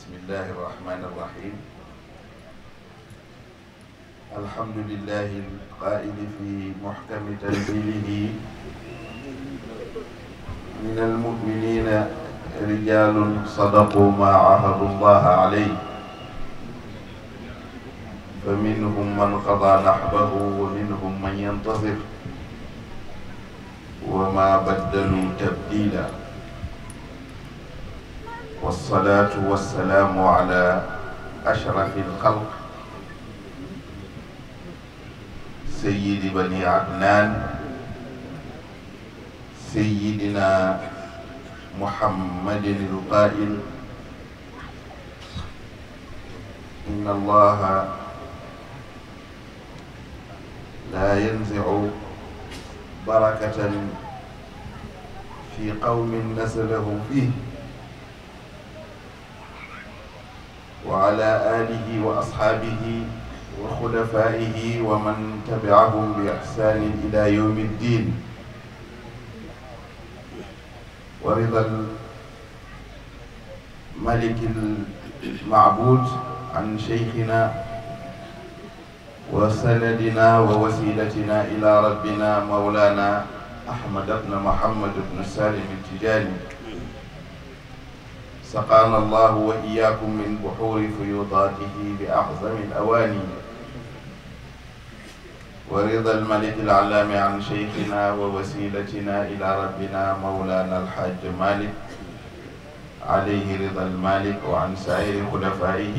بسم الله الرحمن الرحيم الحمد لله القائل في محكم تنزيله من المؤمنين رجال صدقوا ما عهدوا الله عليه فمنهم من قضى نحبه ومنهم من ينتظر وما بدلوا تبديلاً والصلاة والسلام على أشرف الخلق سيد بني عدنان سيدنا محمد القائل إن الله لا ينزع بركة في قوم نزله فيه وعلى آله وأصحابه وخلفائه ومن تبعهم بإحسان إلى يوم الدين ورضا الملك المعبود عن شيخنا وسندنا ووسيلتنا إلى ربنا مولانا أحمد بن محمد بن سالم التجاني سقانا الله وإياكم من بحور فيوضاته بأعظم الأواني ورضا الملك العلام عن شيخنا ووسيلتنا إلى ربنا مولانا الحاج مالك عليه رضا المالك وعن سائر خلفائه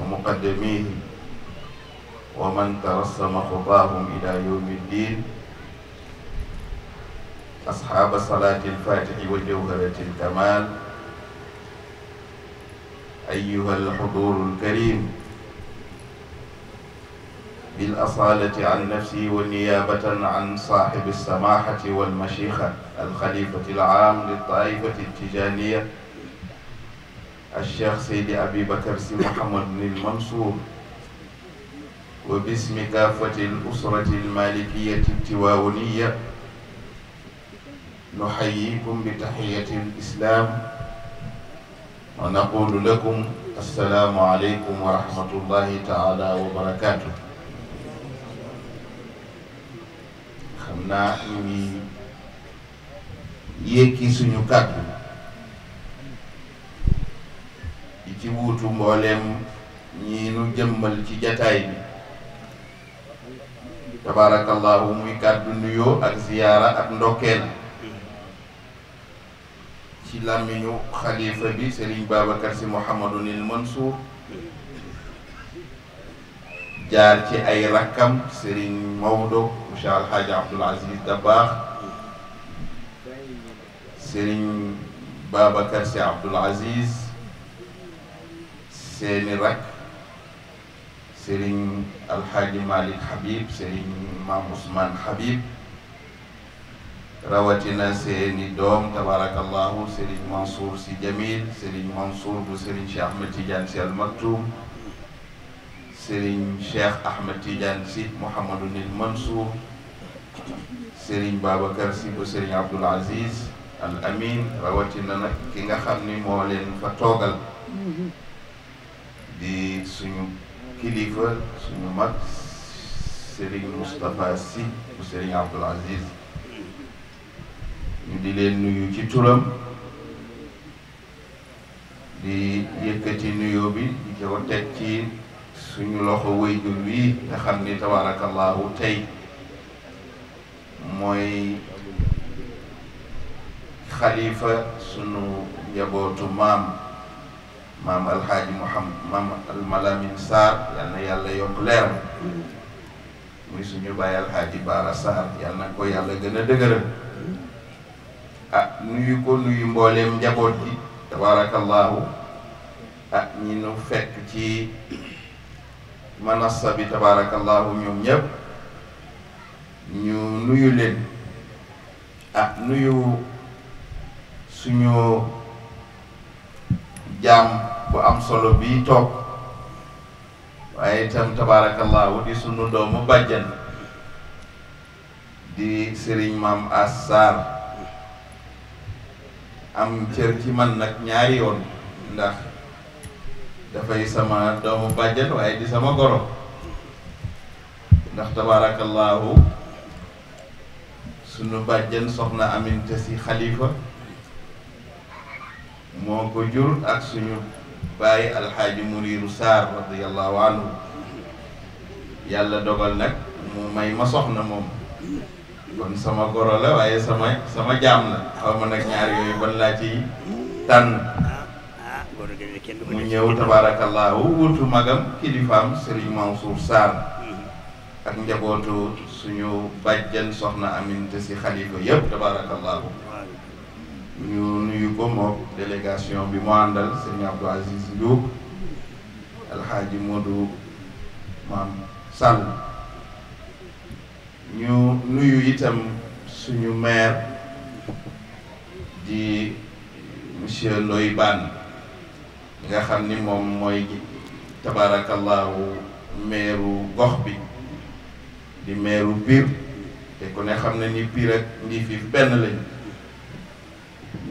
ومقدميه ومن ترسم خطاهم إلى يوم الدين أصحاب صلاة الفاتح وجوهرة الكمال أيها الحضور الكريم بالأصالة عن نفسي ونيابة عن صاحب السماحة والمشيخة الخليفة العام للطائفة التجانية الشيخ سيد أبي بكر سي محمد بن المنصور وباسم كافة الأسرة المالكية التواونية نحييكم بتحية الإسلام wa naqulu lakum assalaamu aleykum wa rahmatullahi taala wa barakaatu xam naa ñu ngi yékki suñu kàddu di ci wuutu mbooleem ñi nu jëmmal ci jataay bi tabaarakallahu ak ziyaara ak ndokkeel ci làmmiñu xalifa bi Serigne Babacar Sy Mouhamadunil Mansour jaar ci ay rakkam Serigne Maodo Cheikh Alhaji Abdoul Aziz Dabakh Serigne Babacar Sy Abdoul Aziz seeni rakk Serigne Alhaji Malick Habib Serigne Mame Ousmane Habib rawatina seeni doom tabarakallahu Serigne Mansour si Jamil Serigne Mansour bu Serigne Cheikh Ahmed Tidiane si Al Maktoum Serigne Cheikh Ahmed Tidiane si Mouhamadou Nil Mansour Serigne Babacar si bu Serigne Abdoul Aziz Al Amin rawatina nag ki nga xam ni moo leen fa toogal di suñu kilifa suñu mag Serigne Moustapha si bu Serigne Abdoul Aziz ñu di leen nuyu ci turam di yëkkati nuyoo bi di ko teg ci suñu loxo wayjur wi nga xam ni tabaarakallaahu tey mooy xalifa sunu njabootu maam maam alxaaji muhammad maam almalamin sarr yal na yàlla yokk leeram muy suñu bàyyi alxaaji baara sarr yal na ko yàlla gën a dëgëral ah nuyu ko nuyu mbooleem njaboot bi tabaarakallaahu ah ñi nu fekk ci manassa bi tabaarakallaahu ñoom ñëpp ñu nuyu leen ah nuyu suñu jaam bu am solo bi toog waaye itam tabaarakallaahu di sunu doomu bàjjan di sëriñ maam as am cër ci man nag ñaari yoon ndax dafay sama doomu bàjjan waaye di sama goro ndax tabaarakallaahu sunu bàjjan soxna aminte si xalifa moo ko jur ak suñu bàyyi alxaaji muriiru saar radiyallahu anhu yàlla dogal nag mu may ma soxna moom kon sama goro la waaye sama sama jam la xaw ma nag ñaar yooyu ban laa ci mu magam kilifaam Serigne Mansour Sarr ak njabootu suñu kan bàjjan soxna Aminata si xalifa yëpp tabaarakallaahu ñu nuyu ko moom délégation bi mu àndal Serigne Abdou Aziz Ndiouk alhaji Modou Maam ñu nuyu itam suñu maire di monsieur Ndoye Bane nga xam ni moom mooy tabaarakallaahu meeru gox bi di meeru Pire te ku xam na ni Pire ak Ndifif benn lañu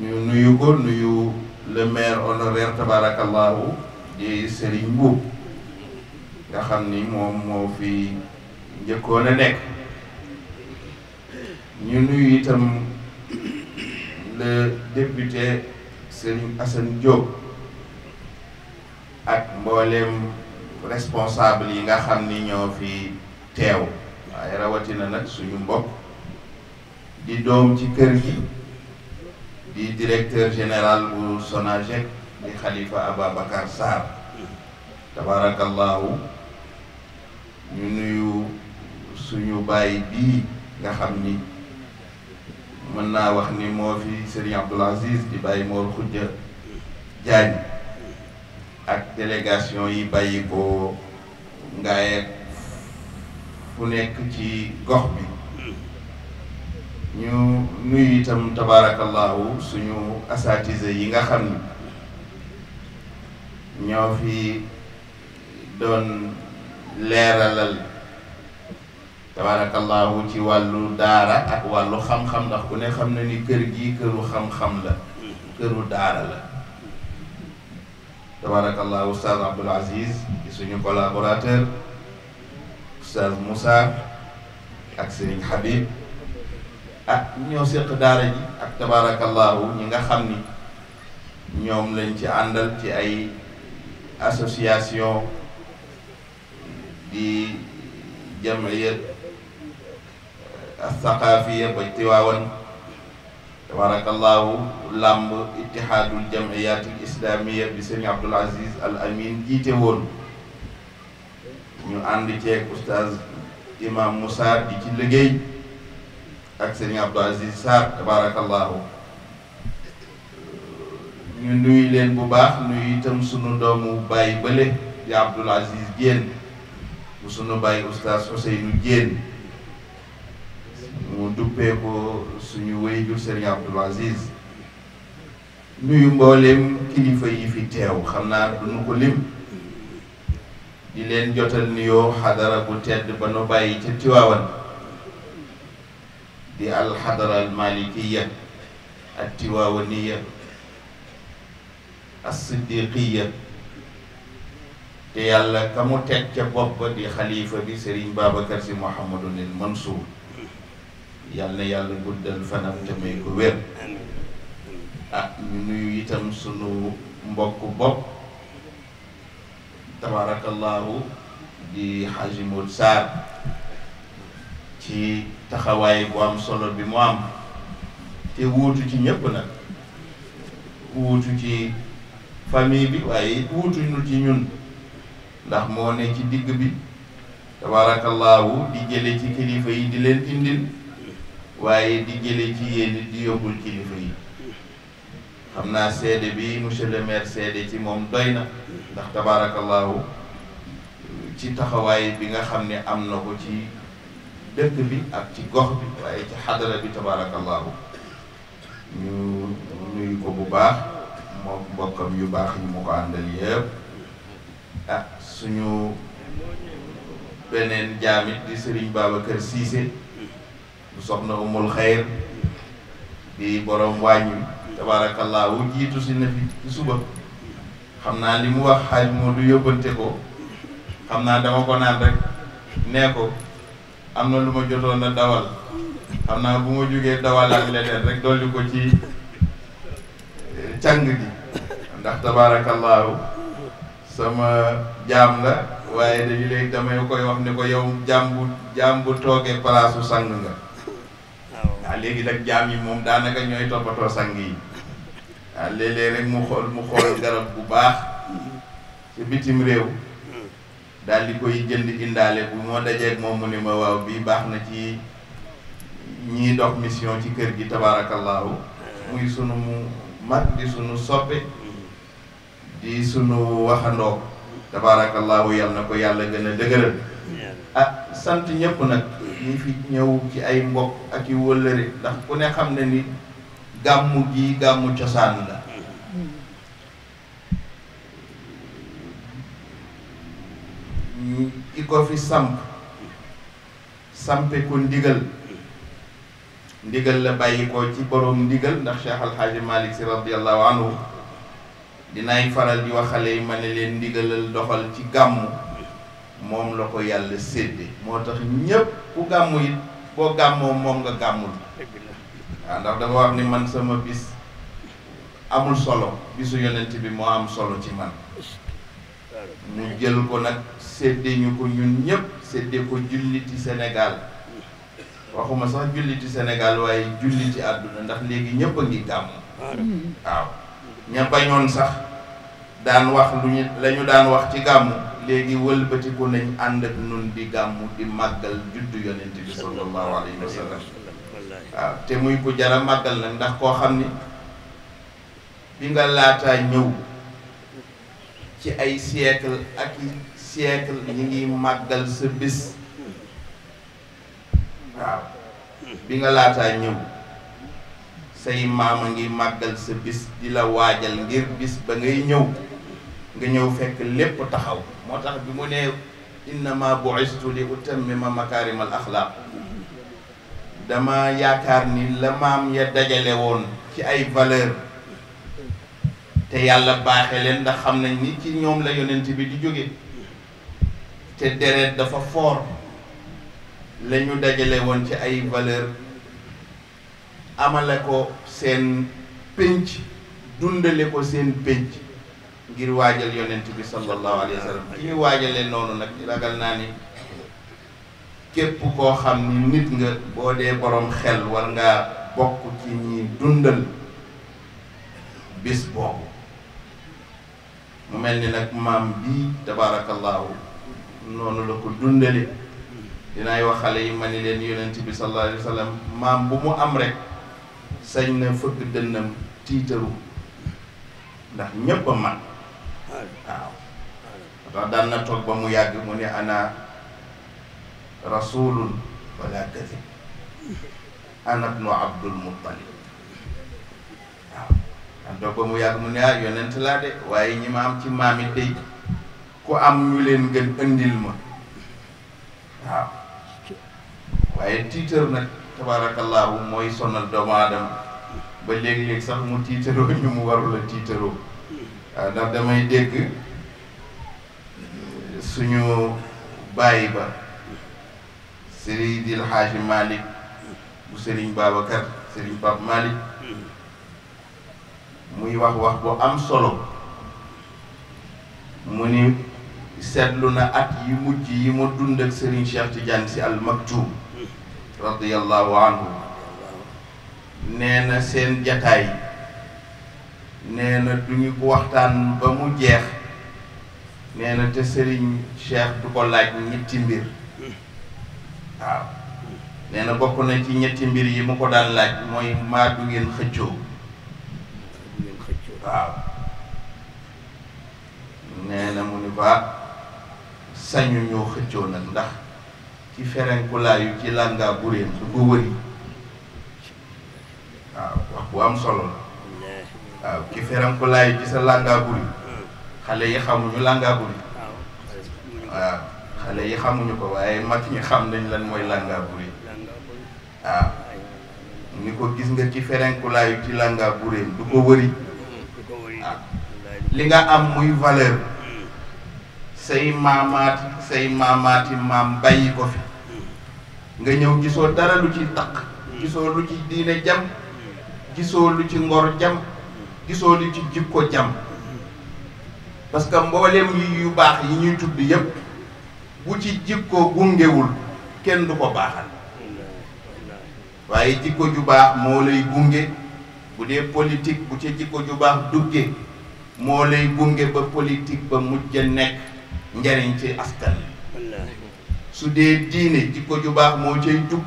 ñu nuyu ko nuyu le maire honoraire tabaarakallaahu di Serigne Mbuub nga xam ni moom moo fi njëkkoon a nekk ñu nuyu itam le député Serigne Assane Diop ak mbooleem responsable yi nga xam ni ñoo fi teew waaye rawatina nag suñu mbokk di doom ci kër gi di directeur général bu Sonaged di Khalifa Ababacar Sarr tabaarakallaahu ñu nuyu suñu bàyyi bii nga xam ni mën naa wax ni moo fi Serigne Abdoul Aziz di bàyyi Mor Khoudia Diagne ak délégation yi bàyyi ko Ngaye ku nekk ci gox bi ñu nuyu itam tabaarakallaahu suñu asatise yi nga xam ni ñoo fi doon leeralal tabaarakallaahu ci wàllu daara ak wàllu xam-xam ndax ku ne xam na ni kër gi këru xam-xam la këru daara la tabaarakallaahu ustaz Abdul Aziz ci suñu collaborateur ustaz Moussa ak Serigne Habib ak ñoo séq daara ji ak tabaarakallaahu ñi nga xam ni ñoom lañ ci àndal ci ay association di jamiyat alsaqaafiya ba tiwaawan tabarakallahu làmb ittihaadul jamiyaat al islaamiya bi sëñ Abdul Aziz Al Amin jiite woon ñu ànd ceeg oustaz imam Moussa di ci liggéey ak sëñ Abdul Aziz Sarr tabarakallahu ñu nuyu leen bu baax nuyu itam sunu doomu bàyyi bële di Abdul Aziz Diène bu sunu bàyyi oustaz Ousseynou mu duppee ko suñu wéyju Serigne Abdoul Aziz nuyu mbooleem kilifa yi fi teew xam naa duñu ko lim di leen jotal nuyoo xadara bu tedd ba nu bàyyi ca Tiwaawan di alxadara almalikiya al tiwaawaniya as-siddiqiya te yàlla ka mu teg ca bopp di xalifa bi Serigne Babacar Sy Mouhamadou Nil Mansour yàlla na yàlla guddal fanam te may ko wér ah ñu nuyu itam sunu mbokk bopp tabaarakallaahu di Xaaji Mod ci taxawaay bu am solo bi mu am te wuutu ci ñépp nag wuutu ci famille bi waaye wuutu ñu ci ñun ndax moo ne ci digg bi tabaarakallaahu di jële ci kilifa yi di leen indil waaye di jële ci yéen it yóbbul kilifa yi xam naa seede bi monsieur le maire seede ci moom doy na ndax tabaarakallaahu ci taxawaay bi nga xam ne am na ko ci dëkk bi ak ci gox bi waaye ci xadara bi tabaarakallaahu ñu nuyu ko bu baax moom mbokkam yu baax yi mu ko àndal yëpp ah suñu beneen jaamit di Serigne Babacar Cissé soxna umul xayr di borom wàññi tabaarakallaahu jiitu si na fi suba xam naa li mu wax xaaj moo du yóbbante ko xam naa dama ko naan rek nee ko am na lu ma jotoon a dawal xam naa bu ma jógee dawal ak leneen rek dolli ko ci eh, càng gi ndax tabaarakallaahu sama jaam nga waaye dañu léegi damay koy wax ne ko yow jaam bu jaam bu toogee palaasu sang nga waaw léegi nag jaam yi moom daanaka ñooy toppatoo sang yi waaw léeg-léeg mu xool mu xool garab bu baax ci bitim réew daal di koy jënd indaale bu moo dajeeg moom mu ni ma waaw bii baax na ci ñiy dox mission ci kër gi tabaarakallaahu muy sunu mag di sunu soppe di sunu waxandoo tabaarakallaahu yal na ko yàlla gën a dëgëral ah sant ñépp nag ñi fi ñëw ci ay mbokk ak i wëllëre ndax ku ne xam ne ni gàmmu gi gàmmu cosaan la ki ko fi samp sampe ko ndigal ndigal la bàyyi ko ci borom ndigal ndax Cheikh Alxaaji Malik si radiallahu anhu dinaay faral di waxale yi ma ne leen ndigalal doxal ci gàmmu moom la ko yàlla sédde moo tax ñépp ku gàmmu it boo gàmmoo moom nga gàmmul waaw ndax dafa wax ni man sama bis amul solo bisu yonent bi moo am solo ci man ñu jël ko nag sédde ñu ko ñun ñépp sédde ko julliti Sénégal waxuma sax julliti Sénégal waaye julliti àdduna ndax léegi ñépp a ngi gàmmu waaw ña bañoon sax daan wax lu ñu la ñu daan wax ci gàmmu Jadi wëlbatiku nañ ànd ak nun di gàmmu di màggal juddu yonent bi sallallahu alayhi wa sallam waaw te muy ku jara màggal nag ndax koo xam ni bi nga laataa ñëw ci ay siècle ak siècle ñi ngi sa bis waaw bi nga say ngi màggal sa bis di la ngir bis ba ngay ñëw nga fekk taxaw moo tax bi mu nee innama bu'istu li utammima makaarimal axlaaq dama yaakaar ni la maam ya dajale woon ci ay valeur te yàlla baaxe leen ndax xam nañ ni ci ñoom la yonent bi di jóge te deret dafa foor la ñu dajale woon ci ay valeur amale ko seen pénc dundale ko seen pénc ngir wajal yonent bi sallallahu alayhi wa sallam ki ñu nak ragal naa ni képp koo nit nga borom xel war ci dundal bis boobu mu mel ni nag maam bii tabaarakallaahu la ko dundale dinaay wax xale yi sallallahu alayhi wa sallam bu mu am rek sañ na ndax man waaw ndax daan na toog ba mu yàgg mu ne ana rasulun wala kadib ana bnu abdul muttalib waaw daan toog ba mu yàgg mu ne ah yonent laa waaye ñi ma am ci maami tey ku am ñu leen gën andil ma waaw waaye tiitër nag tabaarakallaahu mooy sonal doomu aadama ba léeg-léeg sax mu tiitëroo ñu mu warul a tiitëroo waaw ah, ndax damay dégg suñu bàyyi ba sëriñ Dil Xaaji bu sëriñ Babacar sëriñ Pape Malick muy wax wax bu am solo mu ni seetlu na at yi mujj yi ma dund ak sëriñ Cheikh Tidiane si al maktum anhu nee na seen jataay nee na du ñu waxtaan ba mu jeex nee na te sëriñ Cheikh du ko laaj ñetti mbir waaw nee na bokk na ci ñetti mbir yi mu ko daan laaj mooy maa du ngeen xëccoo waaw nee na mu ni ko sañu ñoo xëccoo nag ndax ci ferenkulaayu ci làngaa buréen su ko wëri waaw wax bu am solo la waaw ki feram ko ci sa làngaa buri xale yi xamuñu làngaa buri waaw xale yi xamuñu ko waaye mag ñi xam nañ lan mooy làngaa buri waaw ah, ni ko gis nga ci ferenkulaayu ci làngaa buréem du ko wëri ah, li nga am muy valeur mm. say maamaati say maamaati maam bàyyi ko fi mm. nga ñëw gisoo dara lu ci taq mm. gisoo lu ci diine jam gisoo lu ci ngor jam gisoo li ci jikko jàmm parce que mboolem yi yu baax yi ñuy tudd yépp bu ci jikko gungewul kenn du ko baaxal waaye jikko ju baax moo lay gunge bu dee politique bu ci jikko ju baax dugge moo lay gunge ba politik ba mujj a nekk njariñ ci askan su dee diine jikko ju baax moo cay dugg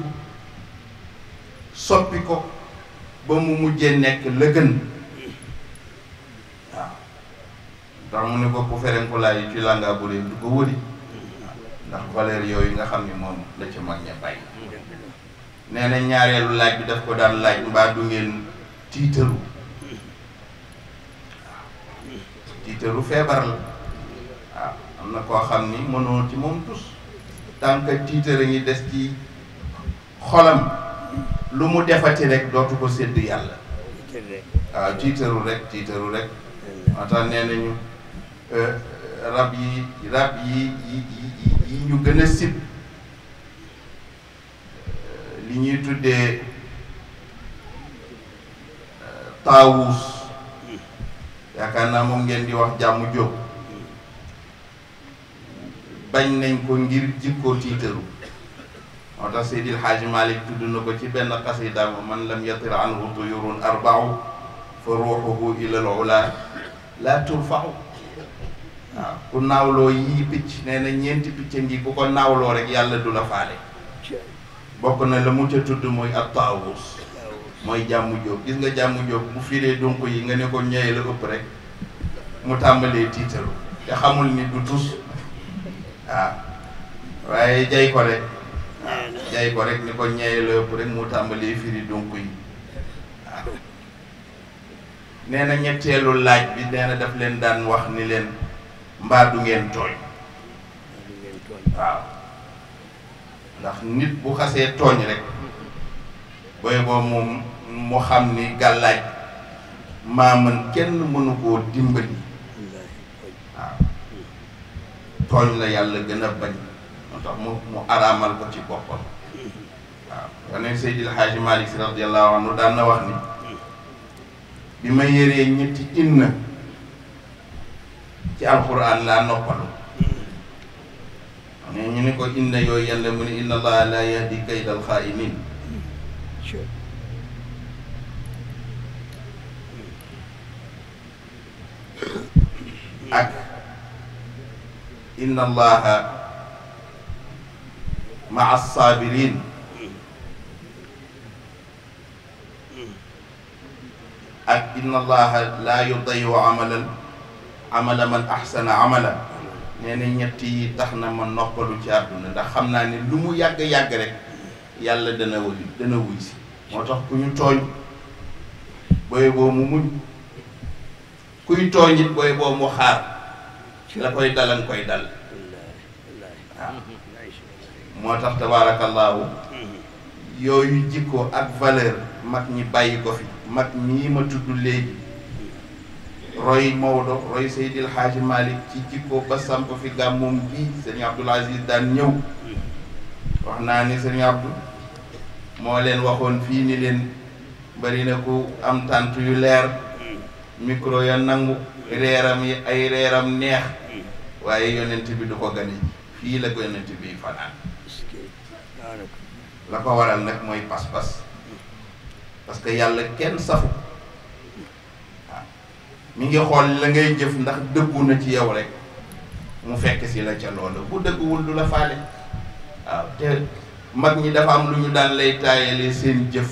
soppi ko ba mu mujje nekk la gën tax mu ne ko ku ferenkulaay yi ci langa buri leen du ko wëli ndax valeur yooyu nga xam ne moom la ca mag ña bàyyi nee na ñaareelu laaj bi daf ko daan laaj mbaa du ngeen Titeru tiitaru feebar la waaw am na ci tant que ngi ci xolam lu mu ah, defati rek dootu ko rek ah, tiitaru rek iya. moo Euh, euh, rab yi rab yi yi yi ñu gën a sib euh, li ñuy tuddee taawuus yaakaar naa moom ngeen di wax jàmm jóg bañ nañ ko ngir jikkoo tiitaru moo tax Seydil Xaaji Malik tudd na ko ci benn xasidaam man lam yatir anhu tuyurun arbau fa ruuxuhu ila al ula la turfau waaw ku naawloo yii picc nee na ñeenti picc ngi bu ko naawloo rek yàlla du la faale bokk na la mu ca tudd mooy ab taawus mooy jàmm jóob gis nga jàmm jóob bu fiiree dunq yi nga ne ko ñëwee la ëpp rek mu tàmbalee tiitaru te xamul ni du tus waaw jay ko ko rek ni ko ñëwee la ëpp dunq yi waaw na ñetteelu laaj bi nee daf leen daan wax ni leen mbaa du ngeen tooñ waaw ndax nit bu xasee tooñ rek booy boo moom mu xam ni gàllaaj maa mën kenn mënu koo dimbali waaw tooñ la yàlla gën a bañ moo tax mu mu araamal ko ci boppam waaw yoneen Seydil Haaji Malick Si radiyallahu anhu daan na wax ni bi ma yëree ñetti inn ci alquran laa noppalu ne ñu ne ko inna yooyu yàlla mu ne inna allaha la yahdi kaydal xaa'iniin ak inna allaha maa saabiriin ak inna allaha la yudayiu amalan عمل من أحسن عملا نيني نيتي تخنا ما نوبلو سي ادنا دا خمنا ني لومو ياغ ياغ ريك يالا دنا ولي دنا وي سي موتاخ كوني توغ بوي بو مو مون كوي توغ نيت بوي بو مو خار لا كوي دالان كوي دال آه. موتاخ تبارك الله يوي جيكو اك فالير ماك ني بايي كو في ماك ني ما تودو ليجي roy Maodo roy Seydil Hadji Malick ci jikko ba samp fi gàmmoom bii sëñ Abdoul Aziz daan ñëw wax naa ni sëñ Abdou moo leen waxoon fii ni leen bari na ku am tànt yu leer micro ya nangu reeram yi ay reeram neex waaye yonent bi du ko gane fii la ko yonent bi fanaan la ko waral nag mooy pas-pas parce que yàlla kenn safu mi ngi xool la ngay jëf ndax dëggu na ci yow rek mu fekk si la ca loola bu dëgguwul du la faale waaw te mag ñi dafa am lu ñu daan lay taayale seen jëf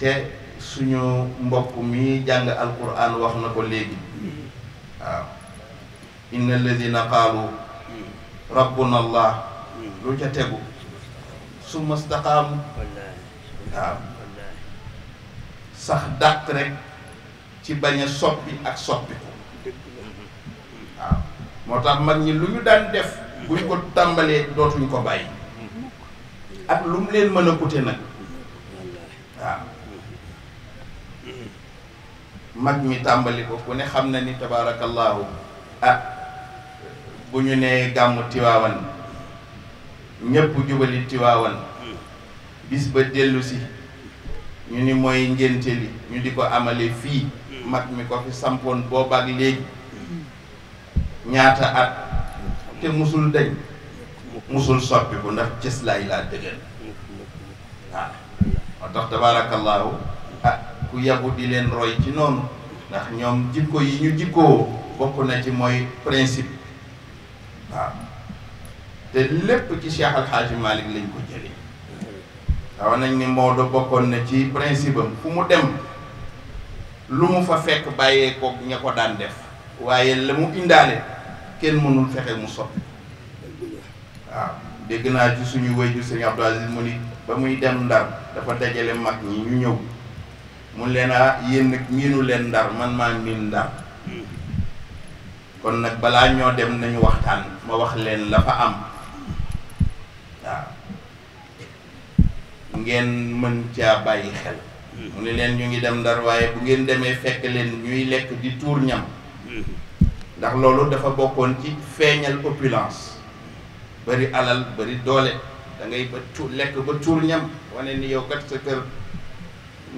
te suñu mbokk mi jàng alquran wax na ko léegi waaw inna alladina qaalu rabbuna allah lu ca tegu summa staqaamu waaw sax dàq rek ci bañ a soppi ak soppiku waaw moo tax mag ñi lu ñu daan def buñ ko tàmbalee dootuñu ko bàyyi ak lu mu leen mën a coûter nag waaw mag mi tàmbali ko ku ne xam na ni tabaarakallaahu ah bu ñu nee gàmmu tiwaawan ñépp jubali tiwaawan bis ba dellu ñu ni mooy ngénte li ñu di ko amalee fii mag mi ko fi sampoon boobaak léegi ñaata at te musul dañ musul soppi ku ndax cëslaay laa dëgër waaw moo tabaarakallaahu ah ku yabu di leen roy ci noonu ndax ñoom jikko yi ñu jikkoo bokk na ci mooy principe waaw te lépp ci Cheikh Al Hadj lañ ko jëlee. waaw nañ ni Maodo bokkoon na ci principe am fu mu dem. lu mu fa fekk bàyyee ko ña ko daan def waaye la mu indaale kenn mënul fexe mu soppi waaw dégg naa ci suñu wéy ju sëñ Abdou mu ni ba muy dem ndar dafa dajale mag ñi ñu ñëw mun leen a yéen nag leen ndar man maa miin ndar kon nag balaa ñoo dem nañu waxtaan ma wax leen la fa am waaw ngeen mën caa bàyyi xel mu ni leen ñu ngi dem dar waaye bu ngeen demee fekk leen ñuy lekk di tour ñam ndax loolu dafa bokkoon ci feeñal opulence bari alal bari doole da ngay ba tu lekk ba tour ñam wane ni yow kat sa kër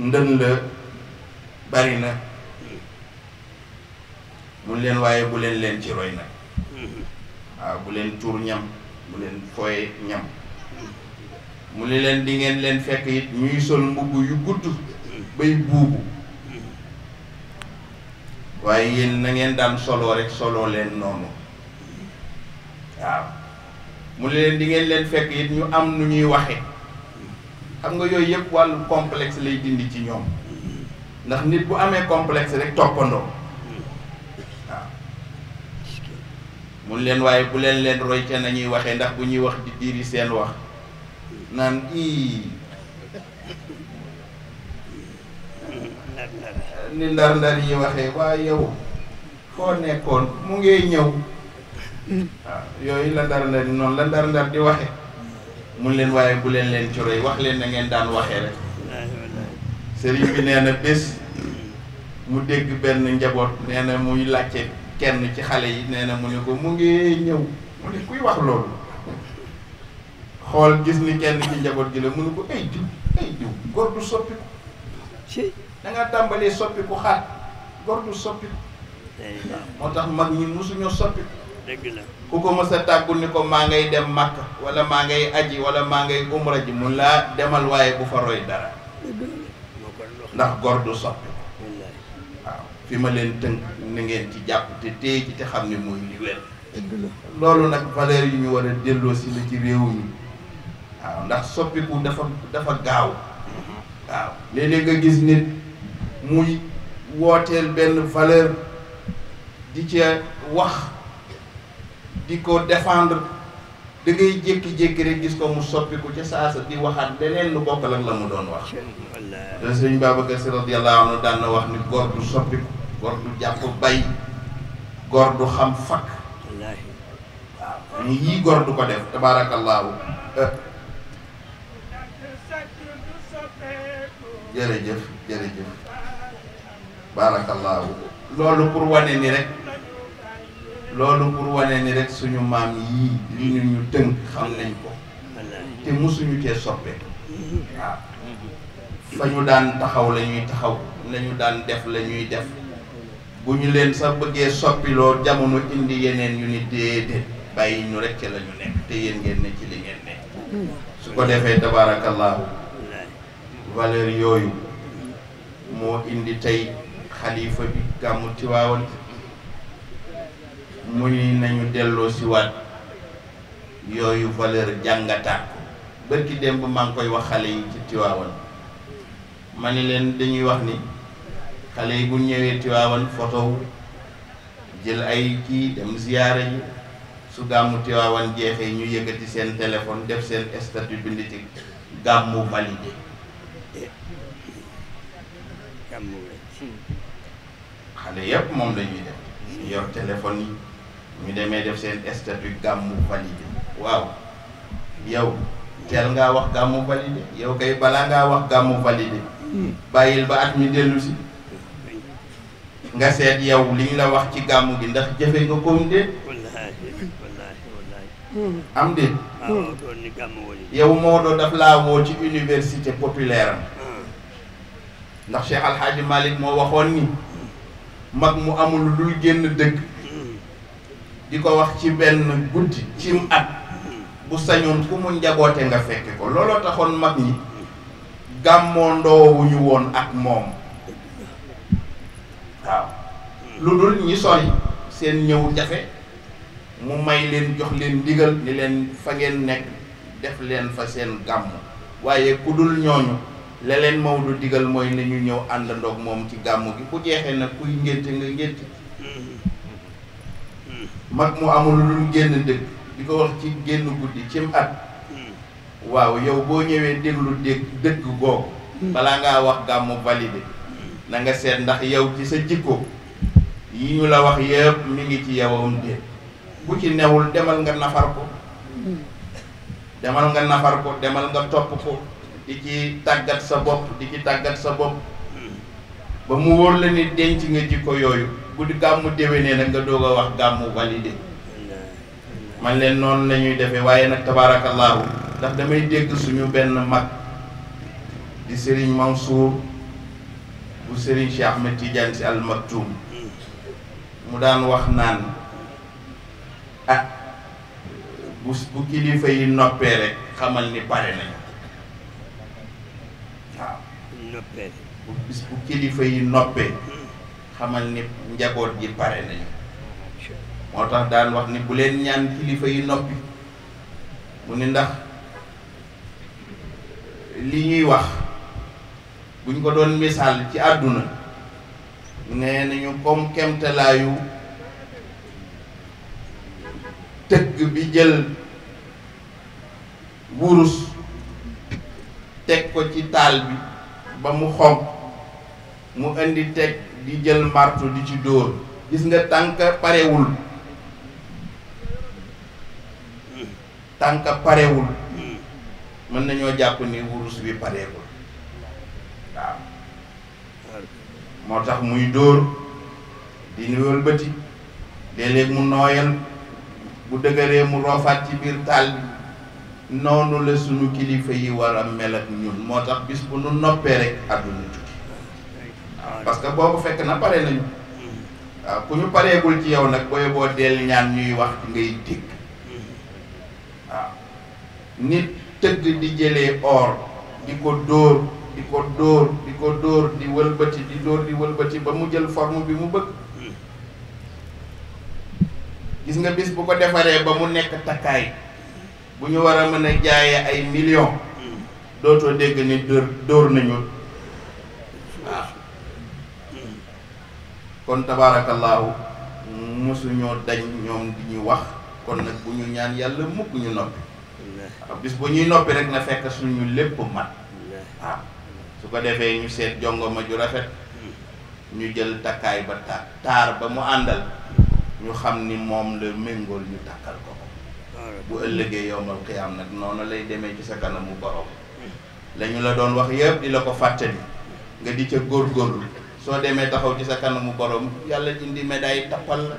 ndën la bari na mun leen waaye bu leen leen ci roy nag hmm. waaw bu leen tour ñam bu leen fooye ñam mu ne leen di ngeen leen fekk it ñuy sol mbubb yu gudd bay buubu waaye yéen na ngeen daan solo rek soloo leen noonu waaw mu ne leen di ngeen leen fekk it ñu am nu ñuy waxe xam nga yooyu yëpp wàllu complex lay dindi ci ñoom ndax nit bu amee complexe rek toppandoo waaw mu ne leen waaye bu leen leen roy ca nañuy waxee ndax bu ñuy wax di yi seen wax naan ii ni ndar ndar yi waxee waaye yow foo nekkoon mu ngee ñëw waaw ah, yooyu la ndar ndar noonu la ndar ndar di waxe mun leen waaye bu leen leen coroy wax leen na ngeen daan waxee rek sëriñ bi nee na bés mu dégg benn njaboot nee na muy laajte kenn ci xale yi nee na mu ne ko mu ngee ñëw mu ne kuy wax loolu xool gis ni kenn ci njaboot gi la mënu ko ay diw ay diw góor du soppiku da ngaa tàmbalee soppiku xaat góor du soppiku moo tax mag ñi mosuñoo soppiku dëgg la ku ko mës a tàggu ni ko maa ngay dem màkk wala maa ngay aji wala maa ngay umra ji mun laa demal waaye bu fa roy dara ndax góor du soppiku waaw fi ma leen tënk na ngeen ci jàpp te téye ci te xam ne mooy li wér loolu nag valeur yi ñu war a delloo si ci réew mi ndax soppiku dafa dafa gaaw waaw léeg nga gis nit muy wooteel benn valeur di ca wax di ko défendre da ngay jékki-jékki rek gis ko mu soppiku ca saasa di waxaat leneen lu bokkal la mu doon wax te sëñ Babacar Si radiyallahu anhu daan na wax ni góor du soppiku góor du jàpp bay góor du xam fakk yii góor du ko def tabaarakallaahu jërëjëf jërëjëf baarakallaahu loolu pour wane ni rek loolu pour wane ni rek suñu maam yii li ñu ñu tënk xam nañ ko te musuñu tee soppe waaw fa ñu daan taxaw la ñuy taxaw nañu daan def lañuy def bu ñu leen sax bëggee soppiloo jamono indi yeneen yu ni déedéet bàyyi ñu rek ci la ñu nekk te yéen ngeen ne ci li ngeen ne su ko defee tabaarakallaahu valeur yooyu moo indi tey xalifa bi gàmmu Tiwaawan mu ni nañu delloo si waat yooyu valeur jàngataat ko bërki démb maa ngi koy wax xale yi ci Tiwaawan ma ni leen dañuy wax ni xale yi bu ñëwee Tiwaawan photo jël ay kii dem ziyaara yi su gàmmu Tiwaawan jeexee ñu yëkkati seen téléphone def seen statut bind ci gàmmu validé xale yëpp moom la ñuy def yor yi ñu demee def seen statut gàmmu validé waaw yow teel ngaa wax gàmmu validé yow kay balaa ngaa wax gàmmu validé hmm. bàyyil ba at mi dellu nga seet yow li ñu la wax ci gàmmu gi ndax jëfe nga koom déet hmm. am déet yow Maodo daf laa woo ci université populaire am ndax Cheikh Alhaaji Malick moo waxoon ni mag mu amul lul génn dëgg di ko wax ci benn guddi cim at bu sañoon ku mu njaboote nga fekk ko looloo taxoon mag ñi gàmmoo ndoowuñu woon ak moom waaw lu dul ñi sori seen ñëw jafe mu may leen jox leen ndigal ni leen fa ngeen nekk def leen fa seen gàmm waaye ku dul ñooñu la leen Maodo digal mooy na ñu ñëw àndandoog moom ci gàmmu gi ku jeexee nag kuy ngénte nga ngénte mag mu amul lu génn dëkk di ko wax ci génn guddi cim at waaw yow boo ñëwee déglu dégg dëgg googu balaa ngaa wax gàmmu validé na nga seet ndax yow ci sa jikko yi ñu la wax yëpp mi ngi ci yowam dé ku ci newul demal nga nafar ko hmm. demal nga nafar ko demal nga topp ko di ci tàggat sa bopp di ci tàggat sa bopp ba mu wóor la ni denc nga jikko yooyu bu gàmmu déwénee nag nga doog a wax gàmmu validé man leen noonu la ñuy defee waaye nag tabaarakallaahu ndax damay dégg suñu benn mag di Serigne Mansour bu Serigne Cheikh Ahmed Tidiane si Al Maktoum mu daan wax naan ah bu bu kilifa yi noppee rek xamal ni pare nañu. noppee bu bis bu kilifa yi noppee xamal ni njaboot gi pare nañu moo tax daan wax ni bu leen ñaan kilifa yi noppi mu ni ndax li ñuy wax buñ ko doon misaal ci àdduna nee nañu comme kemtalaayu tëgg bi jël wurus teg ko ci taal bi ba mu xonq mu indi teg di jël martu di ci dóor gis nga tànk parewul tànk parewul mën nañoo jàpp ni wurus bi pareewul waaw moo tax muy dóor di nu wëlbati léeg-léeg mu nooyal bu dëgëree mu roofaat ci biir tàll noonu la suñu kilifa yi war a mel ak ñun moo tax bis bu nu noppee rek àdduna tukki waaw parce que boobu fekk na pare nañu mm. waaw ku ñu pareegul ci yow nag booy boo deel ñaan ñuy wax ngay dégg mm. waaw nit tëgg di jëlee or di ko dóor di ko dóor di ko dóor di wëlbati di dóor di wëlbati ba mu jël form bi mu bëgg mm. gis nga bis bu ko defaree ba mu nekk takkaay bu ñu war a mën a jaayee ay millions hmm. dootoo dégg ni dóor dóor nañu waaw ah. hmm. kon tabaarakallaahu mësuñoo dañ ñoom di ñu wax kon nag bu ñu ñaan yàlla mukk ñu noppi hmm. bis bu ñuy noppi rek na fekk suñu lépp mat su ko defee ñu seet jongoma ju rafet ñu jël takkaay ba taar ba mu àndal ñu xam ni moom la méngool ñu takkal ko bu ëllëgee yowmal am nag noonu lay demee ci sa kanamu borom la la doon wax yëpp di la ko fàttali nga di ca góor góorgóorlu soo demee taxaw ci sa kanamu borom yàlla dindi médaille tappal la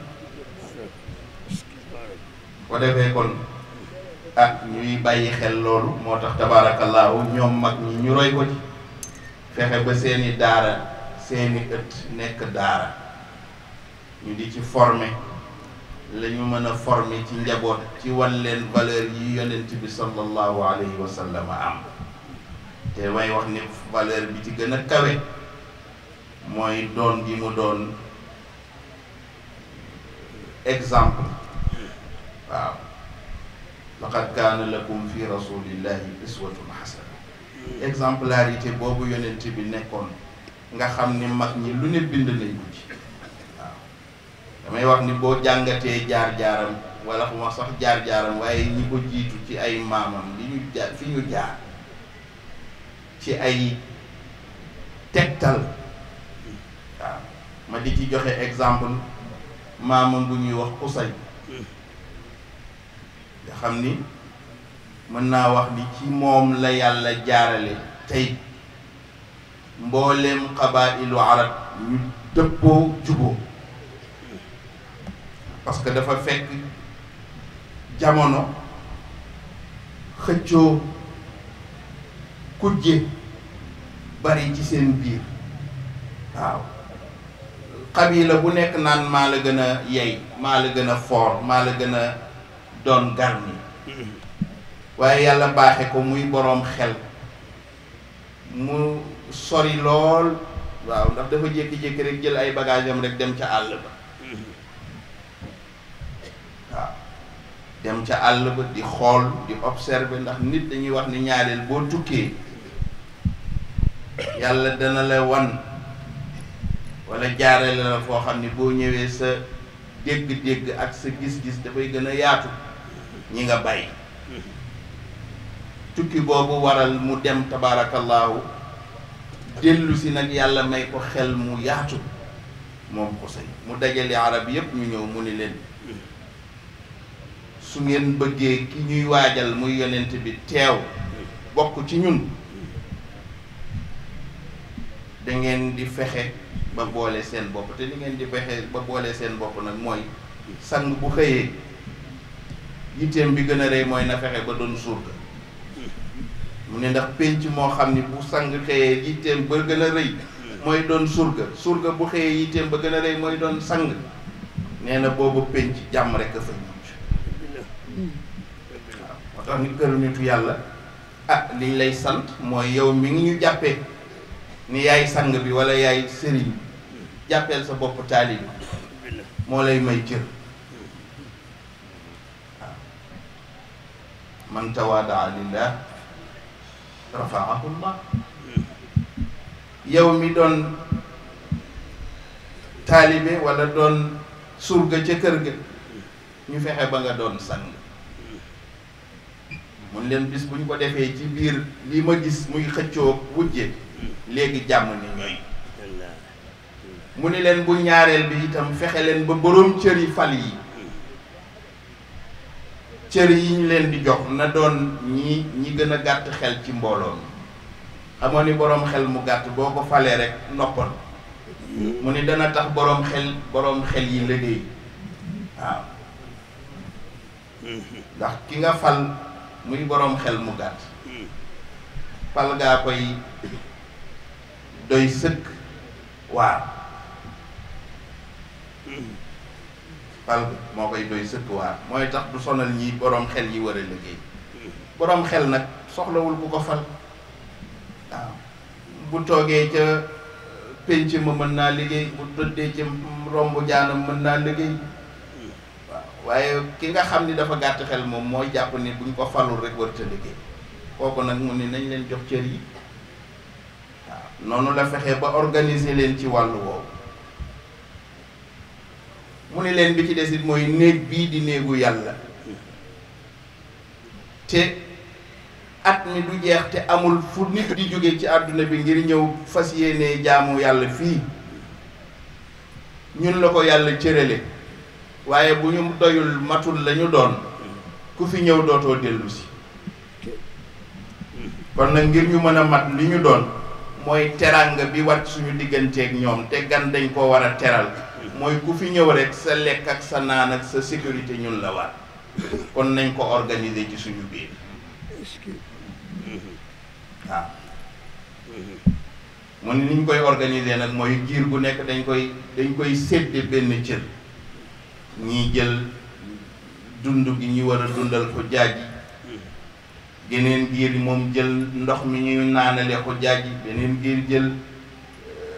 ko defee kon ah ñuy bàyyi xel loolu moo tax tabaarakallaahu ñoom mag ñi ñu roy ko ci fexe ba seeni daara seeni ëtt nekk daara ñu di ci former la ñu mën a former ci njaboot ci wan leen valeur yi yonent bi sallallahu alayhi wa sallam am te may wax ni valeur bi ci gën a kawe mooy doon gi mu doon exemple waaw laqad kaana lakum fi rasulillahi uswatun hasana exemplarité boobu yonent bi nekkoon nga xam ni mag ñi lu ne bind nañ ko ci damay wax ni boo jàngatee jaar-jaaram wala xuma sax jaar-jaaram waaye ñi ko jiitu ci ay maamam li ñu jaar fi ñu jaar ci ay tegtal ma di ci joxe exemple maamam bu ñuy wax Usay nga xam ni mën naa wax ni ci moom la yàlla jaarale tey mbooleem xabaa ilu arab ñu dëppoo juboo parce que dafa fekk jamono xëccoo kujje bari ci seen biir waaw xabila bu nekk naan maa la gën a yey maa la gën a foor maa la gën a doon garmi waaye yàlla baaxe ko muy boroom xel mu sori lool waaw ndax dafa jékki-jékki rek jël ay bagage am rek dem ca àll ba dem ca àll ba di xool di observer ndax nit dañuy wax ni ñaareel boo tukkee yàlla dana la wan wala jaarale la foo xam ne boo ñëwee sa dégg-dégg ak sa gis-gis dafay gën a yaatu ñi nga bàyyi tukki boobu waral mu dem tabaarakallaahu dellu si nag yàlla may ko xel mu yaatu moom xusay mu dajale arab yépp ñu ñëw mu ni leen su ngeen bëggee ki ñuy waajal muy yonent bi teew bokk ci ñun da ngeen di fexe ba boole seen bopp te li ngeen di fexe ba boole seen bopp nag mooy sang bu xëyee yitteem bi gën a rëy mooy na fexe ba doon surga mu ne ndax pénc moo xam ni bu sang xëyee yitteem ba gën a rëy mooy doon surga surga bu xëyee yitteem ba gën a rëy mooy doon sang nee na boobu pénc jàmm rek a fa tax nit gënu nitu yàlla ah liñ lay sant mooy yow mi ngi ñu jàppee ni yaay sang bi wala yaay sëriñ jàppeel sa bopp taalibi moo lay may cër waaw man tawaadaa lillah rafaahu llah yow mi doon taalibe wala doon surga ca kër ga ñu fexe ba nga doon sang mun bis bu ñu ko defee ci biir li ma gis muy xëccoo wujje léegi jàmm mu ne leen bu ñaareel bi fexe leen ba boroom cër yi fal yi cër yi leen di jox na doon ñi ñi gën a gàtt xel ci mbooloo mi ni boroom xel mu gàtt boo falee rek noppal mu ni dana tax boroom xel boroom xel yi liggéey waaw mm-hmm. ndax ki nga fal muy boroom xel mu gàtt pal ngaa koy doy sëkk waar pal moo koy doy sëkk waar mooy tax du sonal ñi boroom xel yi war a liggéey boroom xel nag soxlawul ku ko fal waaw bu toogee ca pénc ma mën naa liggéey bu dëddee ca romb jaanam mën naa liggéey waaye ki nga xam ni dafa gàtt xel moom moo jàpp ni buñ ko falul rek warut a liggéey kooku nag mu ni nañ leen jox cër yi waaw noonu la fexee ba organiser leen ci wàllu woowu mu ni leen bi ci des it mooy néeg bii di néegu yàlla te at mi du jeex te amul fu nit di jóge ci àdduna bi ngir ñëw fas yéenee jaamu yàlla fii ñun la ko yàlla cërale waaye bu ñu doyul matul lañu doon ku fi ñëw dootoo dellu kon nag ngir ñu mën a mat li ñu doon mooy teranga bi war suñu digganteeg ñoom te gan dañ koo war a teral mooy ku fi ñëw rek sa lekk ak sa naan ak sa sécurité ñun la war kon nañ ko organiser ci suñu biir waaw mu ne ni ñu koy organiser nag mooy giir gu nekk dañ koy dañ koy sédde benn cër ñiy jël dund gi ñu war a dundal ko jaaji geneen giir moom jël ndox mi ñuy naanale ko jaaji beneen giir jël euh,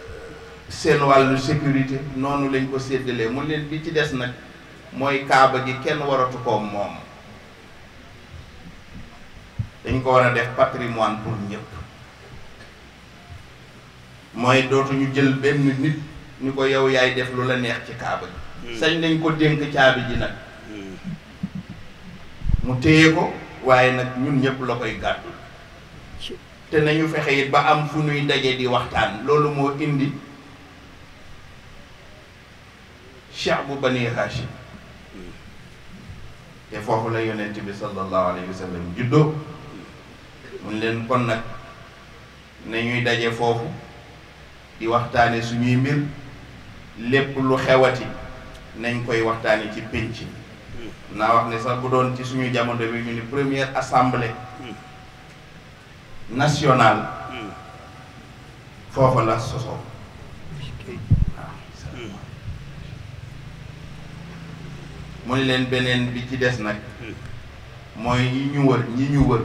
seen wàllu sécurité noonu lañ ko seddalee mu leen bi ci des nag mooy kaaba gi kenn waratu ko moom dañ ko war a def patrimoine pour ñëpp mooy dootuñu jël benn nit ñu ko yow yaay def lu la neex ci kaaba gi sañ nañ ko dénk caabi ji nag mu téye ko waaye nag ñun ñëpp la koy gàddu te nañu fexe it ba am fu ñuy daje di waxtaan loolu moo indi cheikh bu bani hashim te foofu la yonent bi sallallahu alayhi wa sallam juddoo mun leen kon nag nañuy daje foofu di waxtaane suñuy mbir lépp lu xewati nañ koy waxtaanee ci pénc naa wax ne sax bu doon ci suñu jamono bi ñu ni première assemblée nationale foofa la sosoo mu ne leen beneen bi ci des nag mooy ñi ñu wër ñi ñu wër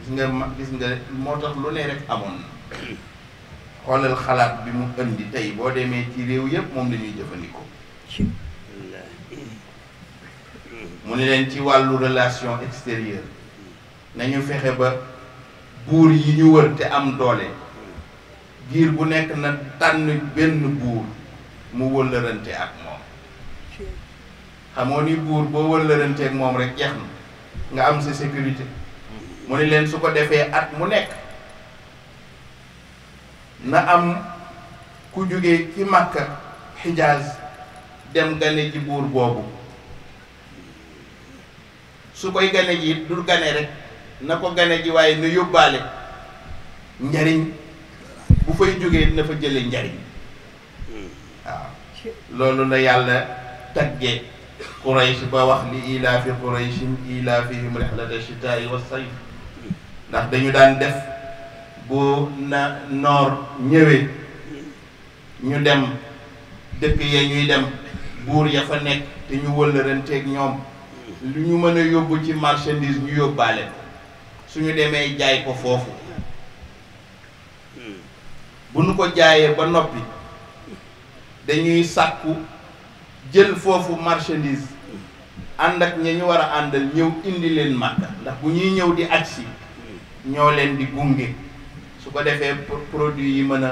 gis nga ma gis nga moo tax lu ne rek amoon na xoolal xalaat bi mu indi tey boo demee ci réew yépp moom lañuy jëfandikoo mu ne leen ci wàllu relation extérieure nañu fexe ba buur yi ñu wër te am doole giir bu nekk na tànn benn buur mu wëllërante ak moom xamoo ni buur boo wëllërante ak moom rek jeex na nga am sa sécurité mu ne leen su ko defee at mu nekk na am ku jóge ci Makka Xijaaz dem gane ji buur boobu su koy gane ji it dul gane rek na ko gane ji waaye na yóbbaale njariñ bu fay jógee na fa jële njariñ waaw loolu na yàlla tagge Quraysh ba wax li ilaafi Qurayshin ilaafihim rihlata shitaa'i wa sayf ndax dañu daan def bu na noor ñëwee ñu dem dëkk ya ñuy dem buur ya fa nekk te ñu wëllëranteeg ñoom lu ñu mën a yóbbu ci marchandise ñu yóbbaale ko suñu demee jaay ko foofu hmm. bu nu ko jaayee ba noppi dañuy sàkku jël foofu marchandise ànd ak ña ñu war a àndal ñëw indi leen màkka ndax bu ñuy ñëw di agsi hmm. ñoo leen di gunge su ko defee produit yi mën a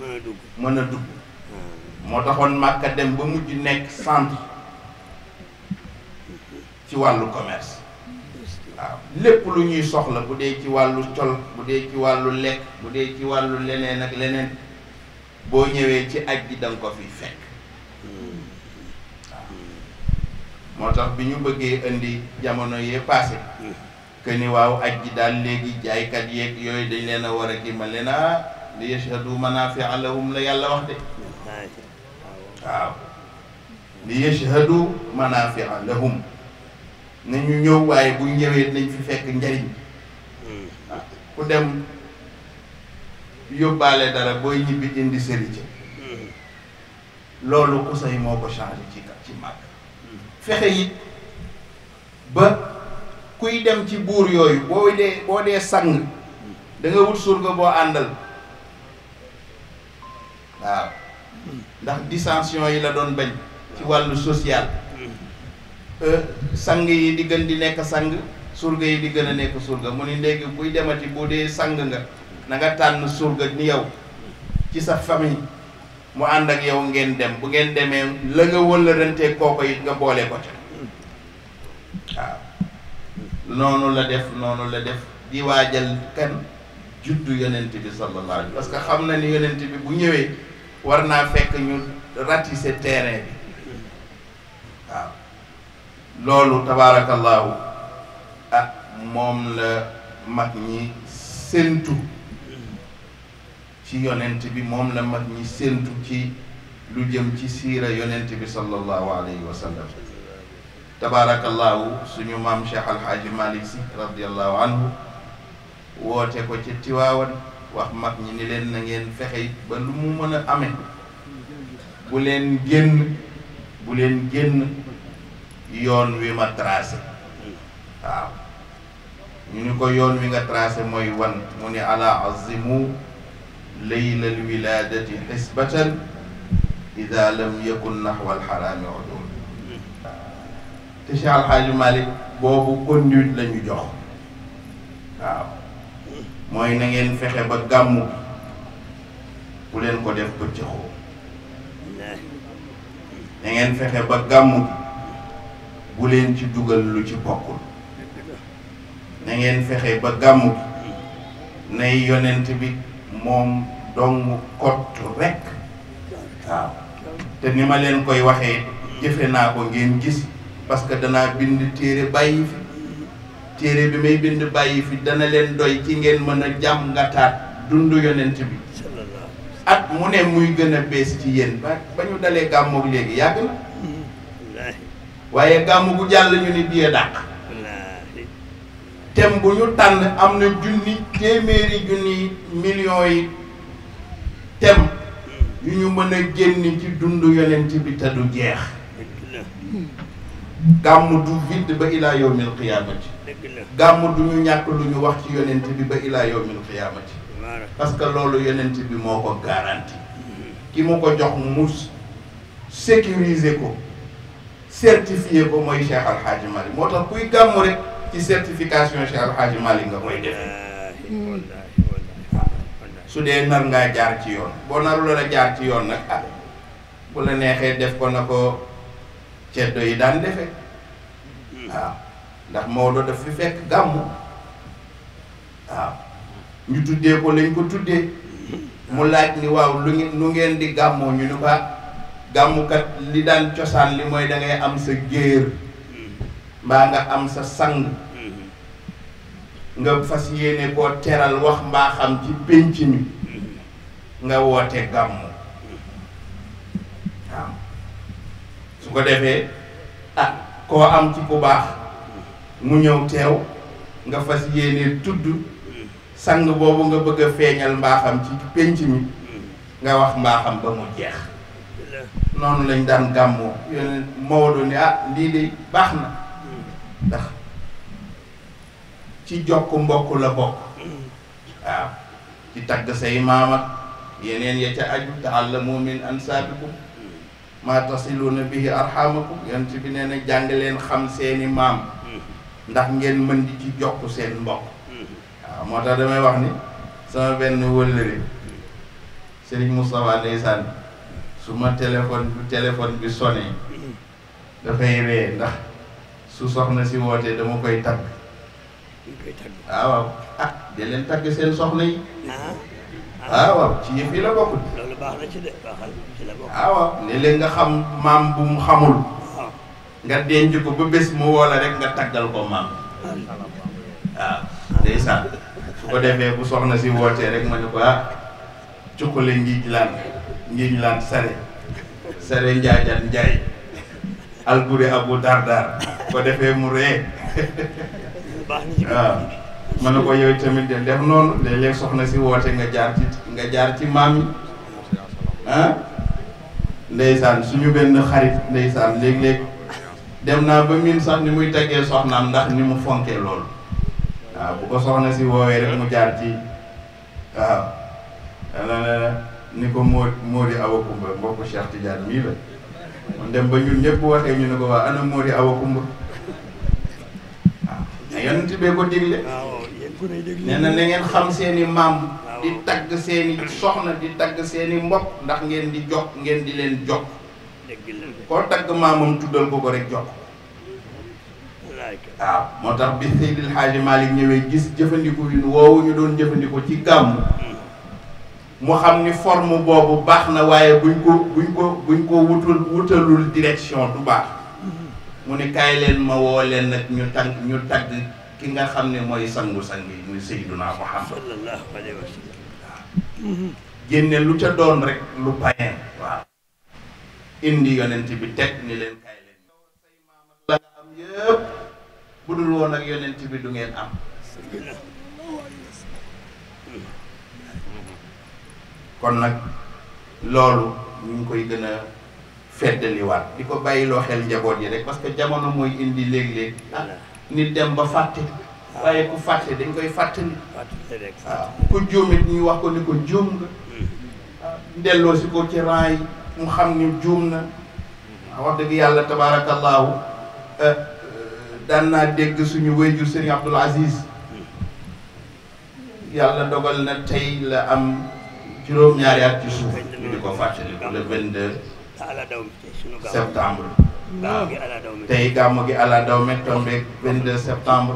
mën dugg mën a dugg hmm. moo taxoon màkka dem ba mujj nekk centre ci wàllu commerce waaw lépp lu ñuy soxla bu dee ci wàllu col bu dee ci wàllu lekk bu dee ci wàllu leneen ak leneen boo ñëwee ci aj bi da ko fi fekk moo tax bi ñu bëggee indi jamono yee passé que ni waaw aj gi daal léegi jaaykat yeeg yooyu dañ leen a war a gimal leen ah li yashhadu manafia lahum la yàlla wax de waaw li yashhadu manafia lahum nañu ñëw waaye bu ñëwee nañ fi fekk njariñ hmm. ah, ku dem yóbbaale dara booy ñibbi indi sëri ci hmm. loolu ku say moo ko changé ci ci màgg hmm. fexe it ba kuy dem ci buur yooyu boo dee boo dee sang da nga wut surga boo àndal waaw ndax dissension yi la doon bañ ci wàllu social Euh, sang yi di gën di nekk sang surga yi di gën a nekk surga mu ni léegi buy demati bu dee sang nga na nga tànn surga ni yow ci sa famille mu ànd ak yow ngeen dem bu ngeen demee la nga wëllërantee kooko yit nga boole ko ca waaw noonu la def noonu la def di waajal kan juddu yonent bi sallallahu alayhi parce que xam na ni yonent bi bu ñëwee war naa fekk ñu ratisser terrain bi loolu tabaarakallaahu ah moom la mag ñi séntu ci yonent bi moom la mag ñi séntu ci lu jëm ci siira yonent bi sallallahu alayhi wa sallam tabaarakallaahu suñu maam Cheikh Alhaaji malik si radiallahu anhu woote ko ci Tiwaawan wax mag ñi ni leen na ngeen fexey ba lu mu mën a amee bu leen génn bu leen génn yoon wi ma tracé waaw ñu ni ko yoon wi nga tracé mooy wan mu ni ala azimu layla alwiladati xisbatan ida lam yakun nahwa alxaraami udul te Cheikh Alxaaji malik boobu conduite la ñu jox waaw mooy na ngeen fexe ba gàmmu bu leen ko def bëccëxoo na ngeen fexe ba gàmmu bu leen ci dugal lu ci bokkul na ngeen fexe ba gàmmu gi nay yonent bi moom dong kott rekk te ni ma leen koy waxee jëfe naa ko ngeen gis parce que danaa bind téere bàyyi fi téere bi may bind bàyyi fi dana leen doy ci ngeen mën a jàmm jàngataat dund yonent bi at mu ne muy gën a bees ci yéen ba ba ñu dalee gàmmoog léegi yàgg waaye gàmm bu jàll ñu ni biee dàq thème bu ñu tànn am na junni téeméeri junni millions yi thème yu ñu mën a génn ci dund yonent bi te du jeex gàmm du vide ba ilaa yawmil qiyaamati gàmm du ñu ñàkk lu ñu wax ci yonent bi ba ilaa yawmil qiyaamati parce que loolu yonent bi moo ko garanti ki mu ko jox mu sécuriser ko certifié ko mooy Cheikh Al Hadj moo tax kuy gàmmu rek ci certification Cheikh Al Hadj nga koy def su dee nar ngaa jaar ci yoon boo naru la jaar ci yoon nag ah bu la neexee def ko na ko ceddo yi daan defee waaw ndax Maodo daf fi fekk gàmmu waaw ñu tuddee ko lañ ko tuddee mu laaj ni waaw lu ngeen lu ngeen di gàmmoo ñu ni ko ah, gàmmukat li daan cosaan li mooy dangay am sa géer mbaa nga am sa sang nga fas yéene koo teral wax mbaaxam ci pénc mi nga woote gàmmu waaw su ko defee ah koo am ci ku baax mu ñëw teew nga fas yéene tudd sang boobu nga bëgg a feeñal mbaaxam ci pénc mi nga wax mbaaxam ba mu jeex noonu lañ daan gàmmoo yéen Maodo ni ah lii de baax na ndax ci jokk mbokk la bokk waaw ci tagg say maam yeneen ya ca aju taallamu min ansaabikum maa tasiluuna bihi arxaamakum yonent bi nee na jàng leen xam seeni maam ndax ngeen mën di ci jokk seen mbokk waaw moo tax damay wax ni sama benn wëllëre Serigne Moustapha ndeysaan su ma téléphone bu téléphone bi sonné dafay ree ndax su soxna si wootee dama koy tagg waaw ah, waaw ah di leen tagg seen soxna yi ah. Ah, waaw waaw ci yëf yi nga xam maam bu xamul nga denc ko ba bés mu woola rek nga taggal ko maam waaw ndeysaan su ko defee bu soxna si wootee rek ma ne ko ah cuqale ngiij laan ngir ñu laan sare sare njaajaan njaay alburi abu dardar ko defee mu ree waaw mën na ko yooyu tamit def noonu léeg-léeg soxna si woote nga jaar ci nga jaar ci maam yi ah ndeysaan suñu benn xarit ndeysaan léeg-léeg dem naa ba miin sax ni muy teggee soxnaam ndax ni mu fonkee loolu waaw bu soxna si woowee mu jaar ci waaw niko ko awakumba Mody Awa Coumba mbokku Cheikh Tidiane mii la man dem ba ñun ñëpp waxee ñu eh, ne ko waa ana Mody Awa Coumba waaw mais yonent bee ko digle nee na ngeen xam seen i di tagg seen i soxna di tagg seen i mbokk ndax ngeen di jokk ngeen ah, di leen jokk koo tagg maamam tuddal ko ko rek jokk waaw moo bi Seydil gis woowu ñu doon ci mu xam ni forme boobu baax na waaye buñ ko buñ ko buñ ko wutalul direction du baax mm-hmm. mu ni kaay leen ma woo leen nag ñu tànk ñu tagg ki nga xam ne mooy sangu-sang yi muy Seydunaa Muhammad sallallahu alayhi wa mm-hmm. génne lu ca doon rek lu payen waaw indi yonent bi teg ni leen kaay leen say maam la nga am yëpp bu dul woon ak yonent bi du ngeen am kon nag loolu ñu koy gën a feddaliwaat di ko bàyyiloo xel njaboot yi rek parce que jamono mooy indi léeg-léeg nit dem ba fàtte waaye ku fàtte dañ koy fàttali waaw ku juumit ñuy wax ko ni delloo si ci rang yi mu xam ni juum na wax dëgg yàlla tabaarakallaahu eh, daan naa dégg suñu wéyjur sëriñ Abdul Aziz yàlla dogal na tey la am juróom-ñaari at ci suuf ñu di ko fàttali le 22 septembre waaw tey gàmm gi àla daw me septembre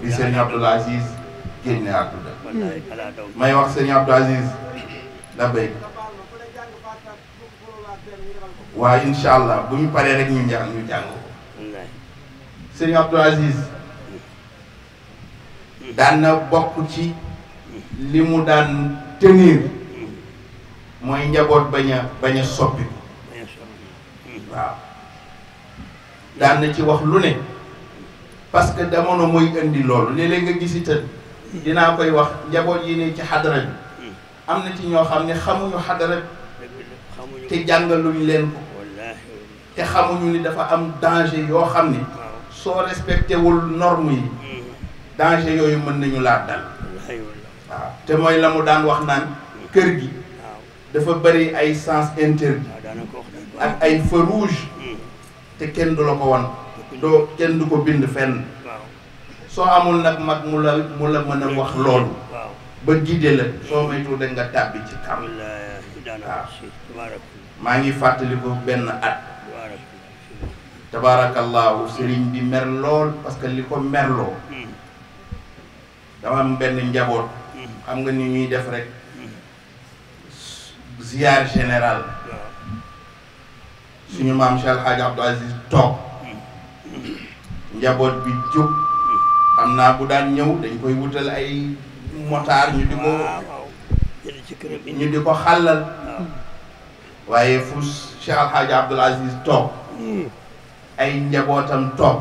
di sëñ Abdoul Aziz génne àdduna may wax sëñ Abdoul Aziz da béy waaye incha allah bu ñu paree rek ñu njàng ñu jàng sëñ Abdoul Aziz daan na bokk ci li mu daan tenir mooy njaboot bañ a bañ a soppi ko hmm. waaw daan na ci wax lu ne parce que damono mooy indi loolu léeg-léeg nga gis itam dinaa koy wax njaboot yi ne ci xadara bi hmm. am na ci ñoo xam ne xamuñu xadara te jàngaluñ leen te xamuñu ni dafa am danger yoo xam ni soo respecté wul norme yi hmm. danger yooyu mën nañu laa dal waaw te mooy la mu daan wax naan kër gi dafa do ay sens interdit ak ay feu rouge hmm. te kenn du la ko wan doo kenn du ko bind fenn soo amul nag mag mu la mu la mën a wax loolu ba gidde la soo moytu da nga tàbbi ci kam waaw maa ngi fàttaliku at bi mer lool parce que hmm. dama am xam nga ni ñuy def rek ziar général suñu maam Cheikh El Hadj Aziz toog njaboot bi jóg am naa bu daan ñëw dañ koy wutal ay motaar ñu di ko ñu di ko xàllal waaye fu Cheikh El Hadj Aziz toog ay njabootam toog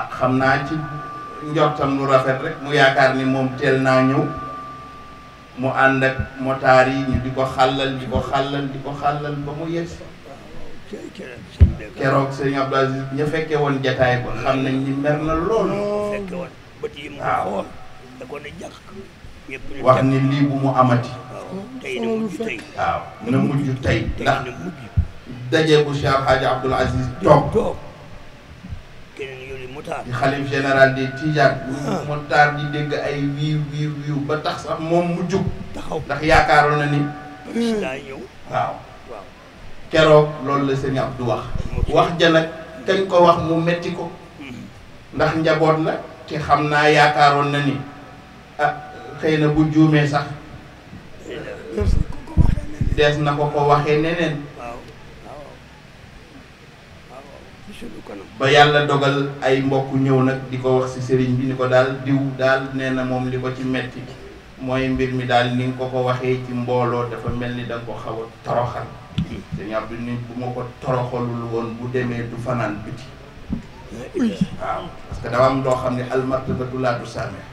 ak xam naa ci njortam lu rafet rek mu yaakaar ni moom teel naa ñëw mu ànd ak motaar yi ñu di ko xàllal di ko xàllal di ko xàllal ba mu yegg keroog sëñ Abdou Aziz ña fekke woon jataay ba xam na ni mer na loolu waaw wax ni lii bu mu amati waaw na mujj tey ndax daje bu Cheikh Hadji Abdoul Aziz toog xalif général de Tijaan ah. Muxtaar di dégg ay wiiw wiiw wiiw ba tax sax moom mu jug taxaw ndax yaakaaroon na ni waaw keroog loolu la sëñ Abdu wax wax ja nag kañ ko wax mu metti ko hmm. ndax njaboot la te xam naa yaakaaroon na ni ah xëy na bu juumee sax dees na ko ko waxee neneen ba yàlla dogal ay mbokk ñëw nag di ko wax si sëriñ bi ni ko daal diw daal nee na moom li ko ci metti mooy mbir mi daal ni nga ko ko waxee ci mbooloo dafa mel ni da nga ko xaw a toroxal sëriñ Abdou ni bu ma ko toroxalul woon bu demee du fanaan biti waaw parce que dafa am loo xam ne almartabatu laa tusaamih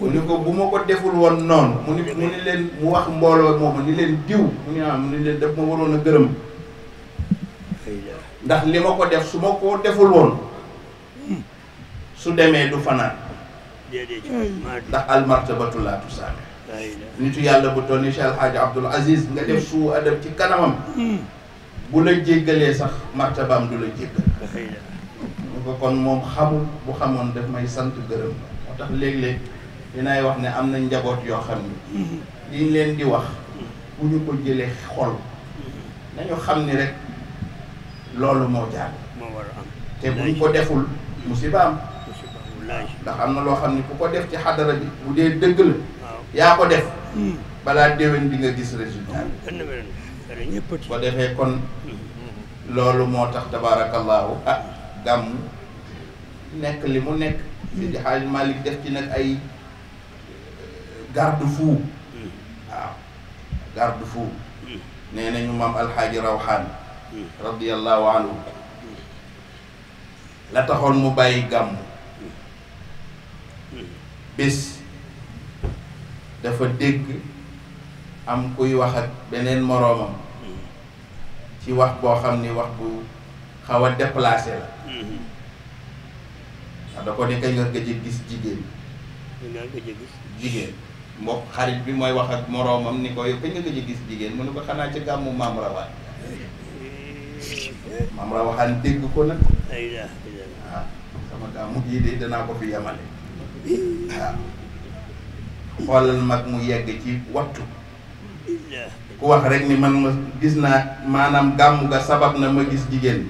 mu ni ko bu ma ko deful woon noonu mu ni mu ni leen mu wax mbooloo moomu ni leen diw mu ni am ah, mu ni leen daf ma waroon a gërëm ndax li ma ko def su ma ko deful woon su demee du fanaan ndax almartabatu laa tusaame nitu yàlla bu toll ni Cheikh Alhaaji Abdoul Aziz nga def suu adab ci kanamam bu la jéggalee sax martabaam du la jéggal ñu ko kon moom xamul bu xamoon daf may sant gërëm moo tax léeg-léeg dinaay wax ne am na njaboot yoo xam ni mm-hmm. liñ leen di wax bu ñu ko jëlee xol nañu xam ni rek loolu moo jaar. moo war a ko deful musiba am. ndax am na loo xam ne ku ko def ci xadara bi bu dee dëgg la. yaa ko def. Hmm. balaa déwén bi nga gis résultat hmm. bi. ko defee kon. Hmm. loolu moo tax tabaarakallaahu ah gàmm nekk li mu nekk. Seydi Hadji Malick def ci nag ay eh, garde fou. waaw garde fou. nee nañu mam Alxaaji Rawxaan radiyallahu anhu la taxoon mu bis dafa dégg am kuy wax ak beneen moroomam ci wax boo xam ni wax bu xaw a déplacé la da ko ne kañ nga gëj gis jigéen jigéen mbokk xarit bi mooy wax ak ni ko yow kañ nga gëj a gis jigéen mu ne ko ci maam rawaxaan dégg ko nag waaw ah, sama gàmmu gii de danaa ko fi yemale ah, xoolal mag mu yegg ci wattu ku wax rek ni man ma gis naa maanaam gàmmu ga sabab na ma gis jigéen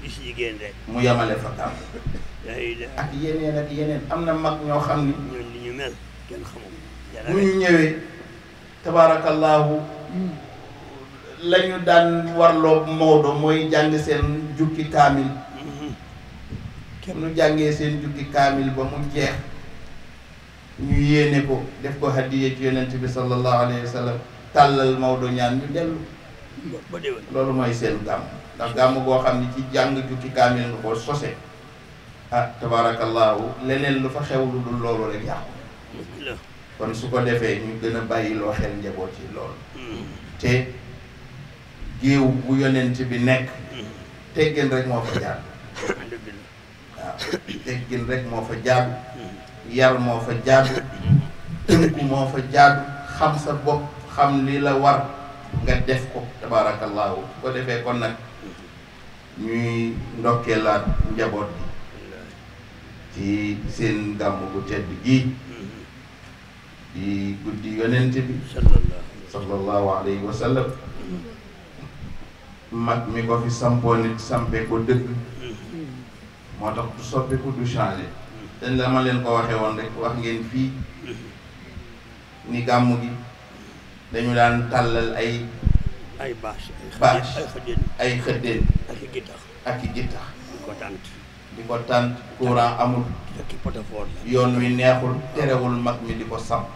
bi gis mu yemale fa gàmm ak yeneen ak yeneen am na mag ñoo xam ni ñoom ñëwee tabaarakallaahu hmm. la ñu daan warloo Maodo mooy jàng seen jukki kaamil nu jàngee seen jukki kaamil ba mu jeex ñu yéene ko def ko hadiya ci yonent bi sallallahu alayhi wa sallam tàllal Maodo ñaan ñu dellu loolu mooy seen gàmm ndax gàmm goo xam ne ci jàng jukki kaamil nga ko sose ah tabaarakallaahu leneen lu fa xew lu dul loolu rek yàqu kon su ko defee ñu gën a bàyyi loo xel njaboot ci loolu hmm. te géew bu yonent bi nekk mm-hmm. teggin rek moo fa jaar waaw teggin rek moo fa jaadu mm-hmm. yar moo fa jaadu mm-hmm. tënku moo fa jaadu xam sa bopp xam li la war nga def ko tabaarakallaahu bu ko defee kon nag ñuy ndokkeelaat njaboot bi ci seen gàmm gu tedd gi di guddi yonent bi sallallahu alayhi wa mag mi ko fi sampoo nit sampee ko dëgg mm-hmm. moo tax du soppiku du changé dañ la ma leen ko waxee woon rek wax ngeen fii mm-hmm. ni gàmmu gi dañu daan tàllal ay ay bâche ay xëddeen ak i gittax di ko tànt di ko yoon wi neexul terewul mag mi di ko samp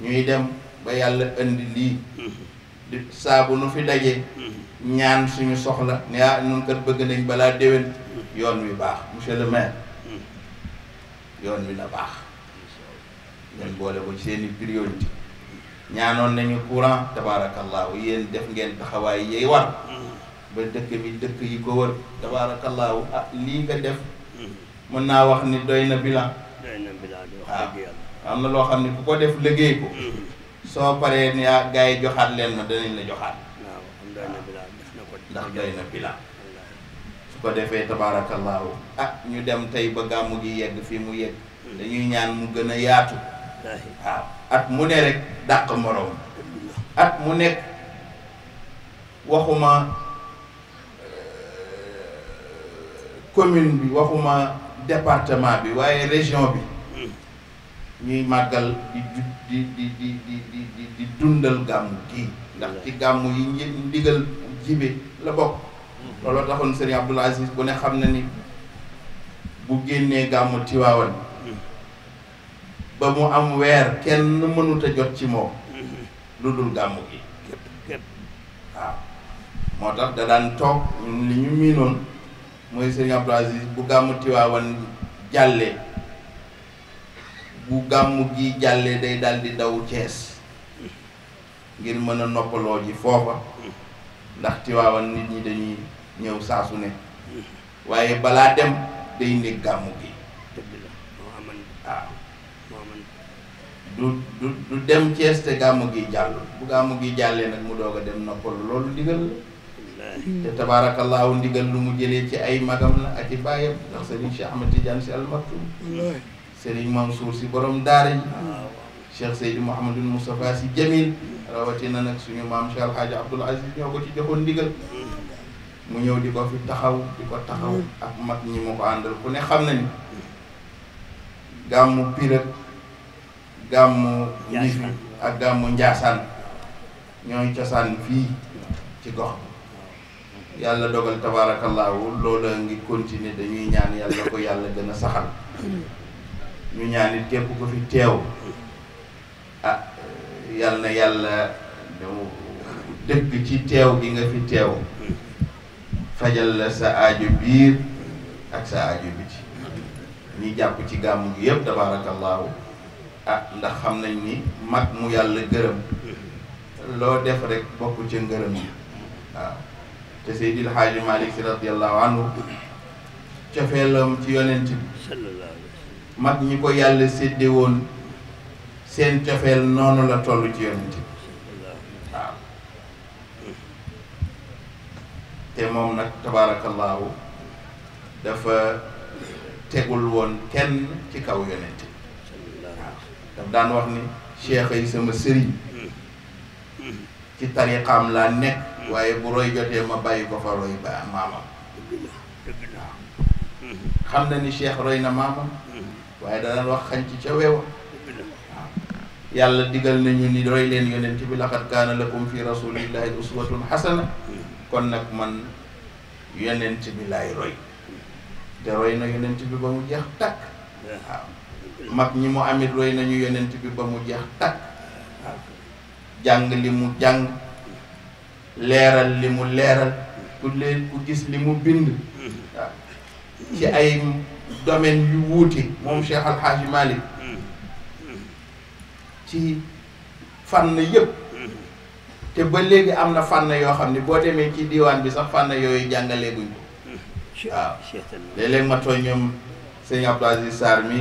ñuy dem ba yàlla indi lii mm-hmm. di saabu nu fi dajee mm-hmm. ñaan suñu soxla ne ah ñun kat bëgg nañ balaa déwén mm-hmm. yoon wi baax monsieur le maire mm-hmm. yoon wi la baax ngeen boole ko seeni seen i ñaanoon nañu courant tabaarakallaahu yéen def ngeen taxawaay yey war ba dëkk bi dëkk yi ko wër tabaarakallaahu ah lii nga def mën naa wax ni doy na bilan doy na bilan waaw am na loo xam ne ku ko def liggéey ko soo paree ni ah gars yi joxaat leen ma danañ la joxaat. ndax doy na bilan su ko defee tabaarakallaahu ak ah, ñu dem tey ba gàmmu gi yegg fii mu yegg. Hmm. dañuy ñaan mu gën a yaatu. waaw at mu ne rek dàq moroom at mu nekk waxuma euh, commune bi waxuma departement bi waaye région bi. ñuy màggal di dundal gàmmu gii ndax ci gàmmu yi ñi ndigal jibe la bokk looloo taxoon sëriñ Abdoul Aziz bu ne xam na ni bu génnee gàmmu Tiwaawan ba mu am weer kenn mënut a jot ci moom lu dul gàmmu gi waaw moo tax da daan toog li ñu miinoon mooy sëriñ Abdoul Aziz bu gàmmu Tiwaawan jàllee bu gàmmu gi jàllee day dal di daw Cees ngir mën a noppaloo ji foofa ndax Tiwaawan nit ñi dañuy ñëw saasu ne waaye balaa dem day nekk gàmmu gi waaw ah. du dem Cees te gàmmu gi jàll bu gàmmu gi jàllee nag mu doog a dem noppalu loolu ndigal la te tabaarakallaahu ndigal lu mu jëlee ci ay magam la ak i bàyyam ndax Sëriñ Cheikh Ahmad Tidiane Sy Al Serigne Mansour si borom daara ji Cheikh Seydi Mouhamadul Moustapha si Jamil rawatina nag suñu maam Cheikh Alhaji Abdul Aziz ñoo ko ci joxoon ndigal mu ñëw di ko fi taxaw di ko taxaw ak mag ñi mu ko àndal ku ne xam nañu gàmmu Piret gamu Ndifi ak gàmmu Njaasaan ñooy cosaan fii ci gox yàlla dogal tabaarakallaahu loola ngi continuer dañuy ñaan yàlla ko yàlla gën saxal ñu ñaanit képp ko fi teew ah yal na yàlla dëkk ci teew gi nga fi teew fajal la sa aajo biir ak sa aajo biti ñi jàpp ci gàmm gi yëpp tabaarakallaahu ah ndax xam nañ ni mag mu yàlla gërëm loo def rek bokk ca ngërëm yi waaw ah, te Seydil Haaji malik si radiyallahu anhu cofeelam ci yonent bi mag ñi ko yàlla séddee woon seen cofeel noonu la tollu ci yonent bi waaw te moom nag tabaarakallaahu dafa tegul woon kenn ci kaw yonent daf daan wax ni cheikh yi sama sëriñ ci tariqaam laa nekk waaye bu roy jotee ma bàyyi ko fa roy maamam xam na ni cheikh roy na maamam waaye danañ wax xanc ca weewa yàlla digal nañu ni roy leen yonent bi laqad kaana lakum fi rasulillahi uswatun xasana kon nag man yonent bi laay roy te roy na yonent bi ba mu jeex takk mag ñi mu amit roy nañu yonent bi ba mu jeex takk jàng li mu jàng leeral li mu leeral ku leen ku gis li mu bind ci ay domaine yu wuute moom Cheikh Al Hadj Malick ci fànn yëpp te ba léegi am na fànn yoo xam ne boo demee ci diwaan bi sax fànn yooyu jàngaleeguñ ko waaw leen léeg ma tooñ mi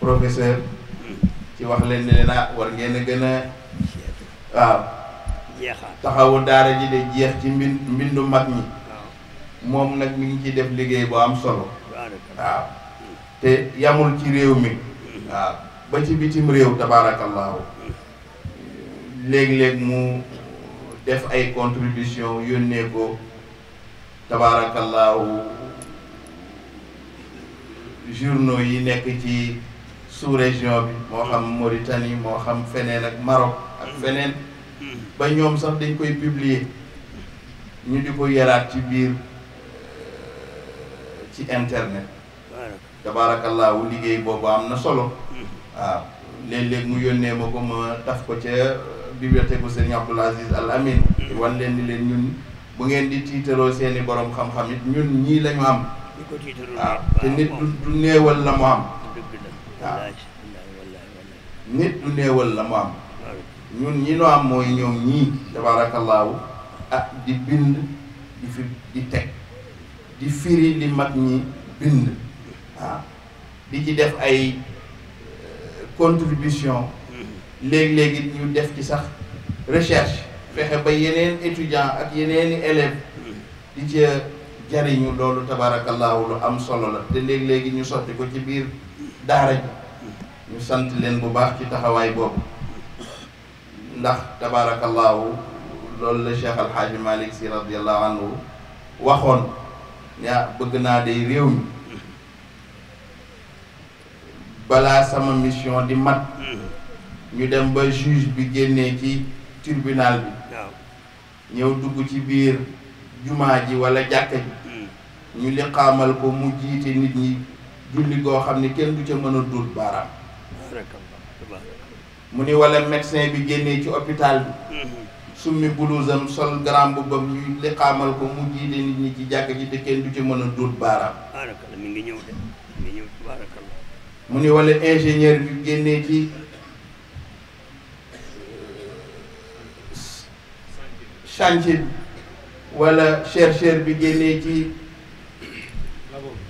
professeur ci wax leen ne ah, war ngeen a gën a waaw taxawu daara ji de jeex ci mbind mbindu mag ñi moom nag mi ngi ciy def liggéey bu am solo waaw te yamul ci réew mi waaw ba ci bitim réew tabaarakallaahu léeg-léeg mu def ay contribution yónnee ko tabaarakallaahu journaux yi nekk ci sous-région bi moo xam Mauritanie moo xam feneen ak Maroc ak feneen ba ñoom sax dañ koy publier ñu di ko yaraat ci biir ci internet tabaarakallaahu liggéey boobu am na solo waaw léeg-léeg mu yónnee ma ko ma taf ko ca bibliothèque bu sëriñ Abdoul Aziz Al Amin mm-hmm. wan leen ni leen ñun bu ngeen di tiitaroo seeni borom xam-xam ñun ñii lañu am waaw te nit du néewal la mu am nit du néewal la mu am ñun ñi nu am mooy ñoom ñii tabaarakallaahu ah di bind di fi di teg di firi li mag ñi bind ah di ci def ay euh, contribution mm-hmm. léegi-léegi ñu def ci sax recherche fexe ba yeneen étudiant ak yeneeni élève mm-hmm. di ci jariñu loolu tabaarakallaahu lu am solo la te léegi-léegi ñu sotti ko ci biir daara ji mm-hmm. ñu sant leen bu baax ci taxawaay boobu ndax tabaarakallaahu loolu la Cheikh Alxaaji Malik Si radiallahu anhu waxoon yaa bëgg naa day réew mi balaa sama mission di mat hmm. ñu dem ba juge bi génnee ci tribunal bi ñëw dugg ci biir jumaa ji wala jàkka ji hmm. ñu liqaamal ko mu jiite nit ñi julli goo xam ne kenn du ca mën a dul baaraam mu ni wala médecin bi génnee ci hôpital bi hmm. summi buluusam sol grand mbubbam ñu liqaamal ko mu jiite nit ñi ci jàkk ji te kenn du ca mën a dul baaraam mi ngi ñëw mu ni wala ingénieur bi génnee ci chantier bi wala chercheur bi génnee ci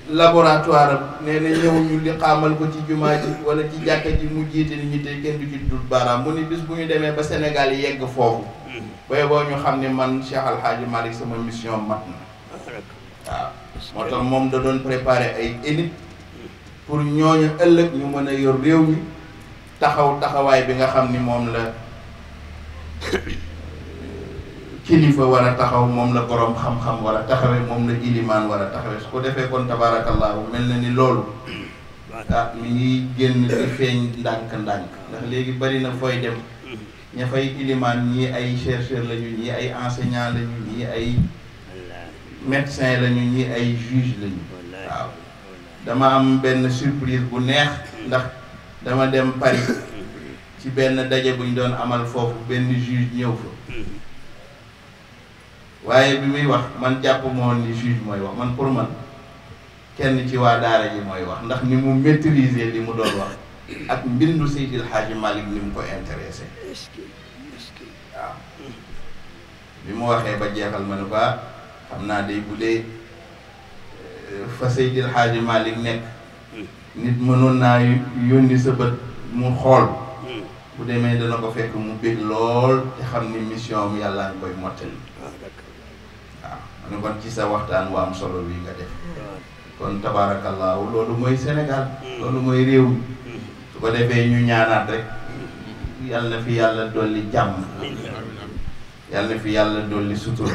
laboratoire am nee na ñëw ñu li xaamal ko ci jumaa ji wala ci jàkka ji mu jiite nit ñi te kenn du ci dut baaraam mu ni bis bu ñu demee ba Sénégal yegg foofu boy boo ñu xam ne man Cheikh Al Hadj Malick sama mission mat na ah, waaw moo tax moom da doon préparer ay élite pour ñooñu ëllëg ñu mën a yor réew mi taxaw taxawaay bi nga xam ni moom la kilifa war a taxaw moom la borom xam-xam war a moom la ilimaan war a taxawee su ko defee kon tabaarakallaahu mel na ni loolu ah mi ngi génn di feeñ ndànk-ndànk ndax léegi bari na fooy dem ña fay ilimaan ñii ay chercheur lañu ñii ay enseignant lañu ñii ay médecin lañu ñii ay juge lañu waaw dama am benn surprise bu neex ndax dama dem Paris ci benn daje bu ñu doon amal foofu benn juge ñëw fa waaye bi muy wax man jàpp moon ni juge mooy wax man pour man kenn ci waa daara ji mooy wax ndax ni mu maîtriser li mu doon wax ak mbindu Seydil Hadji Malick ni mu ko intéressé waaw bi mu waxee ba jeexal ma ne ko xam naa day bu dee fa Seydil Xaaji Malick nekk nit mënoon naa yónni sa bët mu xool bu demee dana ko fekk mu bég lool te xam ni mission am yàlla nga koy mottali waaw ne kon ci sa waxtaan bu am solo bi nga def kon tabaarakallaahu loolu mooy Sénégal loolu mooy réew mi su ko defee ñu ñaanaat rek yàlla na fi yàlla dolli jàmm yàlla na fi yàlla dolli sutur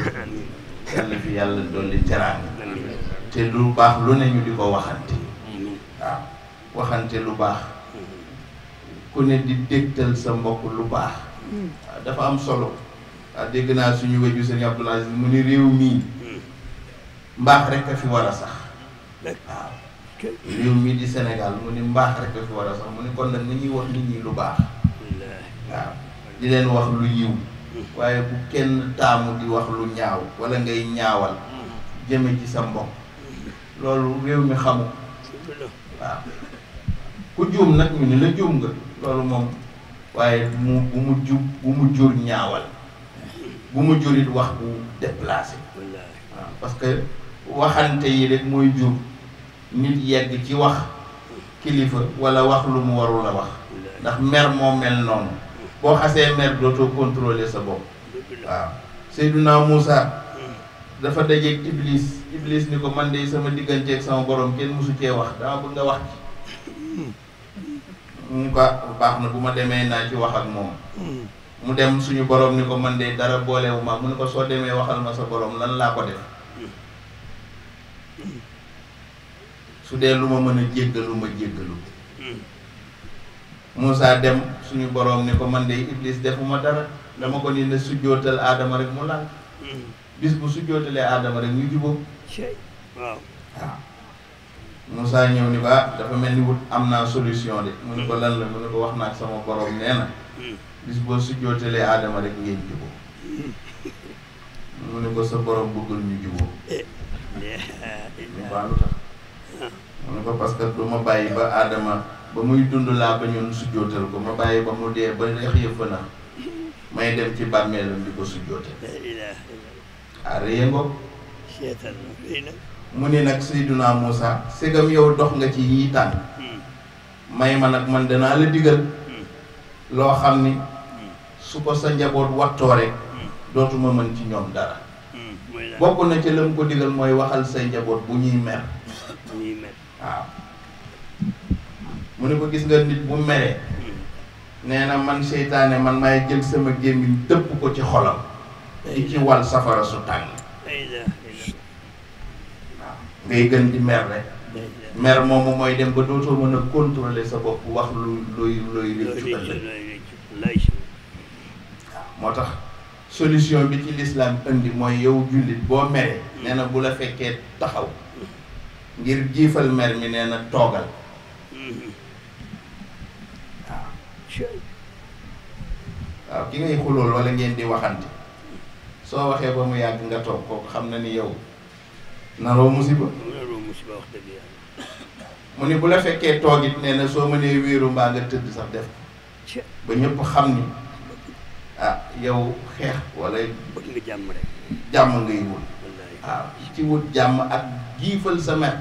yàlla fi yàlla dolli teraanga te lu baax lu ne ñu di ko waxante waaw waxante lu baax ku ne di dégtal sa mbokk lu baax dafa am solo waaw dégg naa suñu wéju sëñ mu ni réew mii mbaax rek a fi war a sax waaw réew mi di Sénégal mu ni mbaax rek a fi war a sax mu ni kon nag ni ñuy wax nit ñi lu baax waaw di leen wax lu yiw hmm. waaye bu kenn taamu di wax lu ñaaw walla ngay ñaawal hmm. jëme ci sa mbokk loolu réew mi xamu waaw ku juum nag ñu ne la juum nga loolu moom waaye mu bu mu ju bu mu jur ñaawal bu mu jurit wax bu déplacé waaw parce que waxante yi rek mooy jur nit yegg ci wax kilifa walla wax lu mu warul a wax ndax mer moo mel noonu boo xasee mer dootoo contrôler sa bopp waaw Seydunaa Muusa dafa dajeeg iblis iblis ni ko man de sama digganteeg sama borom kenn mosu cee wax daa bëgg nga wax ci hmm. mu ko baax na bu ma demee naa ci wax ak moom hmm. mu dem suñu boroom ni ko man de dara boolewu ma mu ne ko soo demee waxal ma sa borom lan laa ko def hmm. su dee lu ma mën a jéggalu ma jéggalu Moussa dem suñu borom ni ko man de Iblis defuma dara dama ko ni ne sujjootal aadama rek mu lànk bis bu sujjootalee aadama rek ñu jubóo. waaw waaw. Ah. Moussa ñëw ni ba dafa mel ni wut am naa solution de mu ne ko lan la mu ne ko wax naa ak sama borom nee na hmm. bis boo sujjootalee aadama rek ngeen jubóo hmm. mu ne ko sa borom bëggul ñu jubóo eh. mu ne ko parce que du ma bàyyi ba aadama ba muy dund laa ba ñoon sujjootal ko ma bàyyi ba mu dee ba reex yëpp hmm. may dem ci bàmmeelam di ko sujjootal Ariengok, setan. mu ne nag Seydina Moussa segam yow dox nga ci yii hmm. may ma nag man danaa la digal hmm. loo xam hmm. su ko sa njaboot wattoore dootuma mën ci ñoom dara bokk na ca la mu ko digal mooy waxal say njaboot bu ñuy mer waaw ko gis nga nit bu man man jël sama ko ci xolam di ci wal safara su tàng waaw ngay gën di mer rek mer moomu mooy dem ba dootoo mën a contrôler sa bopp wax lu luy réccu ëllëg moo tax solution bi ci lislaam mooy yow jullit boo meree nee na bu la fekkee taxaw ngir jiifal mer mi nee na toogal waaw waaw ki ngay xulool walla ngeen di waxante so waxee ba mu yàgg nga toog kooku xam ni yow naroo musiba naroo musiba wax dëgg yàlla mu bu la fekkee toog it nee na soo mënee nga tëdd sax def ba xam ni ah yow xeex wala bëgg nga jàmm rek jàmm ngay wut waaw ah, ci wut jàmm ak jiifal sa mer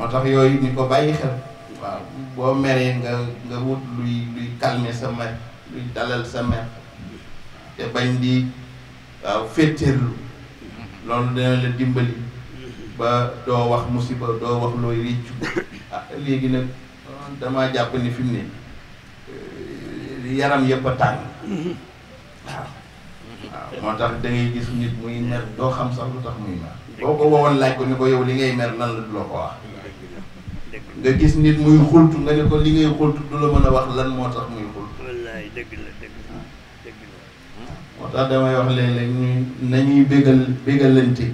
waaw hmm. ah. moo ni ko xel waaw nga nga wut luy luy calmer sa mer luy dalal sa mer te bañ di waaw féeteerlu loolu dina la dimbali ba doo wax musiba doo wax looy réccu ah léegi nag damaa jàpp ni fi mu ne eh, yaram yëpp a tàng waaw waaw moo tax da ngay gis nit muy mer doo xam sax lu tax muy mer boo ko wowoon laaj ko ni ko yow li ngay mer lan la du la ko wax nga gis nit muy xultu nga ne ko li ngay xultu du la mën a wax lan moo tax muy xultu moo tax damay wax léeg-léeg ñuy nañuy bégal bégalante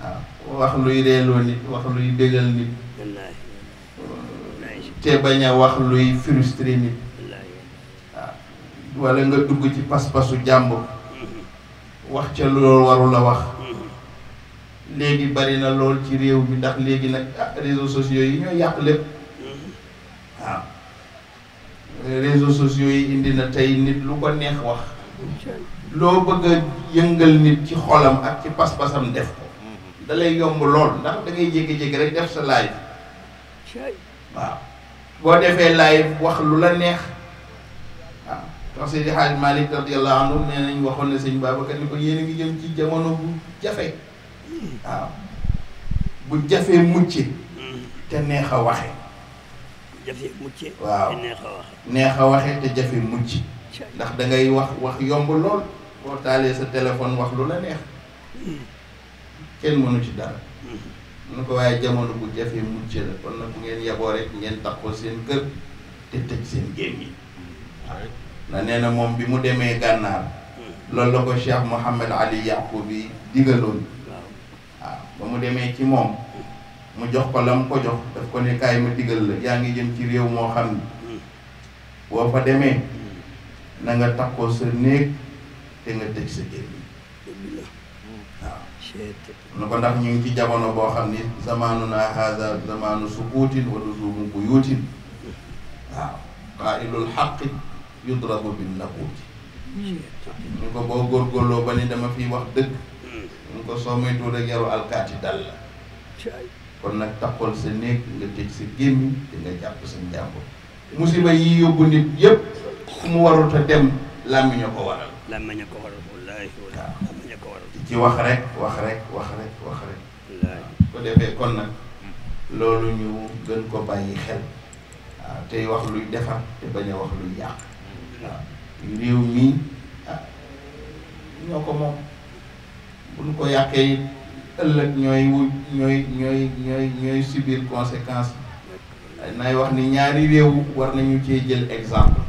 waaw wax luy reeloo nit wax luy bégal nit te bañ a wax luy frustré nit waaw nga dugg ci pas-pasu jàmbur mhm. wax ca loolu waru la wax mhm. léegi bari na lool ci réew mi ndax léegi nag ah réseaux sociaux yi ñoo yàq lépp mhm. waaw réseaux sociaux yi indi na tey nit lu ko neex wax loo bëgg a yëngal nit ci xolam ak ci pas-pasam def ko da yomb lool ndax da ngay jékki-jékki rek def sa live waaw boo defee live wax lu la neex waaw tax Seydi Hadj Malick radiyallahu anhu nee nañu waxoon na sëñ Babacar ni ko yéen a ngi jëm ci jamono bu jafe waaw bu jafe mucce te neex a waxe jafe mucce waaw neex a waxe te jafe mucc ndax da ngay wax wax yomb lool boo taalee sa téléphone wax lu la neex kenn mënu ci dara nu ko waaye jamono bu jafee mucc la kon nag bu ngeen yaboo rek ngeen taxoo seen kër te tëj seen gémmiñ na nee na moom bi mu demee gànnaar loolu la ko Cheikh Mouhamed Ali Yaqub bi digaloon waaw ba mu demee ci moom mu jox ko la ko jox daf ko ne kaay ma digal la yaa ngi jëm ci réew moo xam ni boo fa demee na nga takkoo sa néeg te nga tëj sa gémmiñ waaw ko ndax ñu ngi ci jamono boo xam ni wa buyutin bin naquuti ñu ko boo góorgóorloo ba ni dama fiy wax dëgg ñu ko soo moytuwul ak yaru alkaati dal kon nag taxol sa néeg nga tëj sa nga sa musiba yi nit fu mu warut dem làmmiñ a ko waral. làmmiñ a ko waral wallaahi ko waral. ci wax rekk wax rekk wax rek wax rek. ko defee kon nag loolu ñu gën ko bàyyi xel tey wax luy defar te bañ a wax luy yàq waaw réew mii ah ñoo ko moom buñ ko yàqee ëllëg ñooy wu ñooy ñooy ñooy ñooy subir conséquence nay wax ni ñaari réew war nañu cee jël exemple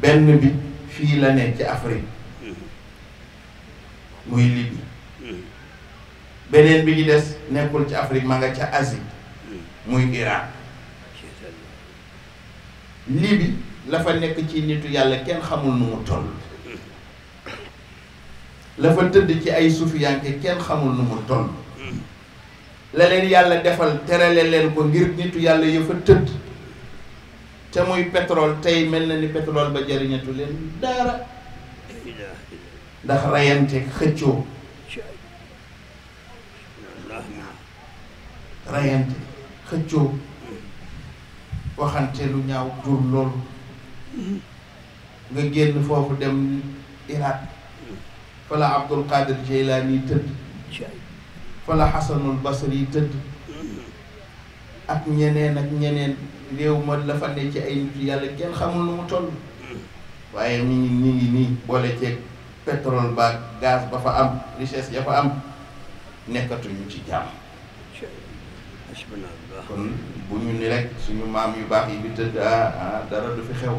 benn bi fii la ne ci Afrique mm-hmm. muy Libye mm-hmm. beneen bi ñu des nekkul ci Afrique ma nga ca Asie mm-hmm. muy Iran Libye la fa nekk ci nitu yàlla kenn xamul nu mu toll la fa tëdd ci ay sufiyanke kenn xamul nu mu toll la leen yàlla defal terale leen ko ngir nitu yàlla ya fa tëdd te muy pétrole tey mel na ni pétrole ba jëriñatu leen dara ndax rayante xëccoo rayante xëccoo waxante lu ñaaw jur loolu nga génn foofu dem Irak fa la Abdul Qadir Jeylaani tëdd fa la Xasanul Basri tëdd ak ñeneen ak ñeneen réew ma la fa ci ay nit yàlla kenn xamul lu mu toll waaye ñu ngi mi nii boole ceeg pétrole ba gaz ba fa am richesse ya fa am nekkatuñu ci jàmm kon bu ñu ni rek suñu maam yu baax yi bi tëdd ah, ah dara du fi xew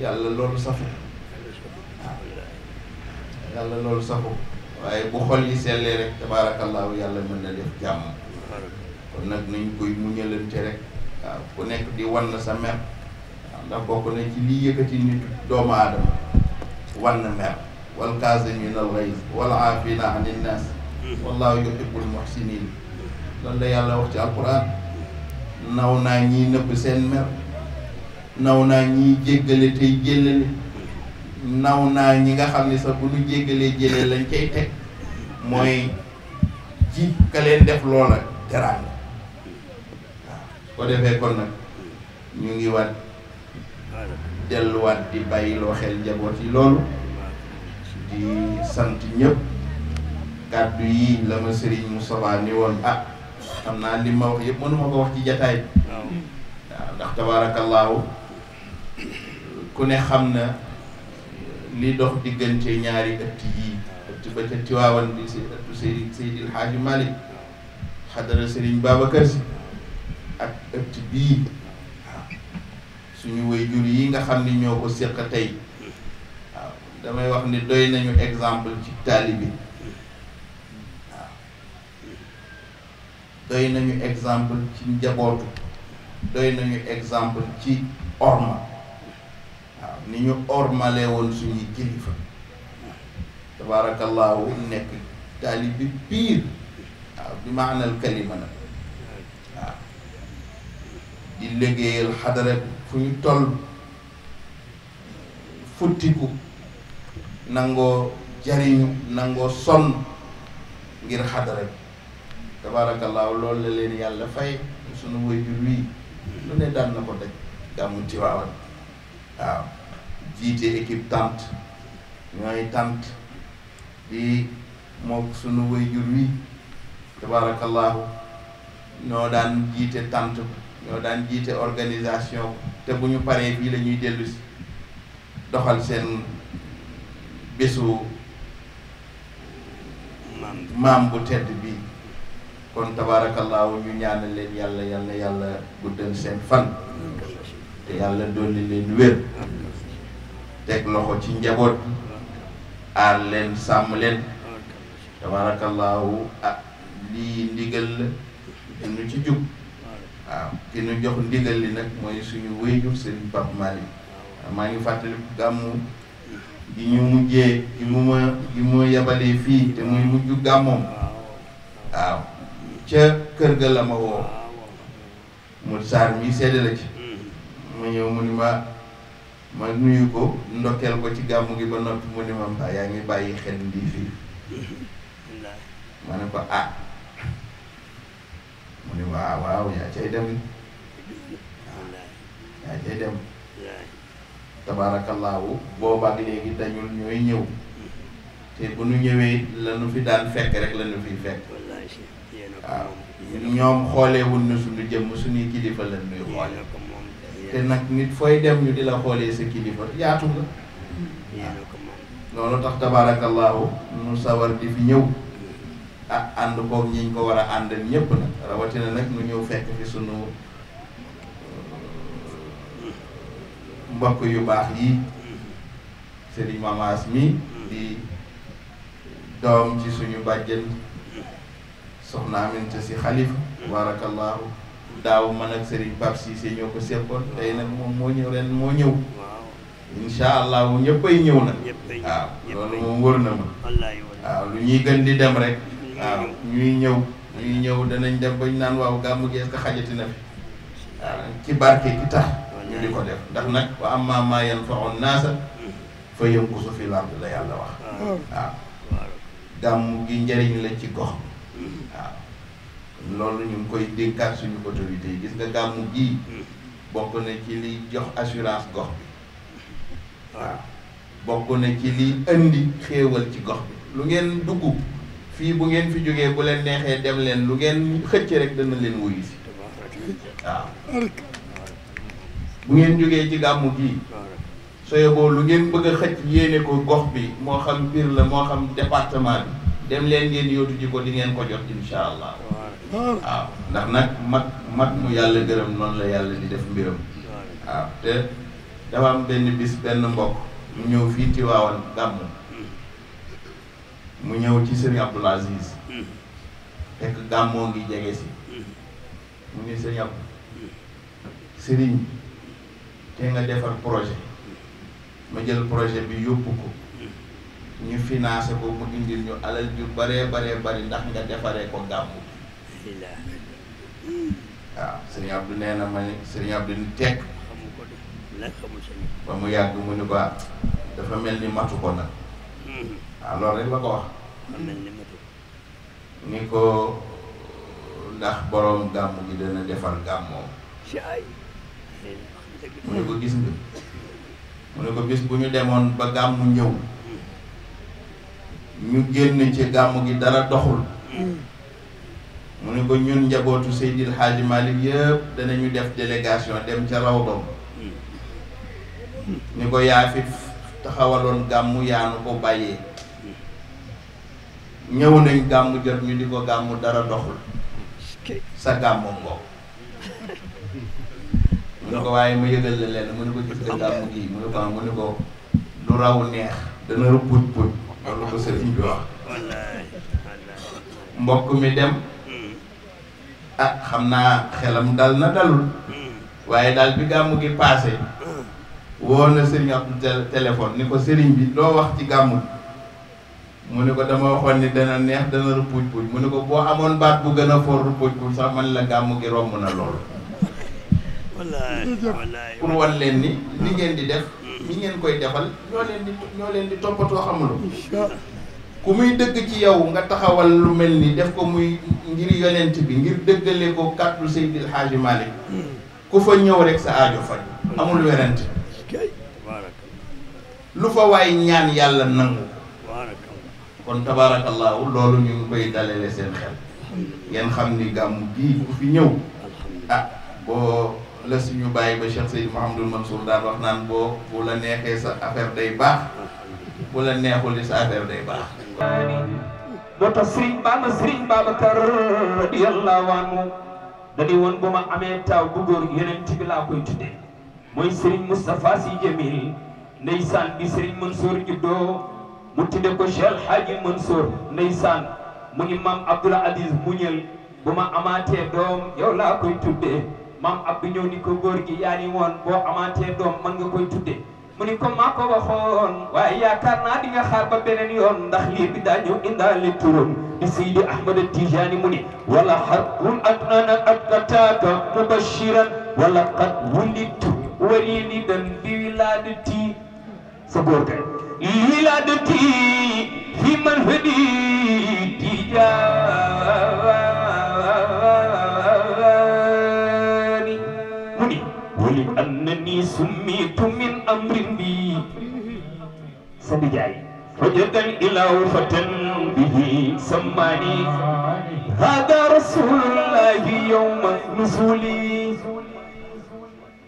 yàlla loolu safu ah, yàlla loolu safu waaye bu xol yi sellee rek tabaarakallaahu yàlla mën na def jàmm kon nag nañ koy muñalante rek waaw ku nekk di wan la sa mer waaw ndax bokk na ci liy yëkkati nit doomu aadama wan na mer wal kaazimiina al-ghayz wal aafina ani nnaas hmm. wallaahu yuhibbul muhsinin loolu la yàlla wax ci alquran naw naa ñiy nëbb seen mer naw naa ñiy jéggale tey jëlale naw naa ñi nga xam ne sax bu ñu jéggalee jëlee lañ cay teg mooy ka leen def loola teraanga ko defee kon nag ñu ngi waat delluwaat di bàyyiloo xel njaboot yi loolu di sant ñëpp kàddu yi la ma mu Moustapha ni woon ah xam naa li ma wax yëpp mënuma ko wax ci jataay bi waaw ndax tabaarakallaahu ku ne xam na li dox diggante ñaari ëtt yii ëtt ba ca Tiwaawan bi si ëttu Seydi Seydil Haaji Malick xadara Serigne Babacar Si ak ëtt bii waaw suñu waajur yi nga xam ni ñoo ko séq tey waaw damay wax ni doy nañu exemple ci taalibi waaw doy nañu exemple ci njabootu doy nañu exemple ci orma waaw ni ñu ormale woon suñuy kilifa tabaarakallaahu nekk taalibi piir waaw bi maanal kalima nag di liggéeyal xadara bi fu ñu toll futtiku nangoo jariñu nangoo sonn ngir xadara bi tabaarakallaahu loolu la leen yàlla fay sunu waajur wii lu ne daan na ko daj gàmmu Tiwaawan waaw jiite équipe tànt ñooy tànt di mook sunu waajur wii tabaarakallaahu ñoo daan jiite tànt ñoo daan jiite organisation te bu ñu paree bii lañuy ñuy dellu doxal seen bésu maam bu tedd bi kon tabaarakallaahu ñu ñaanal leen yàlla yàlla yàlla guddal seen fan te yàlla dolli leen wér teg loxo ci njaboot aar leen sàmm leen tabaarakallaahu ah lii ndigal la ñu ci jub waaw ki ñu jox ndigal li nag mooy suñu wéyjur sëriñ Pape Malick maa ngi fàttali gàmmu gi ñu mujjee gi mu ma gi fii te muy mujj gàmmoom waaw ca kër ga la ma woo mu saar mi sedda la ci ma ñëw ni ma ma nuyu ko ndokkeel ko ci gàmmu gi ba noppi mu ni ma mbaa yaa ngi bàyyi xel ndii fii ma ne ah, mu ne waaw waaw yaa cay dem waaw yaa cay dem tabaarakallaahu boobaak léegi dañul ñooy ñëw te bu nu ñëwee lañu fi daan fekk rek lañu fi fekk waaw ñoom xooleewul na suñu jëmm suñuy kilifa lañ xoole fooy dem di la xoolee sa kilifa yaatu nga loolu tax tabaarakallaahu nu sawar di fi ñëw ah ànd koog ñiñ ko war a àndal ñëpp nag rawatina nag mu ñëw fekk fi sunu uh, mbokk yu baax yi sëriñ Mamas mi di doom ci suñu bàjjen soxna Aminta si xalifa barakallahu daaw man ak Serigne Pape Cissé ñoo ñëw ren moo loolu moom wër na ma waaw lu ñuy gën di dem rek waaw ñuy ñëw ñuy ñëw danañ dem bañ naan waaw gàmmu gees est-ce que xajati na fi waaw ci barke gi tax ñu di ko def ndax nag wa amma maa yanfa'u naasa fa yanqusu fil ard la yàlla wax waaw gàmmu gi njariñu la ci gox waaw loolu ñu ngi koy dénkaat suñu autorités yi gis nga gàmmu gii bokk na ci liy jox assurance gox bi waaw bokk na ci liy indi xéewal ci gox bi lu ngeen dugg fii bu ngeen fi jógee bu leen neexee dem leen lu ngeen xëcc rek dana leen wuyu si waaw bu ngeen jógee ci gàmmu gii sooy boo lu ngeen bëgg a xëcc yéene ko gox bi moo xam biir la moo xam département bi dem leen ngeen yootu ji ko di ngeen ko jot insha allah waaw ndax nag mat mat mu yàlla gërëm noonu la yàlla di def mbiram waaw te dafa am benn bis benn mbokk mu ñëw fii Tiwaawan gàmmu mu ñëw ci sëriñ Abdoul Aziz hmm. fekk gàmmoo ngi jege si hmm. mu ne sëriñ Abdou sëriñ te nga defar projet hmm. ma jël projet bi yóbbu ko ñu financé ko mu indil ñu alal ju baree baree bari ndax nga defaree ko gàmmu waaw sëriñ Abdou nee na ma ne sëriñ Abdou ni tekk ba mu yàgg mu ni ko dafa mel ni matu ko na waaw loolu rek la ko wax. ndax borom gàmm gi dana defar gàmmoom. mu ne ko gis nga. mu ne ko bis bu ñu demoon ba gàmm ñëw. ñu génn ci gàmm gi dara doxul. mu ne ko ñun njabootu Seydil Hadji Malick yëpp danañu def délégation dem ca Rawdom. Hmm. ni ko yaa fi taxawaloon gàmm yaa nu ko bàyyee. ñëw nañ gàmmu jot ñu di ko gàmmu dara doxul sa gàmmu ngoog mu ne ko waaye ma yëgal la leen mu ne ko gis nga gàmmu gii mu ne ko ah, mu ne ko lu raw neex dana rupuj puj loolu mbokk mi dem hmm. ah xam naa xelam dal na dalul hmm. waaye daal bi gàmmu gi paase hmm. woo na sëriñ ab téléphone ni ko sëriñ bi loo wax ci gàmmu mu ne ko dama waxoon ni dana neex dana rupuj puj mu ne ko boo amoon baat bu gën a foor rupuj bu sax man la gàmm gi romb na loolu pour wan leen ni li ngeen di def ñi ngeen koy defal ñoo leen di toppatoo xamuloo ku muy dëgg ci yow nga taxawal lu mel ni def ko muy ngir yonent bi ngir dëggale ko kàddu Seydil Hadji Malick ku fa ñëw rek sa aajo faj amul werante lu fa waay ñaan yàlla nangu kon tabaarakallaahu loolu ñu ngi koy dalale seen xel ngeen xam ni gàmm gii bu fi ñëw ah boo la suñu bàyyi ba Cheikh Seydou Mouhamadul Mansour daal wax naan boo bu la neexee sa affaire day baax bu la neexul sa affaire day baax moo tax Serigne Bamba Serigne Babacar radiyallahu anhu dañu woon bu ma amee taaw bu góor yonent bi laa koy tuddee mooy Serigne Moustapha Sy Jamil ndeysaan bi Serigne Mansour juddoo mu tudde ko Cheikh Hadji Mansour ndeysaan mu ngi maam Abdoul Aziz muñal bu ma amaatee doom yow laa koy tuddee maam Abdou ñëw ni ko góor gi yaa ni woon boo amaatee doom man nga koy tuddee mu ni ko maa ko waxoon waaye yaakaar naa dinga nga xaar ba beneen yoon ndax lii bi daa ñëw indaale turam di Seydi Ahmed Tijani mu ni wala xarqun adnana adkataaka mubashiran wala qad wulitu walidan bi wilaadati sa góor لولادتي في منفدي تجاني هني ولأنني سميت من أمر بي سنجاي وجدا إله به سماني هذا رسول الله يوم نزولي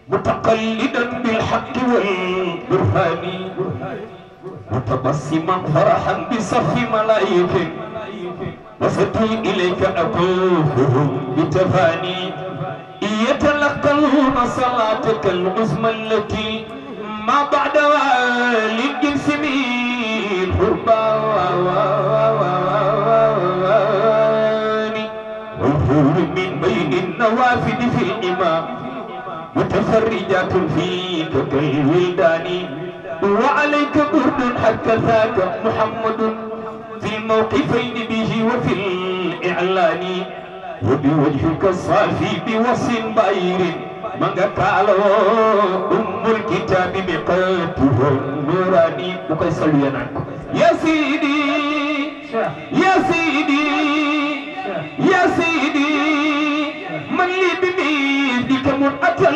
متقلدا بالحق والبرهان متبسما فرحا بصف ملائكه وصدي إليك أكوفهم بتفاني يتلقون صلاتك العظمى التي ما بعد والد من حربا وفور من بين النوافذ في الإمام متفرجات فيك كالولدان وعليك برد ذاك محمد في موقفين به وفي الإعلان وبوجهك الصافي بوص بير من قال أم الكتاب بقلبه النوراني بقي صلينا نعم. يا سيدي يا سيدي يا سيدي من لي بميدك مرأة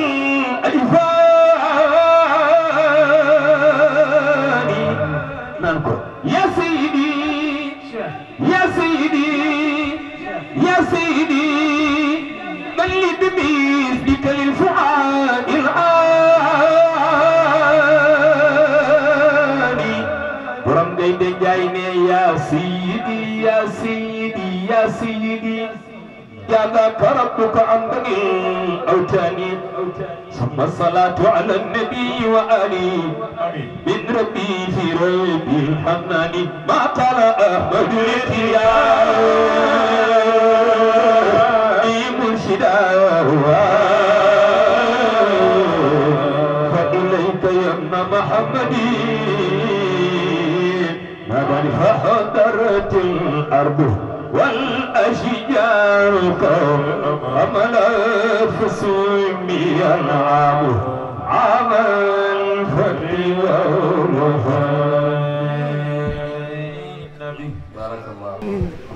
الحسين يا سيدي يا سيدي يا سيدي يا ذاك ربك عن أوتاني ثم الصلاة على النبي وآله من ربي في ربي الحنان ما ترى أحمد يا مرشدا والأرض والأشجار قوم عمل فسمي العام عمل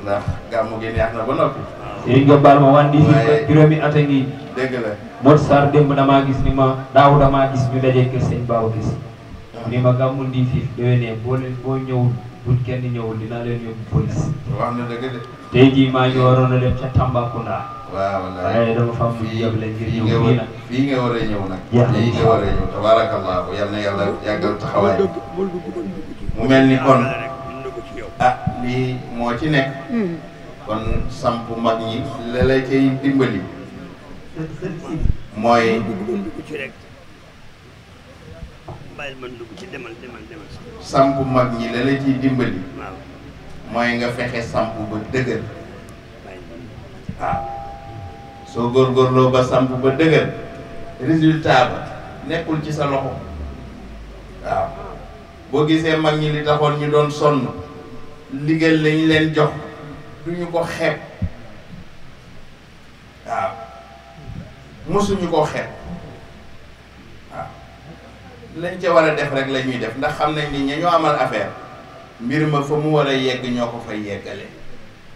ndax gàmmu gi neex na di si juróomi at a ngi dëgg la Mor Sarr démb damaa gis ni ma daaw damaa gis ñu daje kër sëñ Baaw gis buñ kenn ñëwul dinaa leen yóbbu police. wax na dëgg de. tey jii maa ngi waroon a dem ca Tambacounda. waaw wallaahi waaye dama fa am lu yëble ngir ñëw fii yàlla yàggal taxawaay mu mel ni kon ah lii moo ci nekk. Hmm. kon samp mag ñi la la cay dimbali. mooy. bàyyil man dugg ci demal demal demal samp mag ñi la la ciy dimbali mooy nga fexe samp ba dëgër waaw ah. soo góorgóorloo ba samp ba dëgër résultat ba nekkul ci sa loxo waaw boo gisee mag ñi ni taxoon ñu doon sonn liggéey lañu leen jox duñu ko xeeb waaw mosuñu ko xeeb lañ ca war a def rek la ñuy def ndax xam nañ ni ña ñoo amal affaire mbir ma fa mu war a yegg ñoo ko fay yeggale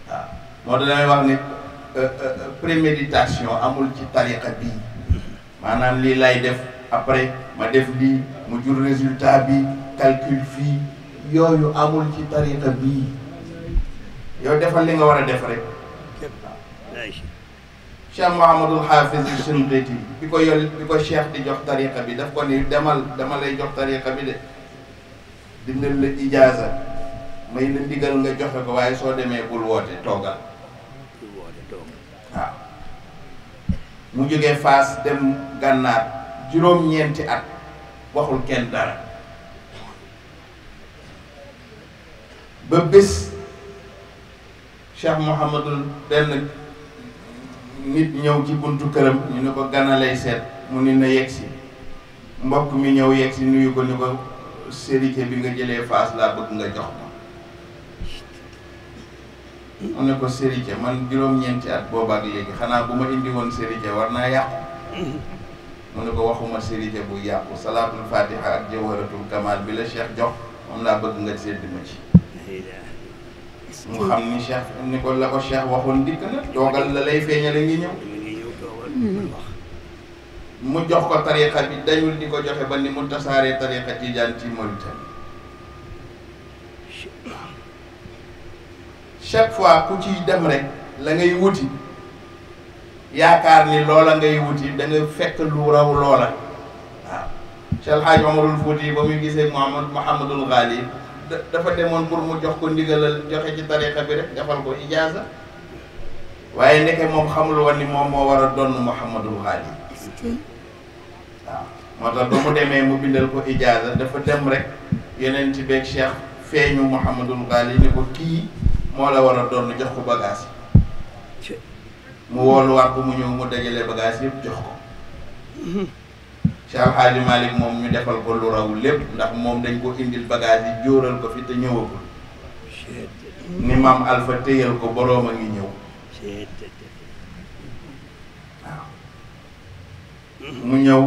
waaw moo tax damay wax ni euh, euh, euh, préméditation amul ci tariqa bi maanaam lii lay def après ma def lii mu jur résultat bi calcul fii yooyu amul ci tariqa bii yow defal li nga war a def rek cheikh Mouhamadul Hafiz Shinqiti bi ko yol bi ko cheikh di jox tariqa bi daf ko ni demal dama lay jox tariqa bi de dindal la ijaaza may la ndigal nga joxe ko waaye soo demee bul woote toogal waaw mu jógee Faas dem gànnaar juróom-ñeenti at waxul kenn dara ba bés cheikh Mouhamadul benn. nit ñëw ci buntu këram ñu ne ko gana lay seet mu ni na yegg si mbokk mi ñëw yegg si nuyu ko ni ko sérité bi nga jëlee Faas laa bëgg nga jox ma mu ne ko sérité man juróom-ñeenti at boobaak léegi xanaa bu ma indi woon sérité war naa yàqu mu ne ko waxuma sérité bu yàqu salaatul fatiha ak jawharatul kamal bi la cheikh jox moom laa bëgg nga sédd ma ci mu xam ni cheikh ni ko la ko cheikh waxoon dikk na toogal la lay feeñale ngi ñëw mu jox ko tariqa bi dañul di ko joxe ba ni mu tasaaree tariqa tijaan ci Mauritanie chaque fois ku ciy dem rek la ngay wuti yaakaar ni loola ngay wuti da nga fekk lu raw loola waaw Cheikh Alhaaj Omarul Fuuti ba muy gisee Mouhamad Mouhamadul dafa demoon pour mu jox ko ndigalal joxe ci tariqa bi rek defal ko ijaaza waaye ndeke moom xamul ni moom moo war a donn Muhammadul Xaali waaw moo tax mu demee mu ko ijaaza dafa dem rek yeneen ci beeg cheikh feeñu Muhammadul Xaali ni ko kii moo la war a donn jox ko bagage yi mu wool war ko mu ñëw mu dajale bagage yëpp jox ko mm-hmm. ci alxaaji Malick moom ñu defal ko lu raw lépp ndax moom dañ ko indil bagage yi jóoral ko fi te ñëwagul ni maam Alpha téyal ko boroom a ngi ñëw waaw mu ñëw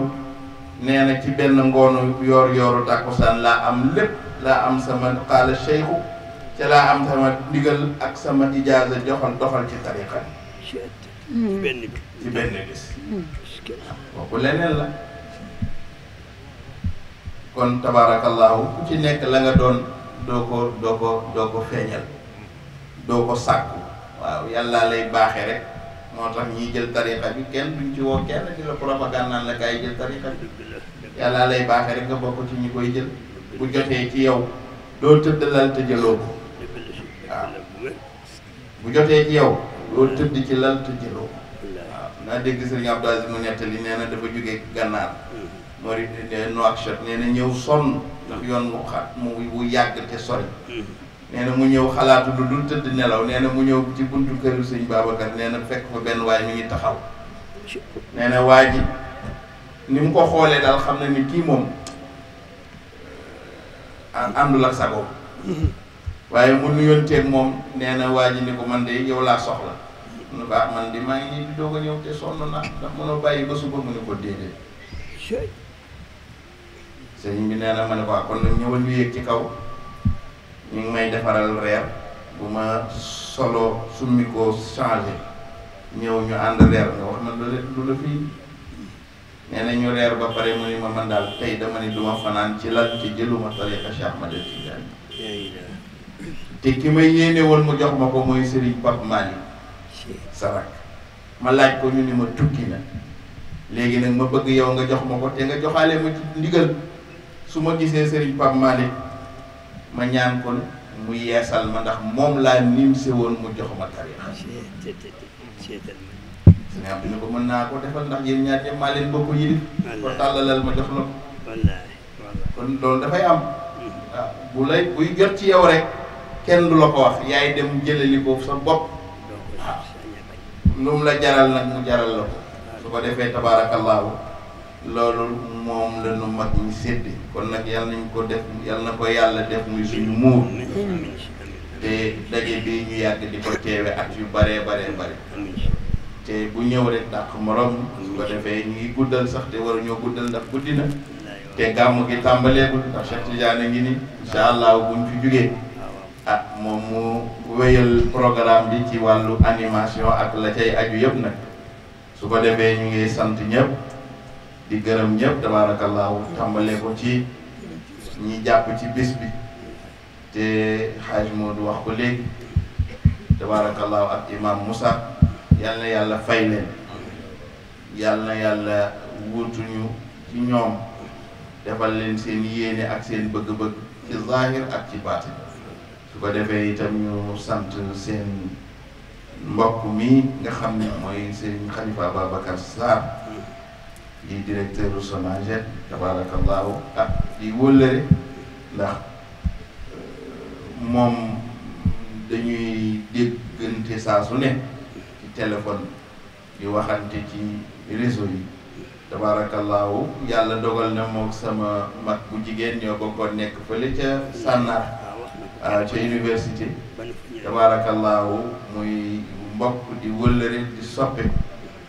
nee ci benn ngoonu yoor yooru tàkkusaan laa am lépp laa am sama xaala cheikhu ca laa am sama ndigal ak sama ijaaza joxal doxal ci tariqa ci benn bis boobu leneen la kon tabaarakallaahu ku ci nekk la nga doon doo ko doo ko doo ko feeñal doo ko sàkku waaw yàllaa lay baaxee rek moo tax ñiy jël tarixa bi kenn duñ ci woo kenn di la propagande naan la kaay jël tarixa bi yàllaa lay baaxee rek nga bokk ci ñi koy jël bu jotee ci yow doo tëdd lal te jëloo bu jotee ci yow loolu tëdd ci lal te jëloo waaw naa dégg sëriñ Abdou Aziz mu nettali nee na dafa jóge gànnaar Mauritanie Nouakchott nee na ñëw sonn ndax ah. yoon wu xat mu wu yàgg te sori hmm. nee na mu ñëw xalaatu lu dul tëdd nelaw nee na mu ñëw ci buntu këru sëñ Babacar nee na fekk fa benn waay mi ngi taxaw nee na waa ji ni mu ko xoolee daal xam na ni kii moom àndul ak sago hmm. waaye mu nuyonteeg moom nee na waa ji ni ko man de yow laa soxla mu a ah, baax man di maa ngi nii di a ñëw te sonn na ndax mën a bàyyi ba suba mu ne ko déedéet sëriñ ñu nee na ma ne ko ah, kon nag ñëwal ñu yéeg ci kaw ñu ngi may defaral reer bu ma solo summi ko changé ñëw ñu ànd reer nga wax ma lu la fii nee ñu reer ba pare mu ni ma man daal tey dama ni duma fanaan ci lan ci jëluma tariqa Cheikh Ahmadou Tidiane te ki may yéene woon mu jox ma ko mooy sëriñ Pape Malick Sarak ma laaj ko ñu ni ma tukki na léegi nag ma bëgg yow nga jox ma ko te nga joxaale ma ci ndigal su ma gisee Serigne Pape Malick ma ñaan kon mu yeesal ma ndax moom laa nimse woon mu jox ma tariixa ah, sëñ Abdou ne ko mën naa ko defal ndax yéen ñaar ñëpp maa leen bokk yi ko tàllalal ma jox la ko kon loolu dafay am mm-hmm. ah, bu lay buy jot ci yow rek kenn du la ko wax yaay dem jëlali ko sa bopp waaw ah. lu mu la jaral nag mu jaral la ko su ko defee tabaarakallaahu loolu moom la nu mag ñi sédde kon nag yàlla nañ ko def yàlla na ko yàlla def muy suñu muur te daje bi ñu yàgg di ko teewe ak yu baree baree bare te bu ñëw rek dàq morom su ko defee ñu ngi guddal sax te waru ñoo guddal ndax te gàmm gi tàmbaleegul ndax a ngi ni incha allah buñ fi jugee ah moom mu wéyal programme bi ci wàllu animation ak la cay aju yëpp nag su ko defee ñu ngi sant ñëpp di gërëm ñëpp tabaarakallaahu tàmbalee ko ci ñi jàpp ci bés bi te xaaj Moodu wax ko léegi tabaarakallaahu ak imam Moussa yal na yàlla fay leen yal na yàlla wuutuñu ci ñoom defal leen seen yéene ak seen bëgg-bëgg ci zahir ak ci baatin su ko defee itam ñu sant seen mbokk mi nga xam ne mooy seen xalifa Ababacar Sarr di directeur u SONAGED tabaarakallaahu ah di wóllëre ndax euh, moom dañuy déggante saa su ne ci téléphone di waxante ci réseau yi tabaarakallaahu yàlla dogal na moom sama mag bu jigéen ñoo bokkoon nekk fële ca sànnaar ah, ca université tabaarakallaahu muy mbokk di wëllëre di soppe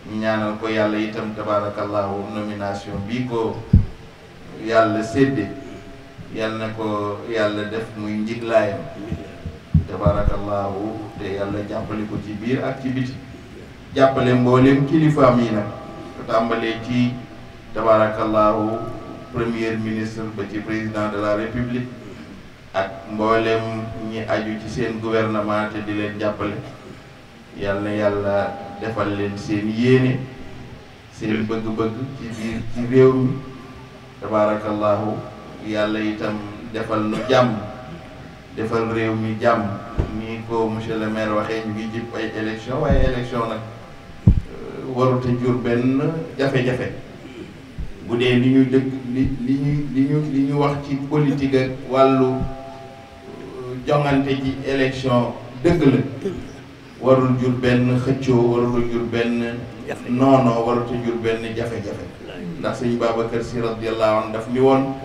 ñu ko yàlla itam tabaarakallaahu nomination bii ko yàlla sédde yàlla na ko yàlla def muy njiglaayam tabaarakallaahu te yàlla jàppale ko ci biir ak ci biti jàppale mboolem kilifaam yi nag tàmbalee ci tabaarakallaahu premier ministre ba ci président de la république ak mboolem ñi aju ci seen gouvernement te di leen jàppale yàlla na yàlla defal leen seen yéene seen bëgg-bëgg ci biir ci réew mi tabaarakallahu yàlla itam defal nu jàmm defal réew mi jàmm nii ko monsieur le maire waxee ñu ngi jib ay élection waaye élection nag euh, warut jur benn jafe-jafe bu dee li ñu dëgg li li ñu li ñu li ñu wax ci politique ak wàllu euh, joŋante ci élection dëgg la warul jur benn xëccoo warul jur benn noonoo warut jur benn jafe-jafe ndax sëñ Babacar si radiyallahu anhu daf ni woon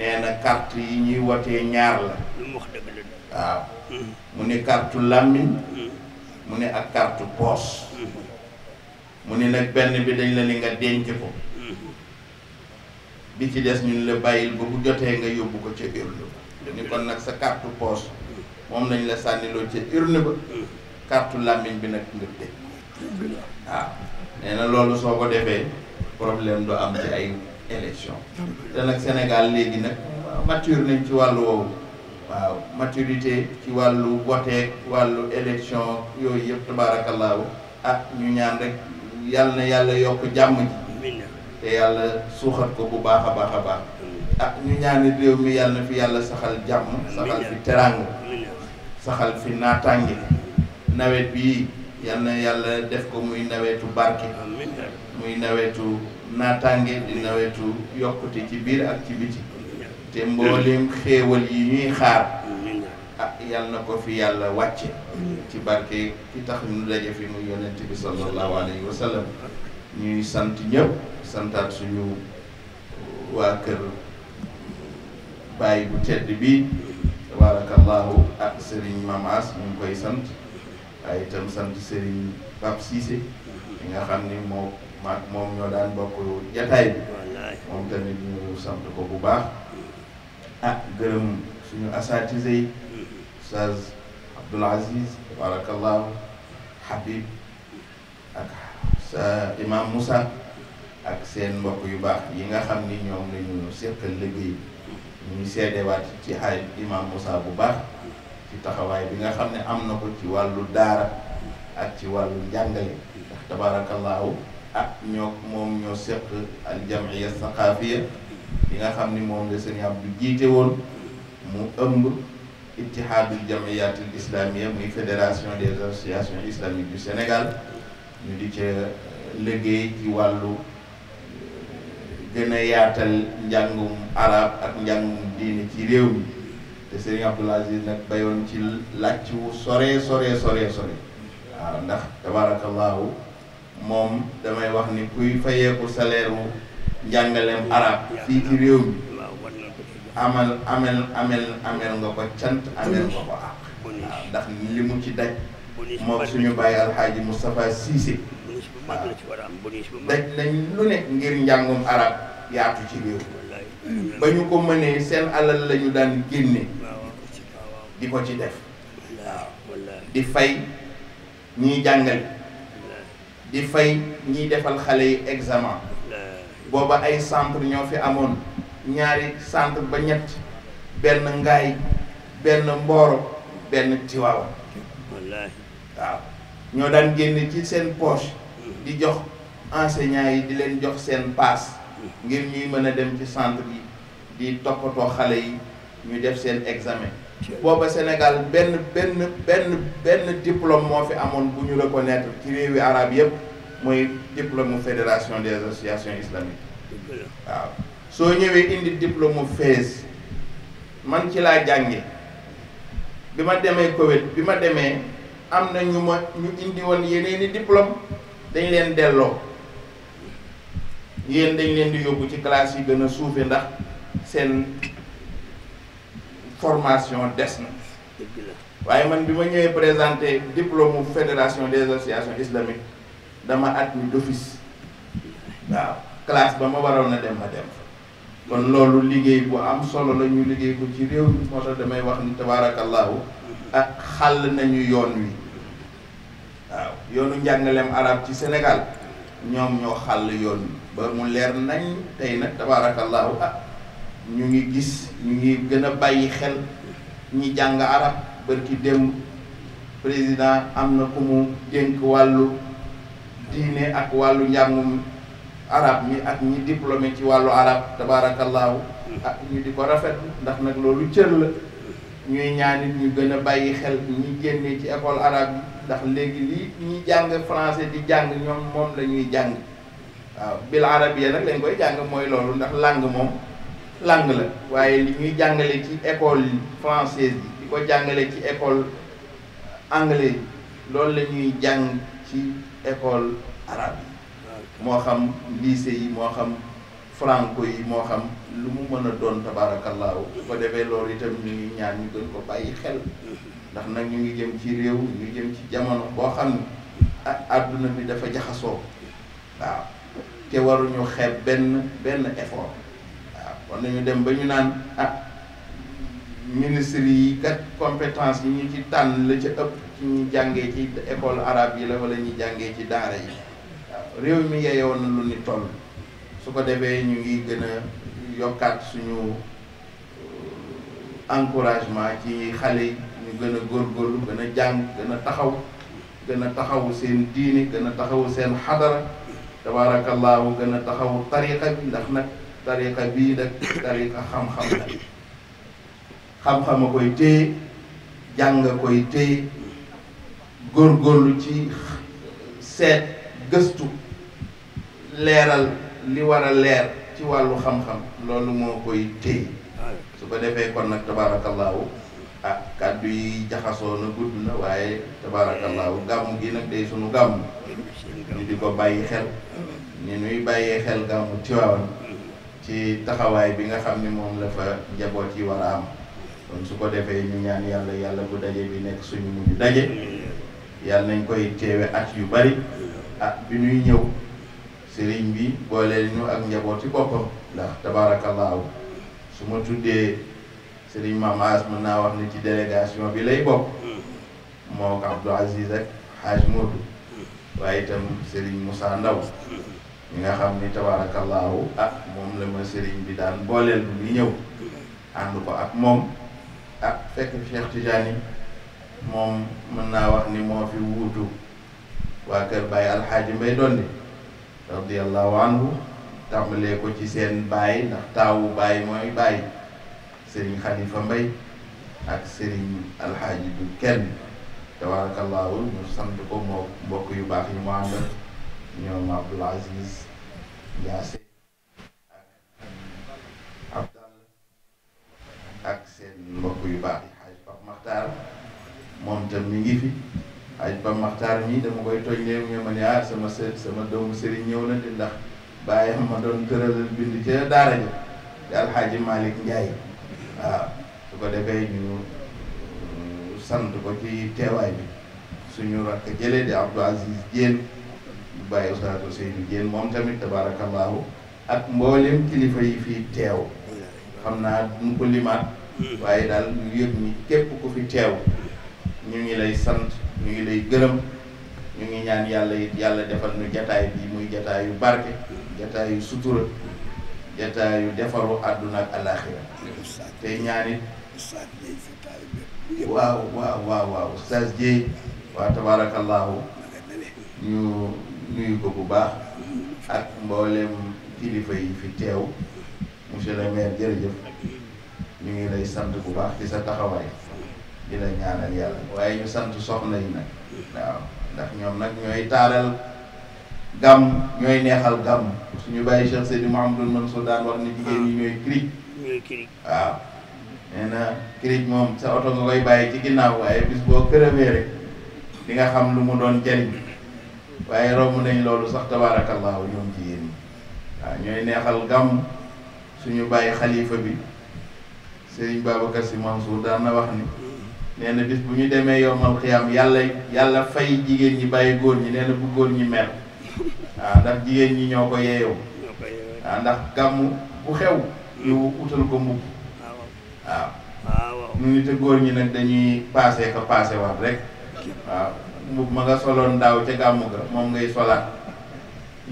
nee na carte yi ñuy wotee ñaar la waaw hmm. mu ne carte làmmiñ hmm. mu ne ak carte poos hmm. mu ne nag benn bi dañ la ni nga denc ko bi ci des ñun la bàyyil ba bu jotee nga yóbbu ko ca urne ba ni kon nag sa carte poos moom lañ la sànniloo ca urne ba kartu làmmiñ bi nag nga dégg waaw ah, nee na loolu soo ko defee problème du am ci ay élection te Sénégal léegi nag mature nañ ci wàllu woowu waaw maturité ci wàllu woteek wàllu élection yooyu yëpp tabaarakallaahu ah ñu ñaan rek yàlla na yàlla yokk jàmm ji te yàlla suuxat ko bu baax a baax a baax ah ñu ñaani réew mi yàlla na fi yàlla saxal jàmm saxal fi teraanga saxal fi naataange nawet bi yal na yàlla def ko muy nawetu barke muy nawetu naataange di nawetu yokkute ci biir ak ci biti te mbooleem xéewal yi ñuy xaar ah yal na ko fi yàlla wàcce ci barke ki tax ñu daje fi muy yonent bi sallallahu alayhi wa ñuy sant ñëpp santaat suñu waa kër bàyyi bu tedd bi tabarakallahu ak sëriñ Mamas ñu koy sant ay itam sant Serigne Pape Cissé mhm. mi nga xam ni moo maag moom ñoo daan bokk jataay bi moom tamit ñu sant ko bu baax ah gërëm suñu asatise yi mhm. Oustaz Abdoul Aziz barakallahu Habib ak imam Moussa ak seen mbokk yu baax yi nga xam ni ñoom lañu seqal liggéey bi mhm. ñuy seedewaat ci xaaj imam Moussa bu baax ci taxawaay bi nga xam ne am na ko ci wàllu daara ak ci wàllu njàngale ndax tabaarakallaahu ak ah, ñoo moom ñoo seq al jamiya saqaafiya bi nga xam ni moom la sëñ Abdou jiite woon mu ëmb ittihaadul jamiyatil islamia muy fédération des associations islamiques du Sénégal ñu di ca euh, liggéey ci wàllu euh, gën a yaatal njàngum arab ak njàngum diine ci réew mi te Serigne Abdoul Aziz nag bayoon ci làcc wu sore sore sore sore waaw ndax tabaarakallaahu moom damay wax ni kuy fayeeku salaire wu njàngaleem arab fii ci réew mi amal amel amel nga ko cant amel nga ko àq ndax li mu ci daj moom suñu bàyyi alxaaji Moustapha Cissé daj lu ne ngir njàngum arab yaatu ci réew ba ñu ko mënee alal la daan di ko ci def di fay ñiy jangal di fay ñiy defal xale yi examen booba ay centre ñoo fi amoon ñaari centre ba ñett benn ngaay benn mbooro benn tiwaawa waaw ñoo daan ci poche di jox enseignant yi di leen jox seen ngir ñuy mën a dem ci centre bi di toppatoo xale yi ñu def seen examen booba Sénégal benn benn benn benn diplôme moo fi amoon bu ñu reconnaître ci réewi arab yëpp mooy diplôme fédération des associations islamiques waaw soo ñëwee indi diplôme fees man ci laa jànge bi ma demee Koweït bi ma demee am na ñu ma ñu indi woon yeneeni diplôme dañ leen delloo yéen dañ leen di yóbbu ci classe yi gën a suufe ndax seen formation des na waaye man bi ma ñëwee présenté diplôme fédération des associations islamiques dama admis d'office waaw classe ba ma waroon a dem ma dem kon loolu liggéey bu am solo la ñu liggéey ko ci réew mi moo tax damay wax ni tabaarakallaahu ak xàll nañu yoon wi waaw yoonu njàngaleem arab ci Sénégal ñoom ñoo xàll yoon wi ba mu leer nañ tey nag tabaarakallaahu ah ñu ngi gis ñu ngi gën a bàyyi xel ñi jàng arab bërki démb président am na ku mu dénk wàllu diine ak wàllu arab mi ak ñi diplômé ci wàllu arab tabaarakallaahu ah ñu di ko rafet ndax nag loolu cër la ñuy ñaanit ñu gën a bàyyi xel ñi génnee ci école arabe yi ndax léegi lii ñi jàng français di jàng ñoom moom la ñuy jàng waaw bil arabiya nag lañ koy jàng mooy loolu ndax làng moom làng la waaye li ñuy jàngale ci école française yi di ko jàngale ci école anglais yi loolu la ñuy jàng ci école arabe yi moo xam lycée yi moo xam franco yi moo xam lu mu mën a doon tabaarakallaahu bu ko defee loolu itam ñu ngi ñaan ñu gën ko bàyyi xel ndax nag ñu ngi jëm ci réew ñu ngi jëm ci jamono boo xam ne ah àdduna bi dafa jaxasoo waaw te waruñu xeeb benn benn effort waaw war nañu dem ba ñu naan ah ministre yi kat compétence yi ñu ci tànn la ci ëpp ci ñu jàngee ci école arabe yi la wala ñu jàngee ci daara yi réew mi yeyoo lu ni toll su ko defee ñu ngi gën a yokkaat suñu euh, encouragement ci xale yi ñu gën a góor gën a jàng gën a taxaw gën a taxawu seen diini gën a taxawu seen xadara tabarakallahu gën a taxaw tariqa bi ndax nag tariqa bii nag tariqa xam-xam la xam-xam a koy téye jàng a koy téye góorgóorlu ci seet gëstu leeral li war a leer ci xam-xam koy su ko defee kon nag tabarakallahu ah kàddu yi jaxasoo na gudd na waaye tabarakallahu gàmm gi nag day sunu gàmm di ko bàyyi xel ni nuy bàyyee xel gàmmu Tiwaawan ci taxawaay bi nga xam ni moom la fa jaboot yi war a am kon su ko defee ñu ñaan yàlla yàlla bu daje bi nekk suñu mujj daje yàlla nañ koy teewe at yu bari ah bi ñuy ñëw sëriñ bi booleel ñu ak njaboot ci boppam ndax tabaarakallaahu su ma tuddee sëriñ Mamaas mën naa wax ni ci délégation bi lay bokk moo ko Abdou Aziz ak Haj Modou waaye itam sëriñ Moussa Ndaw ñi nga xam ni tabaarakallaahu ah moom la ma sëriñ bi daan booleel bu muy ñëw ànd ko ak moom ah fekk Cheikh Tidiane moom mën naa wax ni moo fi wuutu waa kër Baye Alxaaji Mbay Donni radiyallahu anhu tàmbalee ko ci seen baay ndax taawu baay mooy baay sëriñ Xalifa Mbay ak sëriñ Alxaaji du kenn tabaarakallaahu ñu sant ko mbokk yu baax yi mu ñoom Abdoul Aziz Ndiasse ak Abdal ak seen mbokk yu baax yi Haj Pape Makhtar moom tam mi ngi fi Haj Pape Makhtar mi dama ko tooñ léegi ñu ma ne ah, sama së sama doomu sëriñ ñëw na di ndax bàyyi ma doon tëralal bind ca daara ja di Alxaaji Malick Ndiaye waaw su ko defee ñu euh, sant ko ci teewaay bi suñu rakk jëlee di Abdou Aziz Diène bàyyi Oustaz Ousseynou Diène moom tamit tabaarakallaahu ak mboolem kilifa yi fii teew xam naa ko hmm. fi teew ñu ngi lay sant ñu ngi lay yàlla it muy jataayu barke jataayu sutura jataayu defaru àdduna ak alaaxira waaw waaw waaw waaw Oustaz Diène waa tabaarakallaahu nuyu ko bu baax ak mboolem kilifa yi fi teew monsieur le maire jërëjëf ñu ngi lay sant bu baax ci sa taxawaay di la ñaanal yàlla waaye ñu sant soxna yi nag ndax ñoom nag ñooy taaral gàmm ñooy neexal gàmm suñu bàyyi Cheikh Seydou Mouhamadou Mansour daan wax ni jigéen yi ñooy waaw nee na cric moom sa oto nga koy bàyyi ci ginnaaw waaye bis boo kërëmee rek di nga xam lu mu doon jariñ waaye romb nañ loolu sax tabaarakallaahu ñoom jigéen ñi waaw ñooy neexal gàmm suñu bàyyi xalifa bi sëriñ Babacar Sy Mansour daan wax ni nee na bis bu ñu demee yowmal xiyaam yàlla yàlla fay jigéen ñi bàyyi góor ñi nee bu góor ñi mer waaw ndax jigéen ñi ñoo ko yeeyoo waaw ndax gàmm bu xew ñu utal ko mbubb waaw nu nit góor ñi nag dañuy paase ko paase wax rek waaw mbubb ma nga soloon daaw ca gàmmu ga moom ngay solaat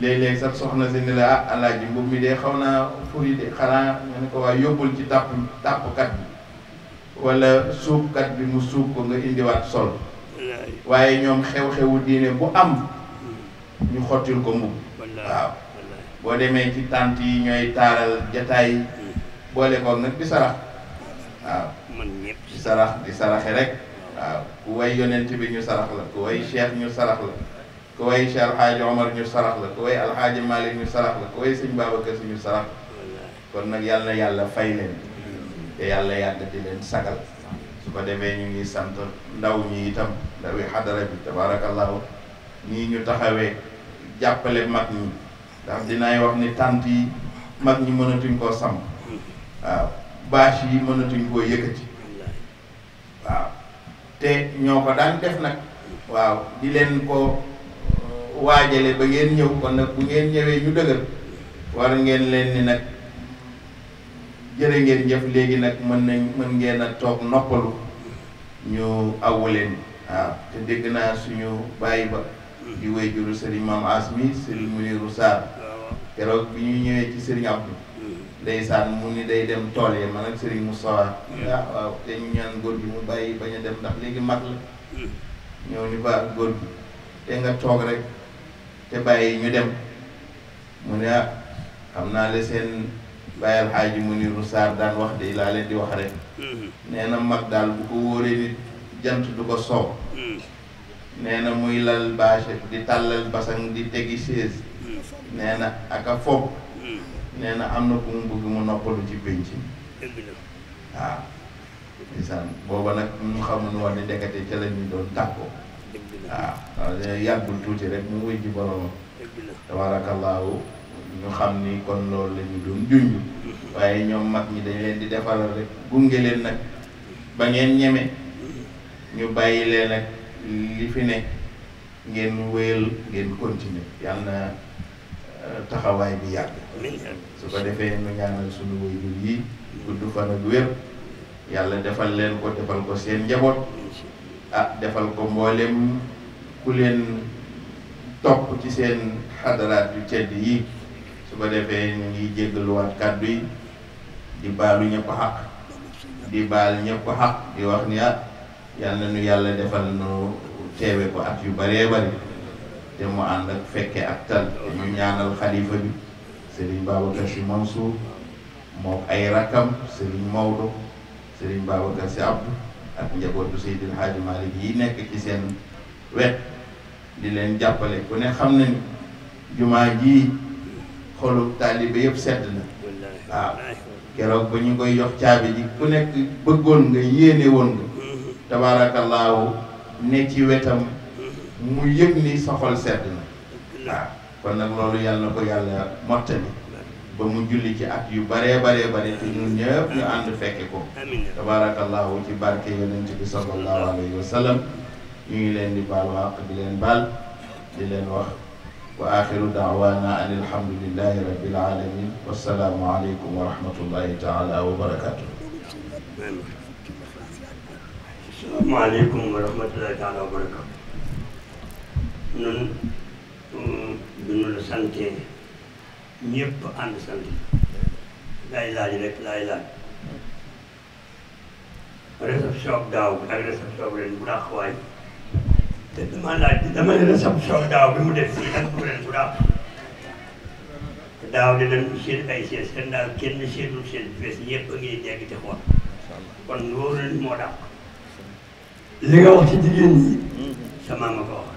léegi léeg sax soxna si ni la ah alaaji mbubb mi de xaw naa furi de xanaa nga ne ko waaye yóbbul ci tàpp tàppkat bi wala suubkat bi mu suub ko nga indiwaat sol waaye ñoom xew-xewu diine bu am hmm. ñu xottil ko mbubb waaw boo demee ci tànt yi ñooy taaral jataay hmm. boole koog nag di sarax waaw di sarax di saraxe rek waaw ku way yonent bi ñu sarax ku way cheikh ñu sarax la ku way cheikh alxaaji omar ñu sarax la ku way alxaaji malik ñu la ku way sëñ babacar si ñu sarax kon nag yàlla na yàlla fay leen te yàlla yàgg di leen sagal su ko defee ñu ngi sant ndaw ñi itam ndawi xadara bi tabarakallahu ñii ñu taxawee jàppale mag ñi ndax dinaay wax ni tànt yi mag ñi mënatuñ koo sàmm waaw bâche yi mënatuñ koo yëkkati waaw te ñoo ko daan def nag waaw di leen ko uh, waajale ba ngeen ñëw kon nag bu ngeen ñëwee ñu dëgër war ngeen leen ni nag jërë ngeen jëf léegi nag mën nañ mën ngeen a toog noppalu ñu awu waaw dégg suñu ba di wéy sëriñ asmi sëriñ muniru saar keroog bi ñu ñëwee ci sëriñ Abdou ndeysaan mu ni day dem tol yi man ak Serigne Moustapha hmm. ah waaw te ñu ñaan góor gi mu bàyyi bañ a dem ndax léegi mag la hmm. ñëw ni ba góor gi te nga toog rek te bàyyi ñu dem mu ne ah le seen bàyyal xaaji mu ni Roussard daan wax de laa leen di wax rek hmm. nee na mag daal bu ko wóoree nit jant du ko soow nee muy lal bâche di talal basang di tegi chaise nee aka foog nee na am na ku mu bëgg mu noppalu ci pénc mi waaw ah. ndeysaan booba nag ñu xamul woon ne ndekete ca la ñu doon tàkkoo waaw waaw yàggul tuuti rek mu wéy ji boromam tabaarakallaahu ñu xam ni kon loolu la doon junj mm-hmm. waaye ñoom mag ñi dañ leen di defaral rek gunge leen nag ba ngeen ñeme mm-hmm. ñu bàyyi leen ak fi ne ngeen wéyal ngeen continuer taxawaay bi yàgg su ko defee ñu ñaanal suñu waajur yi gudd fan ak wér yàlla defal leen ko defal ko seen njaboot ah defal ko mboolem ku leen topp ci seen xadaraat yu tedd yi su ko defee ñu ngi jéggaluwaat kàddu yi di baalu ñëpp xaq di baal ñëpp xaq di wax ni ah yàlla nu yàlla defal nu teewe ko at yu baree bari te mu ànd ak fekke ak tal ñu ñaanal xalifa bi Serigne Babacar Sy Mansour moom ay rakam Serigne Maodo Serigne Babacar si Abdou ak njabootu Seydil Hadji Malick yi nekk ci seen wet di leen jàppale ku ne xam na ni jumaa jii xolub taalibe yëpp sedd na waaw keroog ba ñu koy jox caabi ji ku nekk bëggoon nga yéene woon nga mm-hmm. tabaarakallaahu ne ci wetam يجب ان يكون هناك من يكون هناك من يكون هناك من يكون هناك من يكون هناك من يكون هناك من يكون هناك من يكون هناك من يكون هناك من يكون وآخر دعوانا أن الحمد لله رب العالمين والسلام عليكم ورحمة الله تعالى وبركاته السلام عليكم ورحمة الله تعالى وبركاته ñun bu ñu la santee ñëpp ànd sant laay laaj rek laay laaj réception daaw bi ak réception bi ren bu daax waay te dama laaj bi dama ne réception daaw bi mu def fii ak bu ren bu daax daaw de dañu seet ay seet seen daaw kenn seetul seet bi fees ñëpp a ngi dégg te xool kon loolu moo dàq li nga wax ci jigéen ñi sama ma ko wax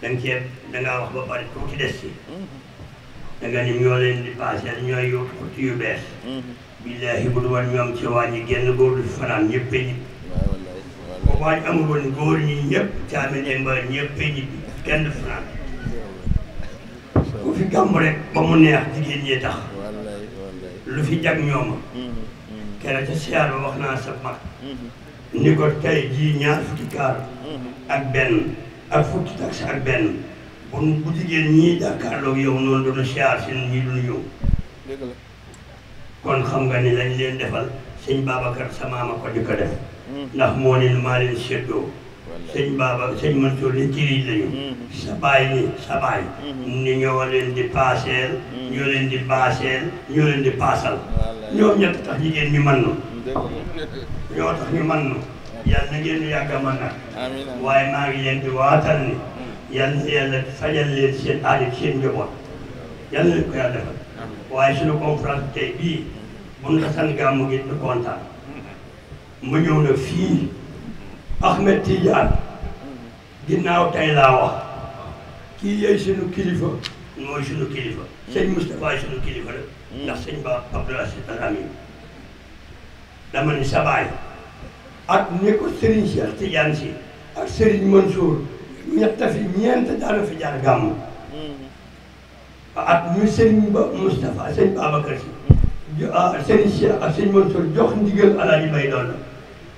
da wax ba pare tuuti des ci da nga ni ñoo leen di paaseel ñooy yóbbu tuuti yu billaahi bu dul ñoom ci wàññi génn góor du fanaan ñëpp a ñibbi. bu wàññi amul woon góor ñi ñëpp caame fanaan. ku fi gàmm rek ba mu neex jigéen ñi tax. lu fi jag ñooma. keneen ca siyaar ba wax naa sa mag. ni ko tey jii ñaar fukki ak benn. ak fukki taksi ak benn bon bu jigéen ñii jàkkaarloog yow noonu doon siyaar seen ñii duñu ñëw kon xam nga ni lañ leen defal sëñ Babacar sa maama ko di def hmm. ndax moo ne maa leen séddoo sëñ Baba sëñ Mansour li tiri lañu hmm. sa ni sa hmm. ni ñoo leen di paaseel ñoo leen di baaseel ñoo leen di paasal ñoom ñett tax jigéen ñu man na ñoo tax ñu man na yal na ngeen yàgg a mën nag waaye maa ngi leen waatal ni yal yàlla fajal leen seen aajo seen njaboot yal na ko yàlla defal waaye suñu conférence tey bii mun gi ñu kontaan mu ñëw na Ahmed Tidiane ginnaaw tey laa kii yey suñu kilifa mooy suñu kilifa mm. sëñ Moustapha suñu kilifa mm. ndax sëñ ba Abdoulaye Al Amin dama ni sabaay ak ni ko Serigne Cheikh Tidiane si ak Serigne Mansour ñett fi ñeent daana fi jaar gàmm at mi Serigne ba Moustapha sëñ Babacar si ah, Serigne ak sëñ Mansour jox ndigal alaaji bay doon la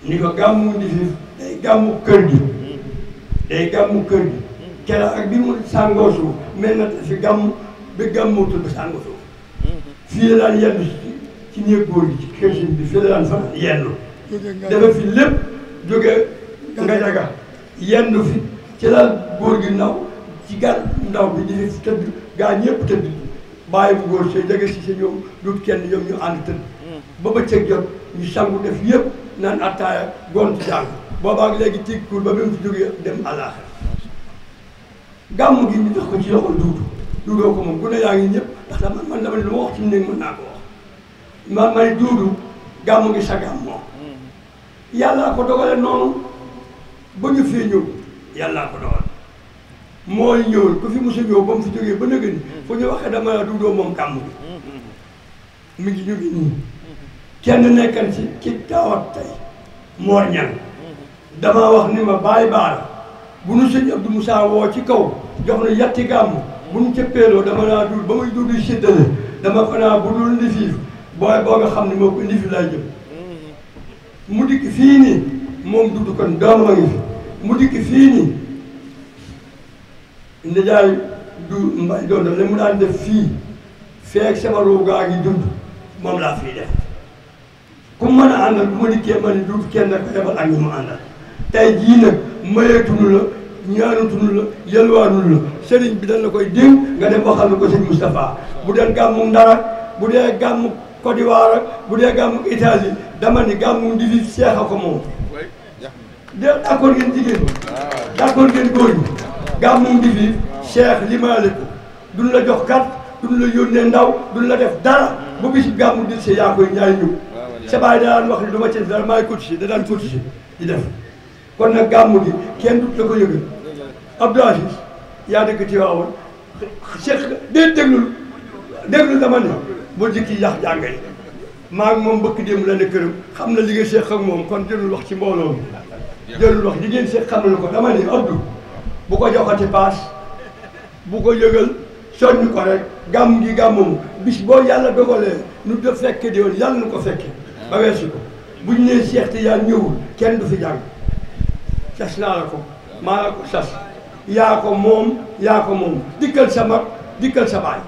ni ko gàmmu di fi day gàmmu kër gi day gàmmu kër gi keroog ak bi mu sàngoo suuf mel na fi gàmm bi gàmmutul bi sàngoo suuf fii la daan ci néeg góor gi ci kër bi fii la daan fa yendu dafa fi lépp jóge nga jaga yendu fi ci la góor gi naw ci gan ndaw bi di gaa ñëpp tëdd bàyyi bu góor see dëgg si sa ñoom dut kenn ñoom ñu ànd tëdd ba bëccëg jot ñu sangu def yëpp naan attaaya gont jàng boobaak léegi tiig kuur ba bi fi jógee dem àllaaxira gàmm gi ñu jox ko ci loxol duudu duudoo ko moom gune yaa ngi ñëpp ndax dama man dama ne lu ma wax naa ko wax ma may duudu gi sa gàmm yàllaa ko dogale noonu ba ñu fee ñëw yàllaa ko dogal mooy ñëwul ku fi mos a ñëw ba mu fi jógee ba nëgë ni fu ñu waxee dama dundoo moom kàmm bi mu ngi ñu nii kenn nekkan ci ci taawat tey moor ñan dama wax ni ma bàyyi baara bu nu sëñ Abdou Moussa woo ci kaw jox na yatti gàmm bu nu cëppeeloo dama naa dul ba muy dund séddale dama ko naa bu dul ndifiif booy boo nga xam ne moo ko ndifi lay jëm Mudik dikk fii nii moom kon doom ngi fi mu dikk fii du mbay doon def li mu daan def fii feek sama ruugaa gi dund moom laa fii def ku mën a àndal bu ma dikkee ma ni duut kenn ko yebal ak ñu mu àndal tey jii nag mayeetunu la la la bi la koy nga dem waxal ko bu ndara bu Côte d'Ivoire ak bu dee gàmmu Italie dama ni gàmmu ndi li seex a ko moom de d'accord ngeen jigéen ah, d'accord ngeen góor ñi gàmmu ndi li seex limaale ko duñ la jox kat duñ la yónnee ndaw duñ la def dara bu bis gàmmu di si yaa koy ñaay ñëw ah, sa da daan wax ni du a ci dara maay cotisé da daan cotisé di def kon nag gàmmu gi kenn du la ko yëgal Abdou Aziz yaa dëkk ci dee déglu dama ne boo jëkki yax jàng yi maa ngi moom bëkk démb la ne këram xam na li nga seex ak moom kon jërul wax ci mbooloo mi jërul wax li ngeen seex xam na ko dama ni Abdou bu ko joxati paas bu ko yëgal soññ ko rek gàmm gi gàmmam bis boo yàlla dogalee nu def fekke di woon yàlla nu ko fekke ba weesu ko bu ñu nee seex te yaa ñëwul kenn du fi jàng sas naa la ko maa la ko sas yaa ko moom yaa ko moom dikkal sa mag dikkal sa baay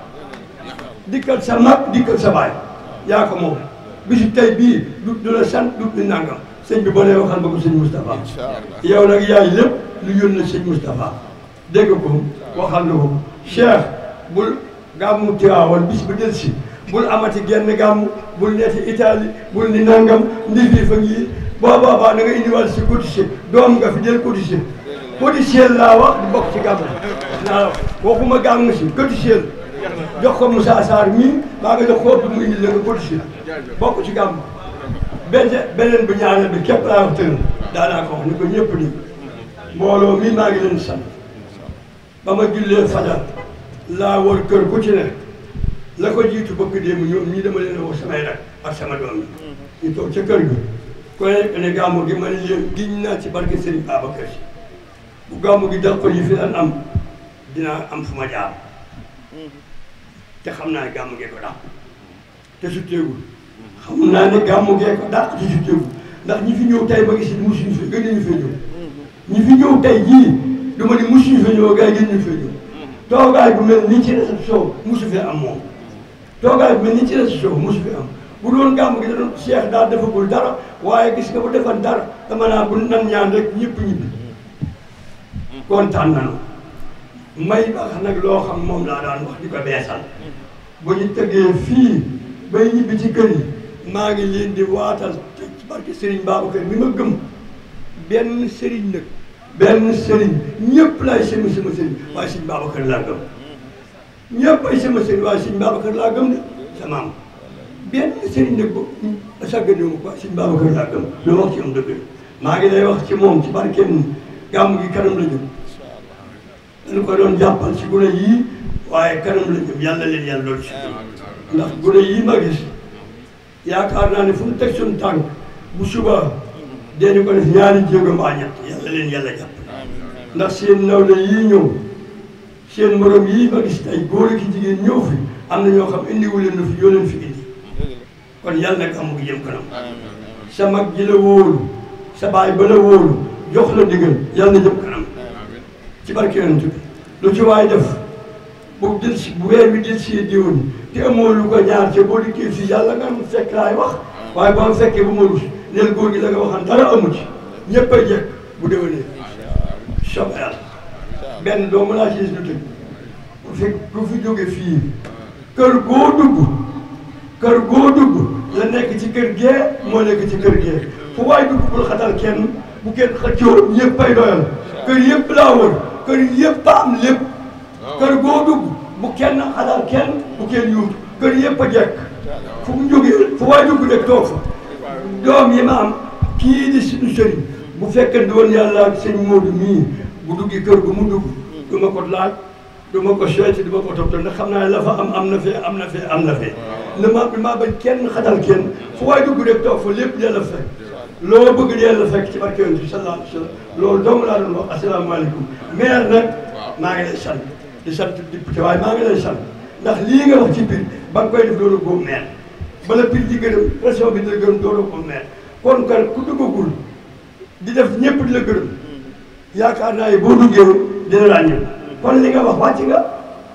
dikkal sa mag dikkal sa baay yaa ko moom bisu tey bii du du la sant du nangam sëñ bi boo nee waxal ba ko sëñ Moustapha yow nag yaay lépp lu yónni na sëñ Moustapha dégg ko waxal na ko Cheikh bul gàmmu Tiwaawan bis bu delsi bul amati genn gàmmu bul neeti Italie bul ni nangam ndi fii fa ngi boo boobaa na nga indiwaal si cotisé doom nga fi del cotisé cotisé laa wax du bokk ci gàmmu naa waxuma gàmmu si cotisé jox ko Moussa Sarr mii maa ngi jox ko ëpp mu indi leen policier bokk ci gàmm benn beneen bi ñaareel bi képp laa wax tëral daanaa ko wax ko ñëpp nii mbooloo mii maa ngi leen sant ba ma jullee fajar laa war kër ku ci ne la ko jiitu bëgg démb ñoom ñii dama leen woo samay rak ak sama doom yi ñu toog ca kër gi ku ne ne gàmmu gi ma ne leen giñ naa ci barke Serigne Babacar Sy bu gàmmu gi dal ko yi fi daan am dinaa am fu ma jaar te xam naa ne gàmmu gee ko dàq te sutteegul xam naa ne ko dàq te sutteegul ndax ñi fi ñëw tey ba gis ni musuñu fi gën nañu fee ñëw tey jii du ma ni musuñu fee ñëw gars yi gën nañu fee ñëw toogaay bu mel nii ci réception musu fi am moom toogaay bu mel nii ci réception musu fi am bu doon gàmm gi da doon daal defagul dara waaye gis nga bu defan dama naa bu nan ñaan rek ñëpp ñibbi kontaan nañu may baax nag loo xam moom laa daan wax di ko beesal bu ñu tëggee fii bay ñibbi ci kër yi maa ngi leen di waatal ci barke Serigne Babacar mi ma gëm benn Serigne nag benn Serigne ñëpp laay sama sama Serigne waaye Serigne Babacar laa gëm ñëpp ay sama Serigne waaye Serigne Babacar laa gëm de sama am benn Serigne nag boobu sàgganewu ko waaye Serigne laa gëm lu wax ci am dëgg maa ngi lay wax ci moom ci barkeem gàmm gi kanam la jëm. dañu ko doon jàppal si gune yii waaye kanam la jëm yàlla leen yàlla loolu si ndax yii ma gis yaakaar naa ne fu mu teg suñu tànk bu suba dañu ko def ñaari jéego mbaa ñett yàlla leen yàlla jàpp ndax seen nawle yii ñëw seen morom yii ma gis tey góor ak jigéen ñëw fi am na ñoo xam indiwu leen na fi yoo leen fi indi kon yàlla nag amu ko jëm kanam sa mag ji la wóolu sa baay ba la jox la digal yàlla jëm kanam ci barke yonent bi lu ci waay def bu dil bu weer bi dil si diwoon te amoo lu ko ñaar ca boo dikkee si yàlla nga am fekk laay wax waaye boo am fekkee bu ma rus neel góor gi la nga waxan dara amu ci ñëpp a jekk bu déwénee sob yàlla benn doomu laa ci ñu tëj bu fi bu fi jóge fii kër goo dugg kër goo dugg la nekk ci kër gee moo nekk ci kër gee fu waay dugg bul xatal kenn bu kenn xëccoo ñëpp ay doyal kër yëpp laa wër kër yëpp a am lépp ah. kër goo dugg bu kenn xalaat kenn bu kenn yuut kër yëpp a jekk fu mu jógee fu waay dugg rek toog fa doom yi ma am kii di suñu sëriñ bu fekkee doon yàlla ak sëñ Modou mii bu duggi mu dugg du ma ko laaj du ma ko seeti du ma ko la am am na fee na fee am na fee li ma li kenn xadal kenn fu waay dugg rek toog fa lépp yàlla fekk loo bëgg dee la fekk ci barke yonent bi sallallahu alayhi wa sallam loolu dong laa doon wax asalaamaaleykum maire nag maa ngi lay sant di sant waaye maa ngi lay sant ndax lii nga wax ci biir ba nga koy def loolu góob maire bala biir di gërëm région bi di la gërëm doolu ko maire kon kan ku duggagul di def ñëpp di la gërëm hmm. yaakaar naa ne boo duggee dina la ñëw kon li nga wax wàcc nga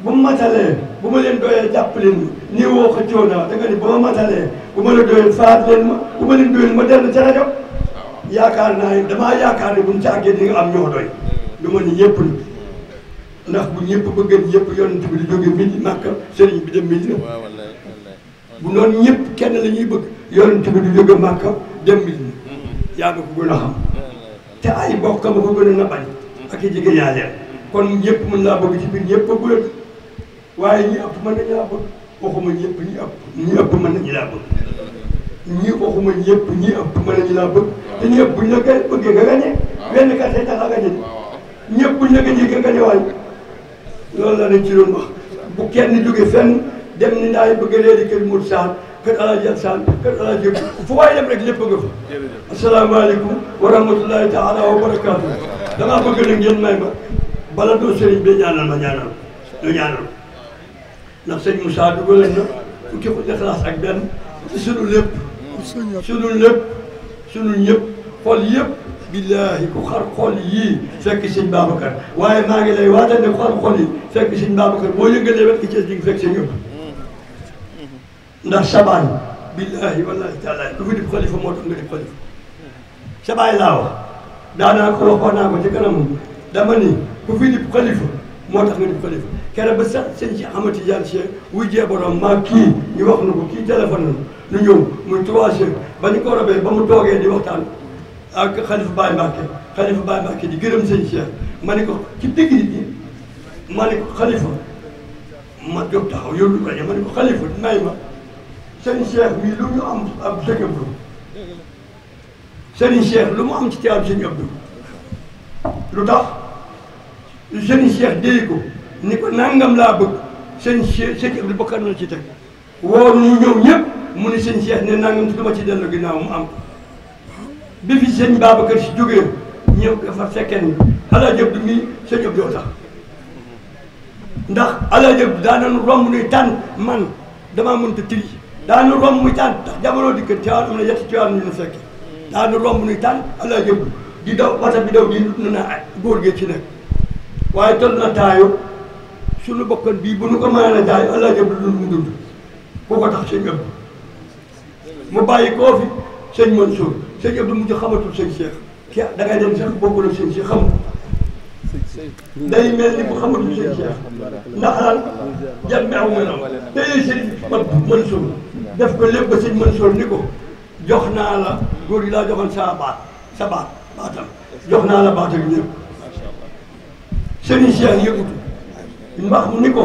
bu ma matalee bu ma leen doyee jàpp leen ma nii woo ko coonaa da nga ni bu ma matalee bu ma leen doyee faat leen ma bu ma leen doyee ma dellu ca rajo yaakaar naa ne damaa yaakaar ne buñ càggee di nga am ñoo doy du ma ni ñëpp la ndax bu ñëpp bëggeen ñëpp yonent bi di jóge midi Makka sëriñ bi dem midi bu noonu ñëpp kenn la ñuy bëgg yonent bi di jóge Makka dem midi yaa ngi ko gën a xam te ay bokkam ko gën a na bañ ak i jege yaayeen kon ñëpp mën naa bëgg ci biir ñëpp bëgg waaye ñi ëpp mën nañu laa bëgg waxuma ñëpp ñi ëpp ñi ëpp mën nañu laa bëgg ñi waxuma ñëpp ñi ëpp mën nañu laa bëgg te ñi ëpp buñ la gën bëggee nga gañe benn kase tax a gañe ñëpp buñ la gañee nga gañe waay loolu la lañ ci doon wax bu kenn jóge fenn dem ni ndaay bëgg léegi kër Mour Sarr kër Alaaji Sall kër Alaaji fu waay dem rek lépp nga fa asalaamaaleykum wa rahmatullahi taala wa barakaatu damaa bëgg nag ngeen may ma bala doo sëriñ bi ñaanal ma ñaanal ma ñaanal ndax sëñ Moussa dugal na fukki ko Ixlaas ak benn ci sunu lépp sunu lépp sunu ñëpp xol yëpp billaahi ku xar xol yii fekk sëñ Babacar waaye maa ngi lay waata ne xar xol yi fekk sëñ Babacar boo yëngalee wet ki ci di nga fekk sëñ yëpp ndax sabaan billaahi wallaahi taalaa lu fi dib xalifa moo tax nga dib xalifa sabaay laa wax ko waxoon naa ko ci kanam dama ni ku fi dib moo tax nga dib keroog ba sax sëñ si Amady Diagne Cheikh wuy jee borom maa kii ñu wax na ko kii téléphone na ñu ñëw muy 3 heures ba ñu ko robee ba mu toogee di waxtaan ak xalifa Baye Mbacke xalifa Baye Mbacke di gërëm sëñ Cheikh ma ne ko ci digg nit ma ne ko xalifa ma jóg taxaw yóbbu ko ma ne ko xalifa may ma sëñ Cheikh mii lu ñu am ab sëñ Abdou sëñ Cheikh lu mu am ci teewam sëñ Abdou lu tax sëñ Cheikh déy ko. ni ko nangam laa bëgg sëñ sëñ Abdou Bakar na ci teg woo ñu ñëw ñëpp mu ni sëñ Cheikh ne nangam te duma ci dellu ginnaaw mu am bi fi sëñ Babacar si jógee dafa fekkee ni Alaaji Abdu mi sëñ Abdou tax ndax Alaaji Abdu daanañu romb nuy tànn man damaa mënta tiri daanu romb muy jamono dikk Tiwaawan am na yetti Tiwaawan ñu nu fekk daanu romb nuy tànn Alaaji Abdu di daw wata bi daw di nu na góor gee ci nekk waaye toll na taayu suñu bokkan bii bu nu ko mënee la jaay allah jëm lu mu dund ku ko tax sëñ Abdou mu bàyyi koo fi sëñ Mansour sëñ Abdou mujj xamatul sëñ Cheikh kii da ngay dem sax bokkul ak sëñ Cheikh xamul day mel ni bu xamatul sëñ Cheikh ndax daal jàmm aw ma naaw day sëñ Mansour def ko lépp ba sëñ Mansour ni ko jox naa la góor yi laa joxoon sa baat sa baat baatam jox naa la baatam ñëpp sëñ Cheikh yëgutu mbax mu ni ko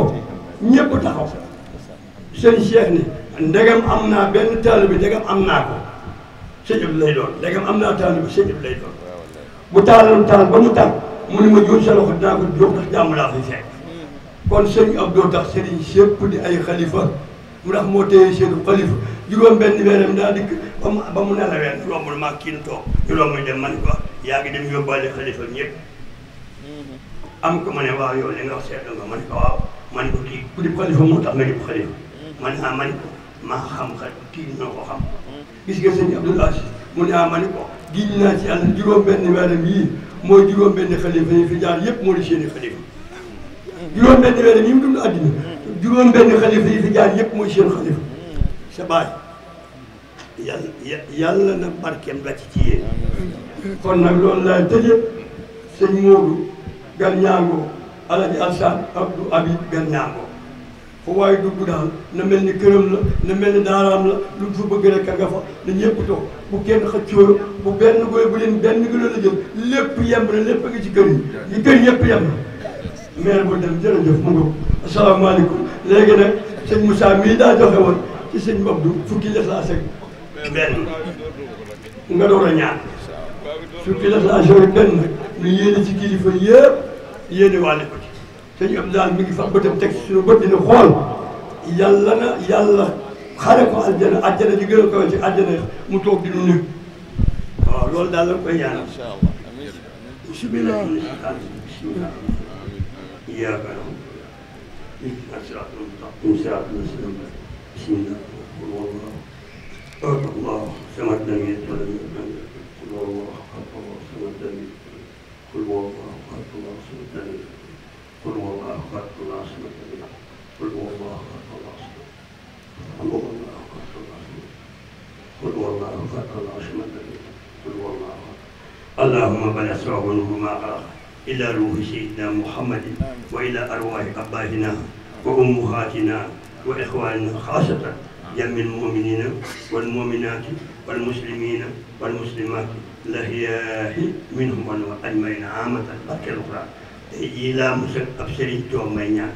ñëpp taxaw sëñ Cheikh ni ndegam am naa benn taalibe ndegam am naa ko sëñ bi lay doon ndegam am naa taalibe sëñ bi lay doon bu taaloon taal ba mu taal mu ni ma jóor sa loxo dinaa ko jóg ndax jàmm laa fi fekk kon sëñ Abdou tax sëriñ sépp di ay xalifa mu tax moo téye seenu xalifa juróom benn weeram daa dikk ba mu ba mu nelawee romb na maa kii nu toog ñu romb dem man ko yaa ngi dem yóbbaale xalifa ñëpp am ko ma ne waaw yow li nga wax seetlu nga ma ne ko waaw ma ne ko kii ku dib xalifa moo tax nga dib xalifa ma ne ah ma ne ko maa xam xal kii noo ko xam gis nga sëñ Abdoul Aziz mu ne ah ma ne ko giñ naa ci yàlla juróom-benn weeram yii mooy juróom-benn xalifa yi fi jaar yëpp moo di seeni xalifa juróom-benn weeram yi mu dund àddina juróom-benn xalifa yi fi jaar yëpp mooy seen xalifa sa baay yàlla yàlla na barkeem la ci ci yéen kon nag loolu laa tëje sëñ Moodu Garniango Alaji Alsaan Abdou Habib Garniango fa waaye dugg daal na mel ni këram la na mel ni daaraam la lu fa bëgg rek a nga fa na ñëpp toog bu kenn xëccoo bu benn goy bu leen benn gi la lépp yemb na a ngi ci kër yi yi kër yëpp yemb na maire bu dem léegi nag sëñ Moussa mii daa joxe woon ci sëñ Abdou fukki leslaasek benn nga door a ñaan سكرت الأشهر كن ميين تجيلي في الياب يني والي بك سي أبدان ميكي فقبتم تكسر بدن خول يلا يلا xare ko aljana aljana ji gën a kawe ci aljana mu toog di nu nekk waaw loolu daal la koy ñaanal bismillah bismillah ya karam بسم الله والله الله سمعت لم يدخل من قل هو الله احد الله الصمد قل هو الله احد الله الصمد قل هو الله احد الله الصمد قل هو الله احد الله الصمد قل هو الله احد الله الصمد قل هو الله احد الله الصمد قل هو الله احد اللهم بل اسمعه منهما الى روح سيدنا محمد والى ارواح ابائنا وامهاتنا واخواننا خاصه جم المؤمنين والمؤمنات والمسلمين والمسلمات لهياه منهم أجمعين عامة بركة أخرى إلى مسلم أبسرين توم مينيا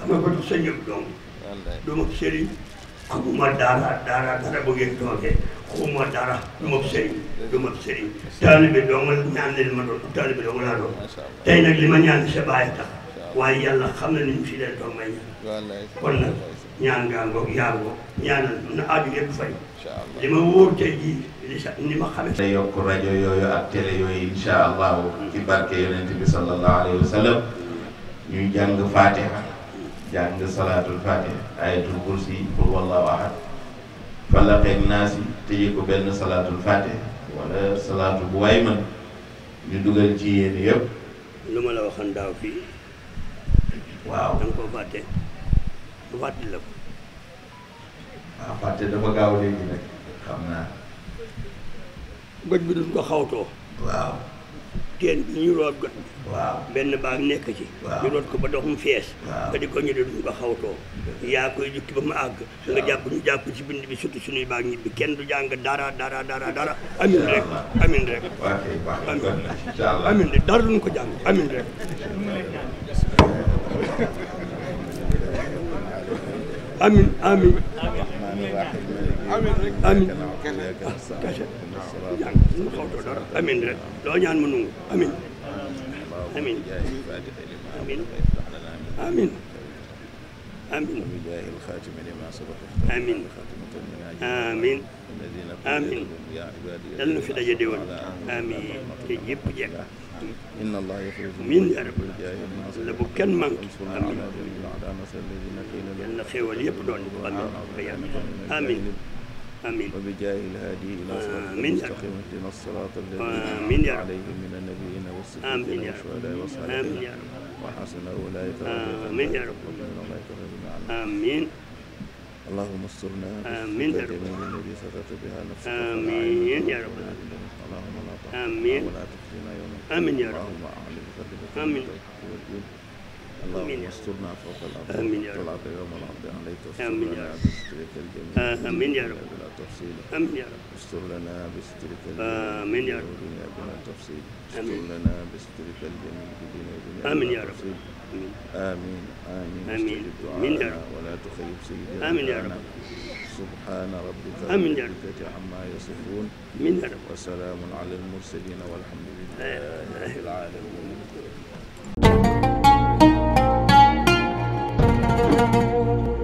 خما كنت سنجب دوم دوم أبسرين خما دارا دارا دارا بوجه توم خما دارا دوم أبسرين دوم أبسرين تالي بدوم نان المدر تالي بدوم لا دوم تينك لمن يعني سبايتا waaye الله xam نمشي دوم mu fi leen toog may يارو نان nag ñaan li ma wóor tey jii li ma xamee. day yokk rajo yooyu ak télé yooyu incha allahu ci barke yonent bi sallallahu alayhi wa sallam ñuy jàng fatiha jàng salaatul fatiha ayatul kursi qul wallahu ahad falaqeeg naas yi tëjee ko benn salaatul fatiha wala salaatu bu waay man ñu dugal ci yéen yëpp. lu ma la waxoon daaw fii. waaw da nga koo fàtte mu fàttali la ko. waaw fàtte dafa gaaw léegi nag xam naa goj bi duñ ko xaw waaw teen bi ñu root goj bi benn baag nekk ci ñu root ko ba doxum fees nga di ko ñu de duñ ko xawtoo yaa koy jukki ba mu àgg nga jàpp ñu jàpp ci bind bi surtout suñuy baag ñibbi kenn du jàng dara dara dara dara amin rek amin rek dara duñ ko jàng amin rek amin amin امين امين امين امين امين امين امين امين امين امين امين آمين امين امين لما سبق آمين آمين آمين يا عبادي يلا في دجا ديوان آمين يجيب جاك إن الله يخرج من يا رب لبو كان مانك آمين يلا خيوال يبدون آمين آمين آمين وبجاه الهادي إلى صراط المستقيم اهدنا الصراط الذي عليه من النبيين والصديقين والشهداء والصالحين وحسن أولئك آمين يا رب آمين اللهم استرنا آمين يا رب الذي سترت بها نفسك آمين يا رب اللهم لا تخزنا يوم آمين يا رب آمين اللهم استرنا فوق الارض امين يا رب يوم العرض عليك امين يا رب بسترك الجميل آه، امين يا رب بلا تفصيل امين يا رب استر لنا بسترك الجميل امين يا رب دنيا بلا تفصيل استر لنا بسترك الجميل دنيا دنيا امين يا رب امين امين امين امين يا رب ولا تخيب سيدنا امين يا رب سبحان ربك امين يا رب عما يصفون امين يا رب وسلام على المرسلين والحمد لله رب العالمين thank you